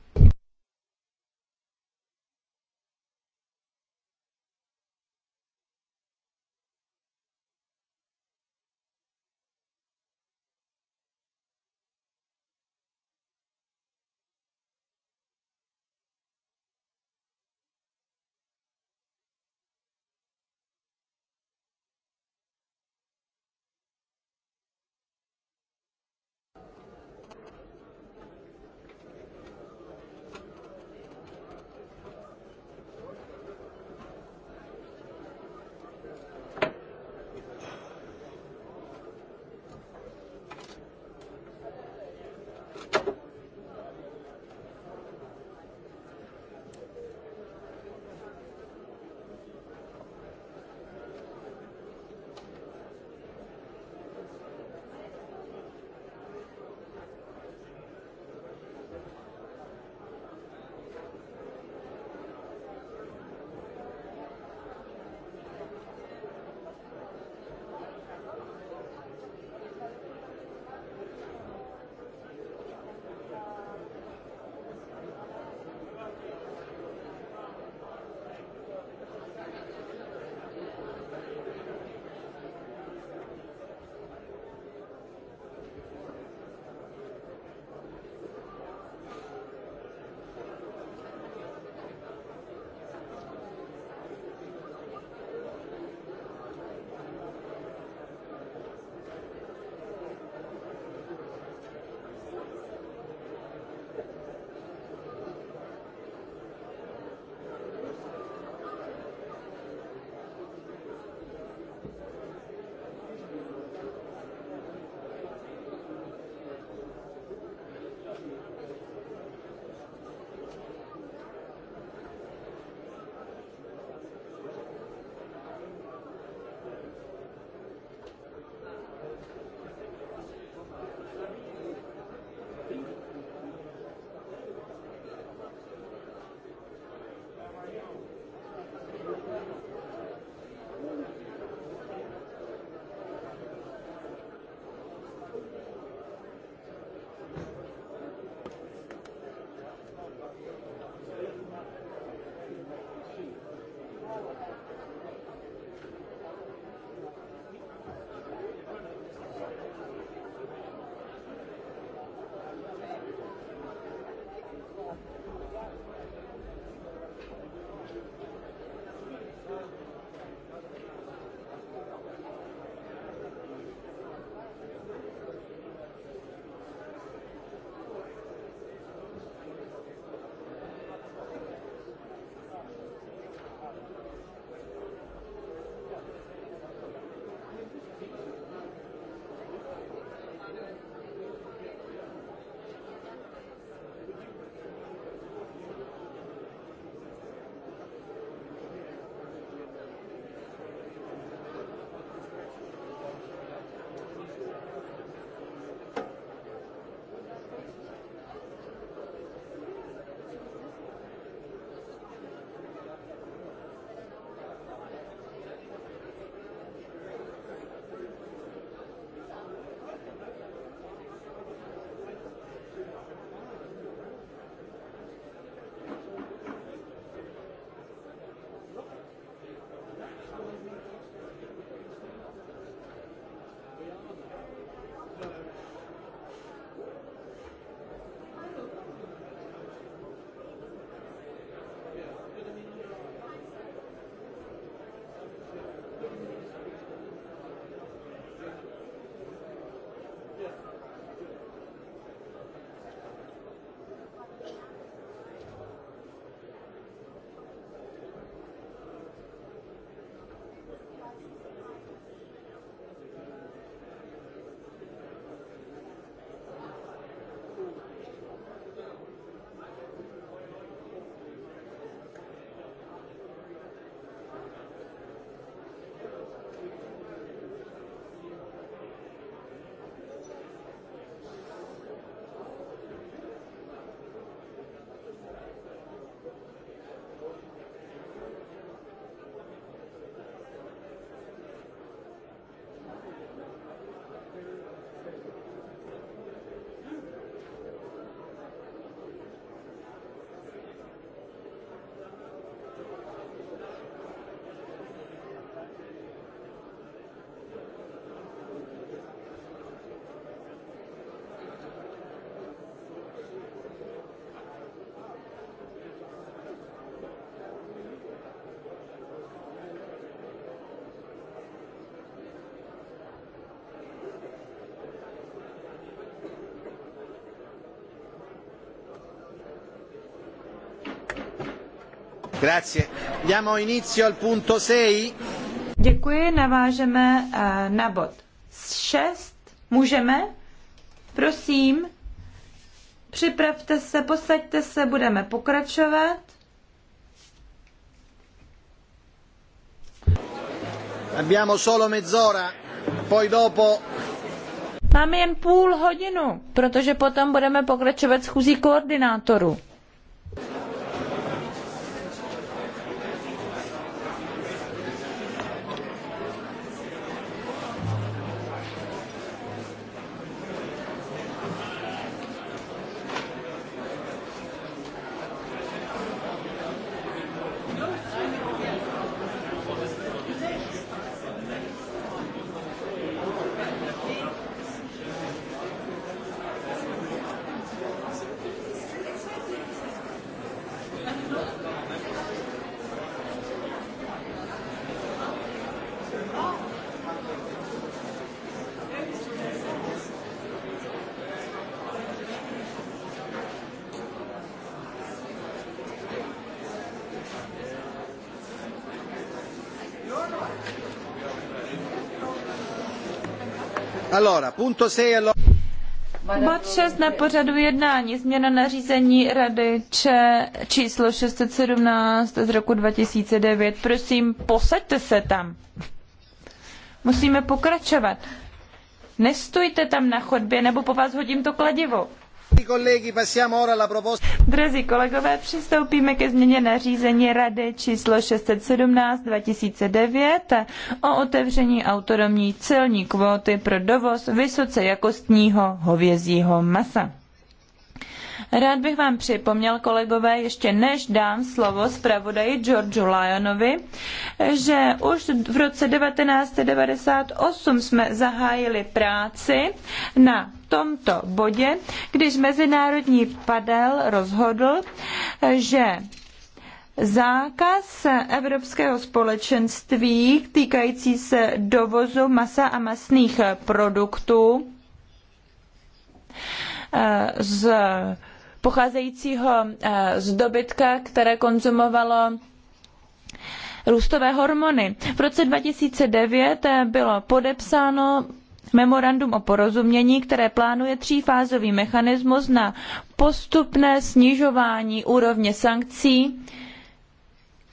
Děkuji, navážeme eh, na bod 6. Můžeme? Prosím, připravte se, posaďte se, budeme pokračovat. Abbiamo solo mezz'ora, poi dopo Máme jen půl hodinu, protože potom budeme pokračovat schůzí koordinátorů. Bod 6 na pořadu jednání, změna nařízení Rady Č číslo 617 z roku 2009. Prosím, posaďte se tam. Musíme pokračovat. Nestůjte tam na chodbě, nebo po vás hodím to kladivo. Drazí kolegové, přistoupíme ke změně nařízení Rady číslo 617-2009 o otevření autonomní celní kvóty pro dovoz vysoce jakostního hovězího masa. Rád bych vám připomněl, kolegové, ještě než dám slovo zpravodaji Georgeu Lyonovi, že už v roce 1998 jsme zahájili práci na tomto bodě, když Mezinárodní padel rozhodl, že Zákaz Evropského společenství týkající se dovozu masa a masných produktů eh, z pocházejícího eh, z dobytka, které konzumovalo růstové hormony. V roce 2009 eh, bylo podepsáno memorandum o porozumění, které plánuje třífázový mechanismus na postupné snižování úrovně sankcí,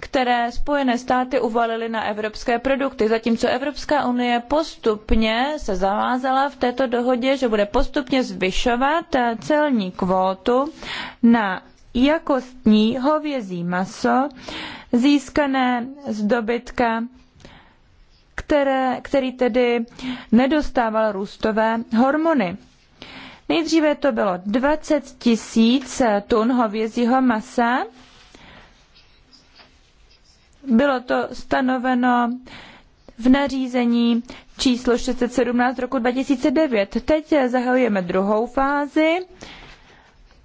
které Spojené státy uvalily na evropské produkty, zatímco Evropská unie postupně se zavázala v této dohodě, že bude postupně zvyšovat eh, celní kvótu na jakostní hovězí maso získané z dobytka které, který tedy nedostával růstové hormony. Nejdříve to bylo 20 tisíc tun hovězího masa. Bylo to stanoveno v nařízení číslo 617 roku 2009. Teď zahajujeme druhou fázi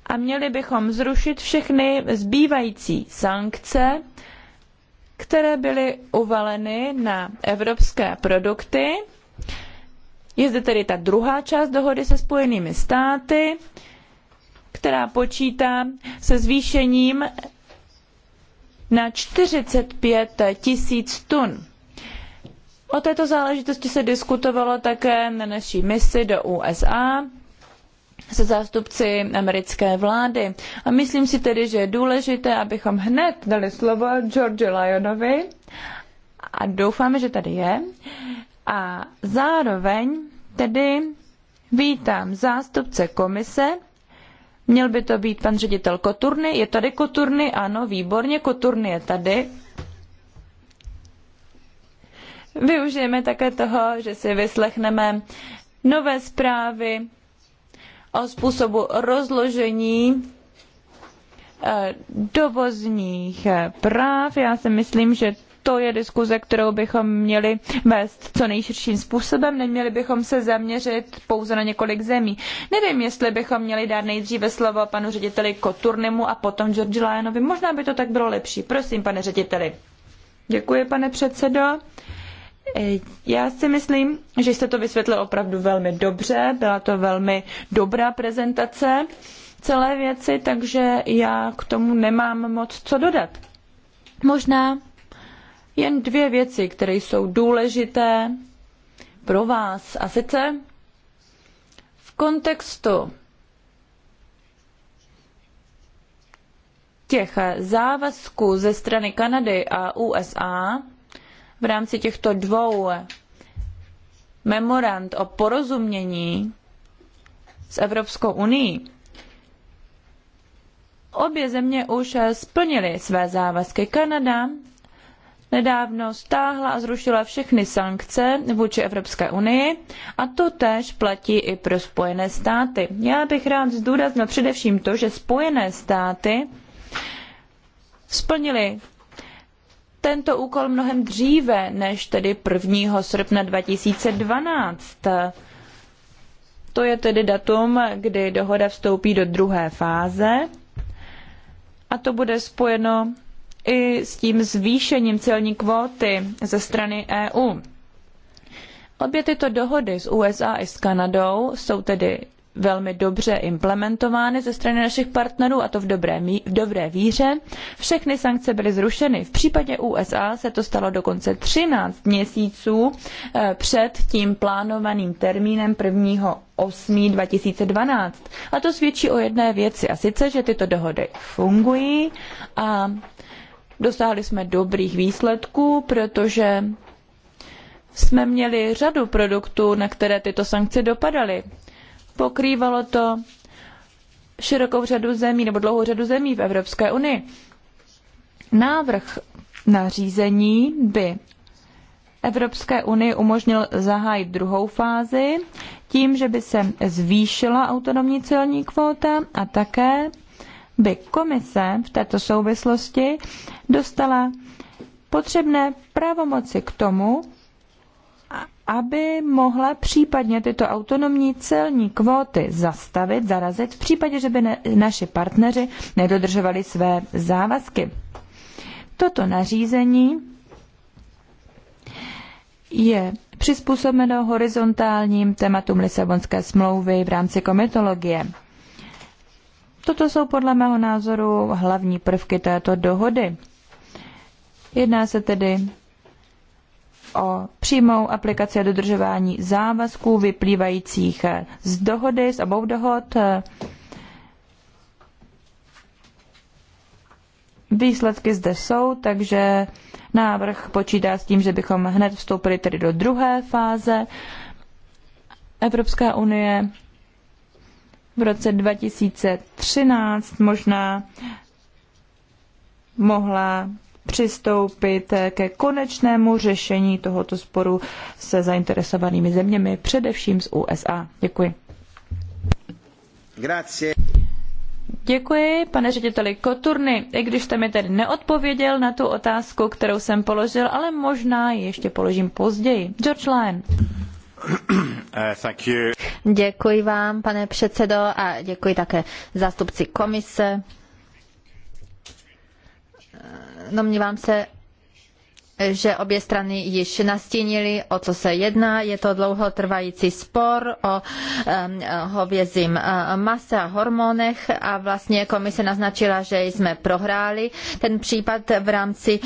a měli bychom zrušit všechny zbývající sankce které byly uvaleny na evropské produkty. Je zde tedy ta druhá část dohody se Spojenými státy, která počítá se zvýšením na 45 tisíc tun. O této záležitosti se diskutovalo také na naší misi do USA se zástupci americké vlády. A myslím si tedy, že je důležité, abychom hned dali slovo George Lyonovi a doufáme, že tady je. A zároveň tedy vítám zástupce komise, Měl by to být pan ředitel Koturny. Je tady Koturny? Ano, výborně, Koturny je tady. Využijeme také toho, že si vyslechneme nové zprávy o způsobu rozložení eh, dovozních eh, práv. Já si myslím, že to je diskuze, kterou bychom měli vést co nejširším způsobem. Neměli bychom se zaměřit pouze na několik zemí. Nevím, jestli bychom měli dát nejdříve slovo panu řediteli Koturnemu a potom George Lyonovi. Možná by to tak bylo lepší. Prosím, pane řediteli. Děkuji, pane předsedo. Eh, já si myslím, že jste to vysvětlil opravdu velmi dobře, byla to velmi dobrá prezentace celé věci, takže já k tomu nemám moc co dodat. Možná jen dvě věci, které jsou důležité pro vás. A sice v kontextu těch závazků ze strany Kanady a USA v rámci těchto dvou memorand o porozumění s Evropskou unii, obě země už splnily své závazky. Kanada nedávno stáhla a zrušila všechny sankce vůči Evropské unii a to též platí i pro Spojené státy. Já bych rád zdůraznil především to, že Spojené státy splnili tento úkol mnohem dříve než tedy 1. srpna 2012. To je tedy datum, kdy dohoda vstoupí do druhé fáze a to bude spojeno i s tím zvýšením celní kvóty ze strany EU. Obě tyto dohody s USA i s Kanadou jsou tedy velmi dobře implementovány ze strany našich partnerů, a to v dobré, mí- v dobré víře. Všechny sankce byly zrušeny. V případě USA se to stalo dokonce 13 měsíců eh, před tím plánovaným termínem 1. 8. 2012. A to svědčí o jedné věci, a sice, že tyto dohody fungují a dosáhli jsme dobrých výsledků, protože jsme měli řadu produktů, na které tyto sankce dopadaly. Pokrývalo to širokou řadu zemí nebo dlouhou řadu zemí v Evropské unii. Návrh nařízení by Evropské unii umožnil zahájit druhou fázi tím, že by se zvýšila autonomní celní kvóta a také by komise v této souvislosti dostala potřebné pravomoci k tomu, aby mohla případně tyto autonomní celní kvóty zastavit, zarazit v případě, že by ne, naši partneři nedodržovali své závazky. Toto nařízení je přizpůsobeno horizontálním tématům Lisabonské smlouvy v rámci komitologie. Toto jsou podle mého názoru hlavní prvky této dohody. Jedná se tedy o přímou aplikaci a dodržování závazků vyplývajících z dohody, z obou dohod. Výsledky zde jsou, takže návrh počítá s tím, že bychom hned vstoupili tedy do druhé fáze. Evropská unie v roce 2013 možná mohla přistoupit ke konečnému řešení tohoto sporu se zainteresovanými zeměmi, především z USA. Děkuji. Grazie. Děkuji, pane řediteli Koturny. I když jste mi tedy neodpověděl na tu otázku, kterou jsem položil, ale možná ji ještě položím později. George Lyon. [clears throat] Eh, děkuji vám, pane předsedo, a děkuji také zástupci komise. Domnívám se, že obě strany již nastínily, o co se jedná. Je to dlouhotrvající spor o hovězím eh, mase a hormonech a vlastně komise naznačila, že jsme prohráli ten případ v rámci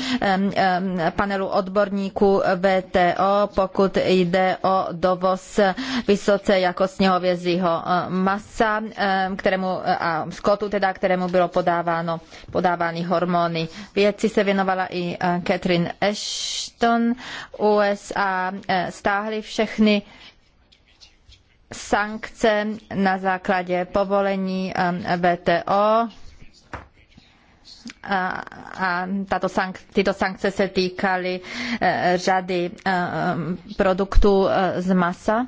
panelu odborníků VTO, pokud jde o dovoz vysoce jakostně hovězího eh, masa, kterému a skotu teda, kterému bylo podáváno, podávány hormony. Věci se věnovala i eh, Catherine Ash Ashton USA eh, stáhly všechny sankce na základě povolení eh, VTO a tato sank- tyto sankce se týkaly eh, řady produktů z masa.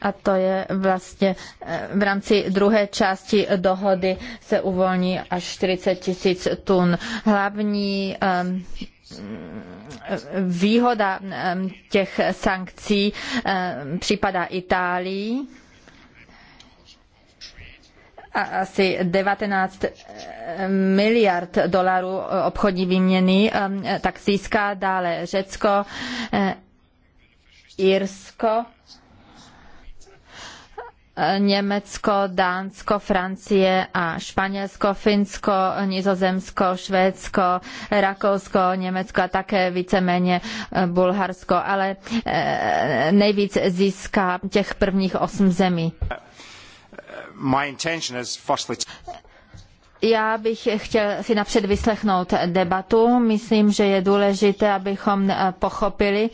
a to je vlastně eh, v rámci druhé části dohody se uvolní až 40 tisíc tun. Hlavní eh, výhoda eh, těch sankcí připadá Itálii a asi 19 miliard dolarů obchodní výměny, tak získá dále Řecko, Irsko Eh, Německo, Dánsko, Francie a Španělsko, Finsko, Nizozemsko, Švédsko, Rakousko, Německo a také víceméně eh, Bulharsko, ale eh, nejvíc získá těch prvních osm zemí. Já bych chtěl si napřed vyslechnout debatu. Myslím, že je důležité, abychom pochopili,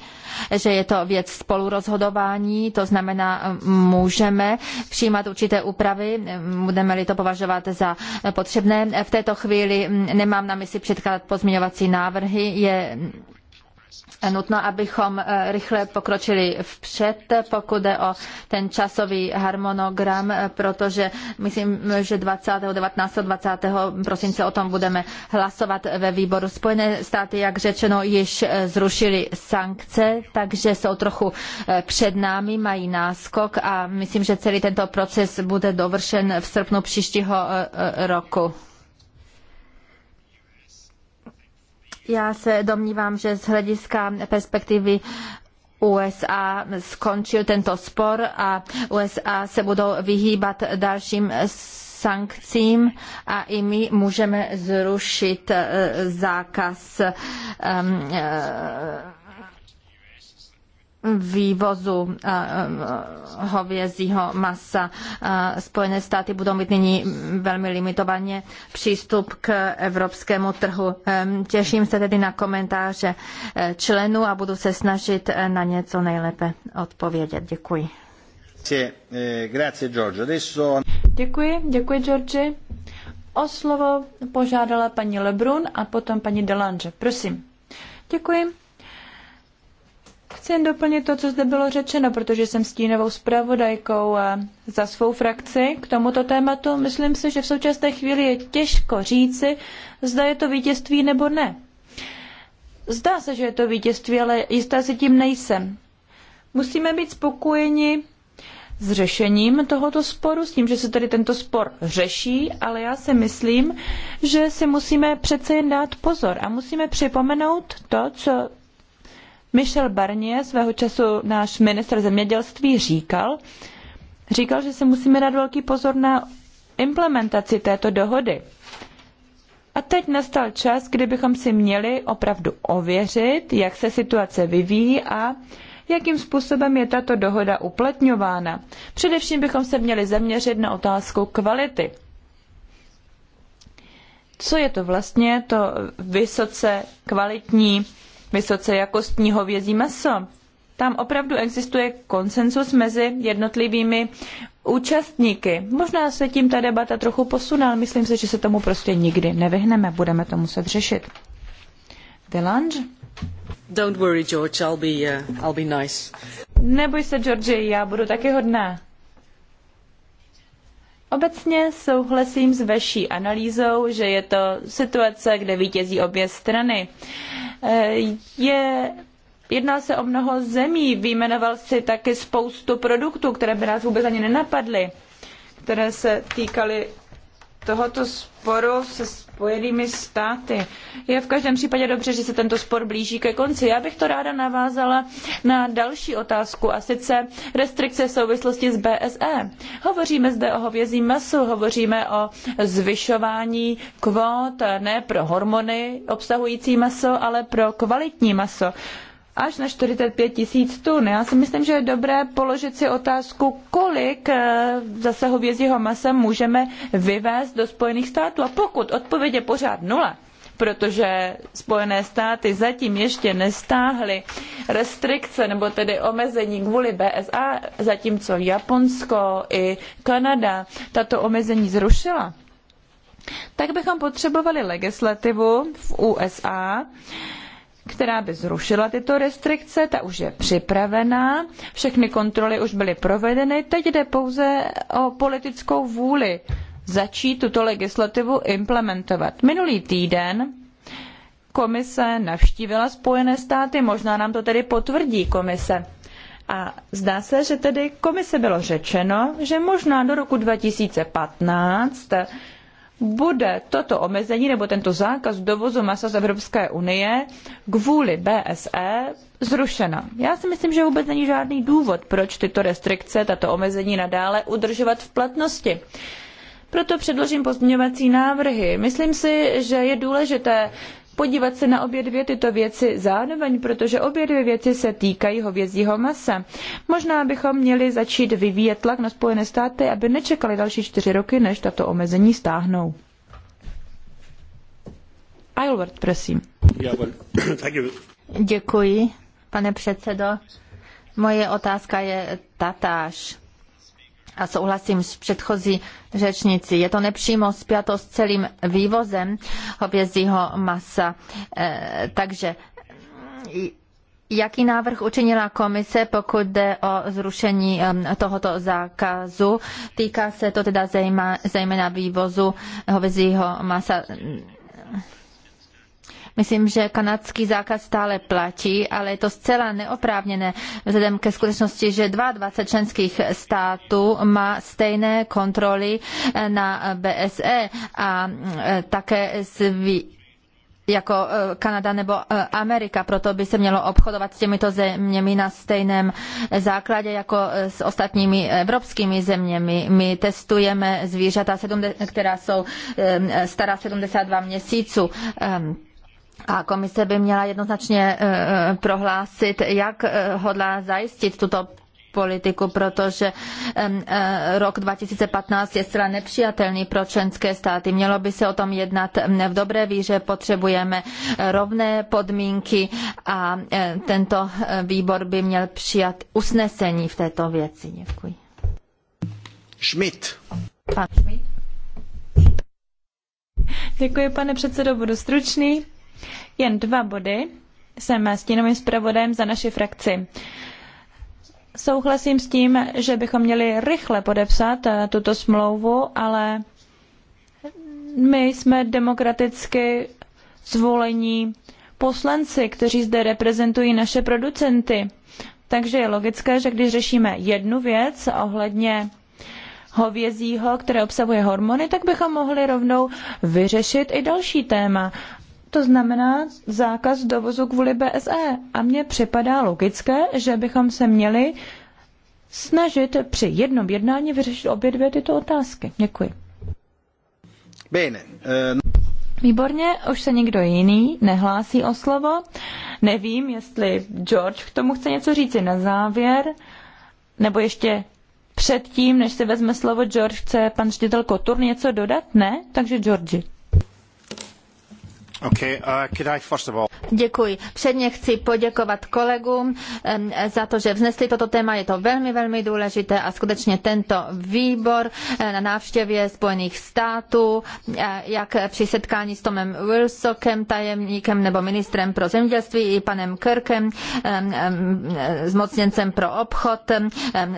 že je to věc spolurozhodování, to znamená, můžeme přijímat určité úpravy, budeme-li to považovat za potřebné. V této chvíli nemám na mysli předkládat pozměňovací návrhy, je nutno, abychom eh, rychle pokročili vpřed, pokud jde o ten časový harmonogram, eh, protože myslím, že 20. 19. 20. prosince o tom budeme hlasovat ve výboru. Spojené státy, jak řečeno, již eh, zrušili sankce, takže jsou trochu před námi, mají náskok a myslím, že celý tento proces bude dovršen v srpnu příštího roku. Já se domnívám, že z hlediska perspektivy USA skončil tento spor a USA se budou vyhýbat dalším sankcím a i my můžeme zrušit eh, zákaz ehm, eh, vývozu eh, eh, hovězího masa. Eh, Spojené státy budou mít nyní velmi limitovaně přístup k evropskému trhu. Ehm, Těším se tedy na komentáře členů a budu se snažit na ně co nejlépe odpovědět. Děkuji. Děkuji, děkuji, Georgi. O slovo požádala paní Lebrun a potom paní Delange. Prosím. Děkuji. Chci jen doplnit to, co zde bylo řečeno, protože jsem stínovou zpravodajkou eh, za svou frakci k tomuto tématu. Myslím si, že v současné chvíli je těžko říci, zda je to vítězství nebo ne. Zdá se, že je to vítězství, ale jistá si tím nejsem. Musíme být spokojeni s řešením tohoto sporu, s tím, že se tady tento spor řeší, ale já si myslím, že si musíme přece jen dát pozor a musíme připomenout to, co Michel Barnier, svého času náš ministr zemědělství, říkal, říkal, že si musíme dát velký pozor na implementaci této dohody. A teď nastal čas, kdybychom si měli opravdu ověřit, jak se situace vyvíjí a jakým způsobem je tato dohoda uplatňována. Především bychom se měli zaměřit na otázku kvality. Co je to vlastně to vysoce kvalitní vysoce jakostní hovězí maso. Tam opravdu existuje konsensus mezi jednotlivými účastníky. Možná se tím ta debata trochu posune, ale myslím si, že se tomu prostě nikdy nevyhneme. Budeme to muset řešit. Delange? Don't worry, George, I'll be, uh, I'll be nice. Neboj se, George, já budu taky hodná. Obecně souhlasím s vaší analýzou, že je to situace, kde vítězí obě strany. Uh, Eh, je Jedná se o mnoho zemí, vyjmenoval si také spoustu produktů, které by nás vůbec ani nenapadly, které se týkaly tohoto sporu se spojenými státy. Je v každém případě dobře, že se tento spor blíží ke konci. Já bych to ráda navázala na další otázku, a sice restrikce v souvislosti s BSE. Hovoříme zde o hovězím masu, hovoříme o zvyšování kvót ne pro hormony obsahující maso, ale pro kvalitní maso až na 45 tisíc tun. Já si myslím, že je dobré položit si otázku, kolik eh, zase hovězího masa můžeme vyvést do Spojených států. A pokud odpověď je pořád nula, protože Spojené státy zatím ještě nestáhly restrikce nebo tedy omezení kvůli BSA, zatímco Japonsko i Kanada tato omezení zrušila. Tak bychom potřebovali legislativu v USA, která by zrušila tyto restrikce, ta už je připravená, všechny kontroly už byly provedeny, teď jde pouze o politickou vůli začít tuto legislativu implementovat. Minulý týden komise navštívila Spojené státy, možná nám to tedy potvrdí komise. A zdá se, že tedy komise bylo řečeno, že možná do roku 2015 bude toto omezení nebo tento zákaz dovozu masa z Evropské unie kvůli BSE zrušena. Já si myslím, že vůbec není žádný důvod, proč tyto restrikce, tato omezení nadále udržovat v platnosti. Proto předložím pozměňovací návrhy. Myslím si, že je důležité podívat se na obě dvě tyto věci zároveň, protože obě dvě věci se týkají hovězího masa. Možná bychom měli začít vyvíjet tlak na Spojené státy, aby nečekali další čtyři roky, než tato omezení stáhnou. Aylward, prosím. [clears throat] Děkuji, pane předsedo. Moje otázka je tatáž a souhlasím s předchozí řečnici. Je to nepřímo spjato s celým vývozem hovězího masa. Eh, takže Jaký návrh učinila komise, pokud jde o zrušení tohoto zákazu? Týká se to teda zejména vývozu hovězího masa Myslím, že kanadský zákaz stále platí, ale je to zcela neoprávněné vzhledem ke skutečnosti, že 22 členských států má stejné kontroly na BSE a e, také svý jako e, Kanada nebo e, Amerika, proto by se mělo obchodovat s těmito zeměmi na stejném základě jako s ostatními evropskými zeměmi. My testujeme zvířata, která jsou stará 72 měsíců ehm, a komise by měla jednoznačně eh, eh, prohlásit, jak eh, hodlá zajistit tuto politiku, protože rok 2015 je zcela nepřijatelný pro členské státy. Mělo by se o tom jednat v dobré víře, potřebujeme rovné podmínky a tento výbor by měl přijat usnesení v této věci. Děkuji. Schmidt. Pan Schmidt. Děkuji, pane předsedo, budu stručný. Jen dva body. Jsem stínovým zpravodajem za naši frakci. Souhlasím s tím, že bychom měli rychle podepsat eh, tuto smlouvu, ale my jsme demokraticky zvolení poslanci, kteří zde reprezentují naše producenty. Takže je logické, že když řešíme jednu věc ohledně hovězího, které obsahuje hormony, tak bychom mohli rovnou vyřešit i další téma to znamená zákaz dovozu kvůli BSE. A mně připadá logické, že bychom se měli snažit při jednom jednání vyřešit obě dvě tyto otázky. Děkuji. Bene. Eh, Výborně, už se někdo jiný nehlásí o slovo. Nevím, jestli George k tomu chce něco říct na závěr, nebo ještě předtím, než si vezme slovo George, chce pan ředitel Kotur něco dodat? Ne? Takže Georgi. Uh, Děkuji. Předně chci poděkovat kolegům za to, že vznesli toto téma. Je to velmi, velmi důležité a skutečně tento výbor eh, na návštěvě Spojených států, eh, jak při setkání s Tomem Wilsokem, tajemníkem nebo ministrem pro zemědělství i panem Kirkem, eh, zmocněncem pro obchod,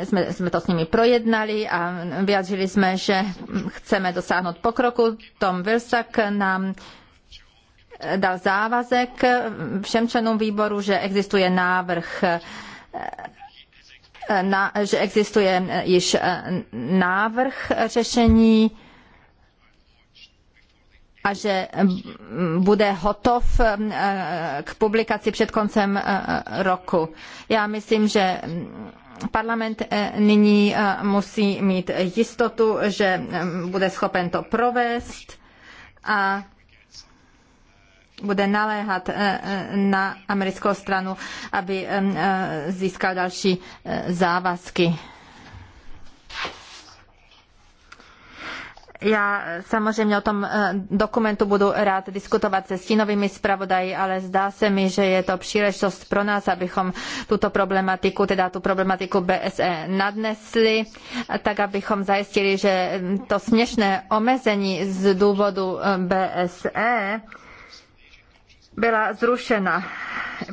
jsme, jsme to s nimi projednali a vyjádřili jsme, že chceme dosáhnout pokroku. Tom Wilsak nám dal závazek všem členům výboru, že existuje návrh na, že existuje již návrh řešení a že bude hotov eh, k publikaci před koncem eh, roku. Já myslím, že parlament eh, nyní musí mít jistotu, že bude schopen to provést a bude naléhat eh, eh, na americkou stranu, aby eh, získal další závazky. Já samozřejmě o tom dokumentu budu rád diskutovat se stínovými zpravodaji, ale zdá se mi, že je to příležitost pro nás, abychom tuto problematiku, teda tu problematiku BSE nadnesli, tak abychom zajistili, že to směšné omezení z důvodu BSE byla zrušena,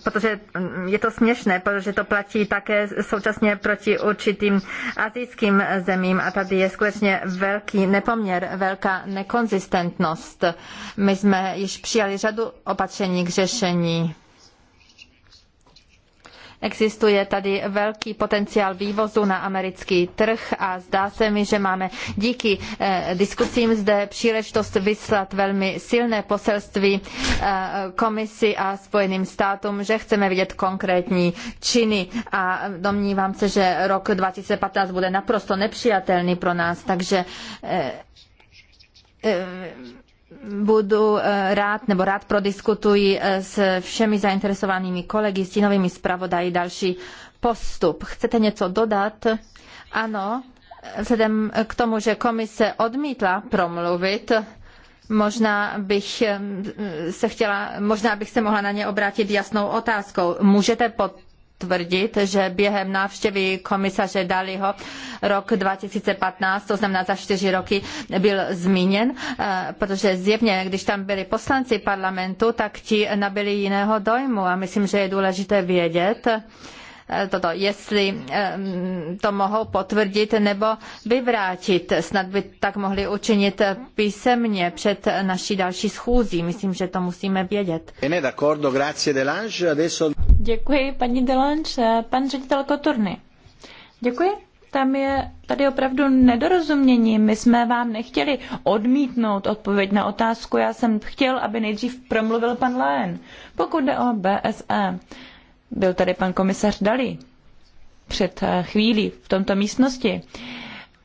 protože je to směšné, protože to platí také současně proti určitým azijským zemím a tady je skutečně velký nepoměr, velká nekonzistentnost. My jsme již přijali řadu opatření k řešení Existuje tady velký potenciál vývozu na americký trh a zdá se mi, že máme díky eh, diskusím zde příležitost vyslat velmi silné poselství eh, komisi a Spojeným státům, že chceme vidět konkrétní činy a domnívám se, že rok 2015 bude naprosto nepřijatelný pro nás, takže eh, budu eh, rád nebo rád prodiskutuji eh, s všemi zainteresovanými kolegy, stínovými zpravodaji další postup. Chcete něco dodat? Ano, vzhledem k tomu, že komise odmítla promluvit, možná bych eh, se chtěla, možná bych se mohla na ně obrátit jasnou otázkou. Můžete pod tvrdit, že během návštěvy komisaře Daliho rok 2015, to znamená za čtyři roky, byl zmíněn, eh, protože zjevně, když tam byli poslanci parlamentu, tak ti nabili jiného dojmu a myslím, že je důležité vědět, Eh, toto, jestli eh, to mohou potvrdit nebo vyvrátit. Snad by tak mohli učinit písemně před naší další schůzí. Myslím, že to musíme vědět. Děkuji, paní Delange. Eh, pan ředitel Koturny. Děkuji tam je tady opravdu nedorozumění. My jsme vám nechtěli odmítnout odpověď na otázku. Já jsem chtěl, aby nejdřív promluvil pan Lén. Pokud jde o BSE, byl tady pan komisař Dali před eh, chvílí v tomto místnosti.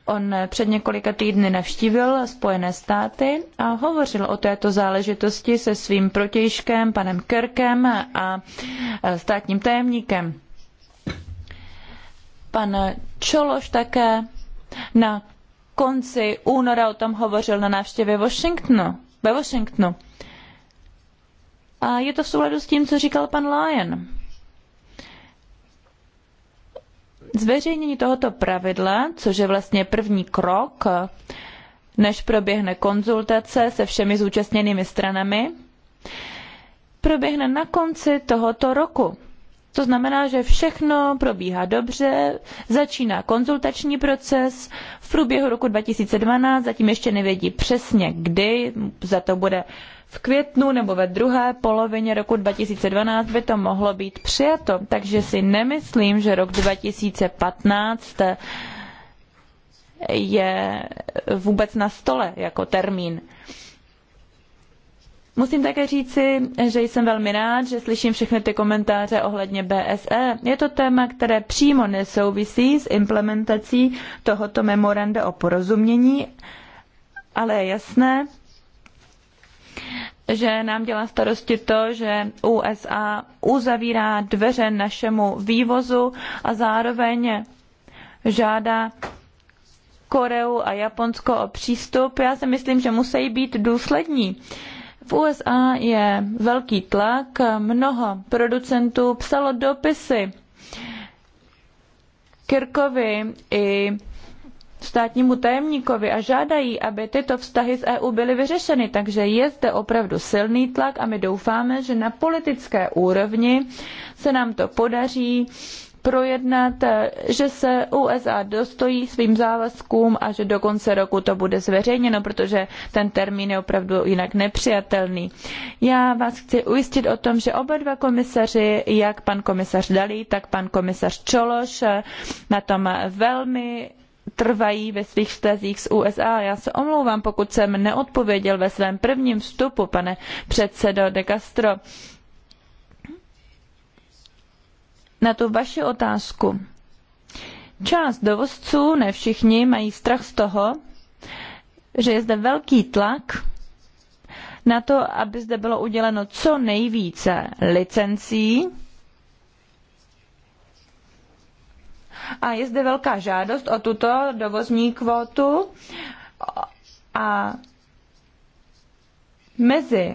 On eh, před několika týdny navštívil Spojené státy a hovořil o této záležitosti se svým protějškem, panem Kirkem a eh, státním tajemníkem. Pan Čološ také na konci února o tom hovořil na návštěvě Washingtonu, ve Washingtonu. A je to v souladu s tím, co říkal pan Lyon Zveřejnění tohoto pravidla, což je vlastně první krok, než proběhne konzultace se všemi zúčastněnými stranami, proběhne na konci tohoto roku. To znamená, že všechno probíhá dobře, začíná konzultační proces v průběhu roku 2012, zatím ještě nevědí přesně kdy, za to bude v květnu nebo ve druhé polovině roku 2012 by to mohlo být přijato. Takže si nemyslím, že rok 2015 je vůbec na stole jako termín. Musím také říci, že jsem velmi rád, že slyším všechny ty komentáře ohledně BSE. Je to téma, které přímo nesouvisí s implementací tohoto memoranda o porozumění, ale je jasné, že nám dělá starosti to, že USA uzavírá dveře našemu vývozu a zároveň žádá Koreu a Japonsko o přístup. Já si myslím, že musí být důslední. V USA je velký tlak, mnoho producentů psalo dopisy Kirkovi i státnímu tajemníkovi a žádají, aby tyto vztahy s EU byly vyřešeny. Takže je zde opravdu silný tlak a my doufáme, že na politické úrovni se nám to podaří projednat, že se USA dostojí svým závazkům a že do konce roku to bude zveřejněno, protože ten termín je opravdu jinak nepřijatelný. Já vás chci ujistit o tom, že oba dva komisaři, jak pan komisař Dalí, tak pan komisař Čološ, na tom velmi trvají ve svých vztazích s USA. Já se omlouvám, pokud jsem neodpověděl ve svém prvním vstupu, pane předsedo de Castro. Na tu vaši otázku. Část dovozců, ne všichni, mají strach z toho, že je zde velký tlak na to, aby zde bylo uděleno co nejvíce licencí, A je zde velká žádost o tuto dovozní kvotu a mezi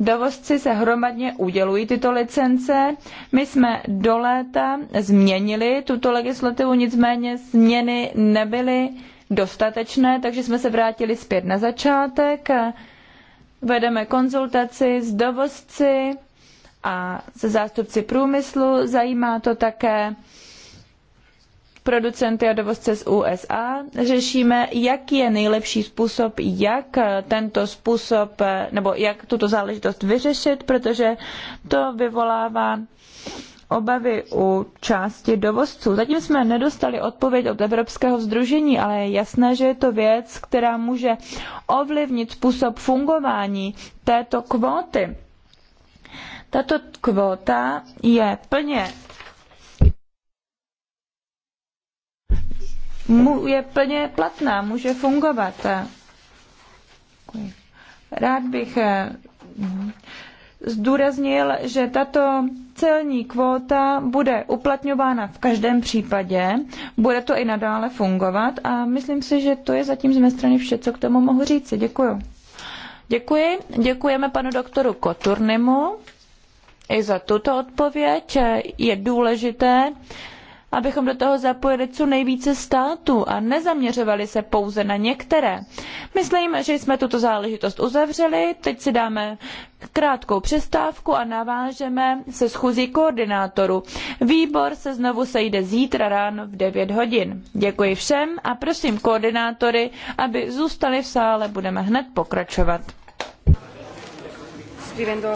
Dovozci se hromadně udělují tyto licence. My jsme do léta změnili tuto legislativu, nicméně změny nebyly dostatečné, takže jsme se vrátili zpět na začátek. Vedeme konzultaci s dovozci a se zástupci průmyslu. Zajímá to také producenty a dovozce z USA. Řešíme, jaký je nejlepší způsob, jak tento způsob, nebo jak tuto záležitost vyřešit, protože to vyvolává obavy u části dovozců. Zatím jsme nedostali odpověď od Evropského združení, ale je jasné, že je to věc, která může ovlivnit způsob fungování této kvóty. Tato kvóta je plně mu je plně platná, může fungovat. Rád bych eh, zdůraznil, že tato celní kvóta bude uplatňována v každém případě, bude to i nadále fungovat a myslím si, že to je zatím z mé strany vše, co k tomu mohu říct. Děkuji. Děkuji. Děkujeme panu doktoru Koturnemu i za tuto odpověď. Je důležité, abychom do toho zapojili co nejvíce států a nezaměřovali se pouze na některé. Myslím, že jsme tuto záležitost uzavřeli, teď si dáme krátkou přestávku a navážeme se schůzí koordinátoru. Výbor se znovu sejde zítra ráno v 9 hodin. Děkuji všem a prosím koordinátory, aby zůstali v sále, budeme hned pokračovat. Scrivendo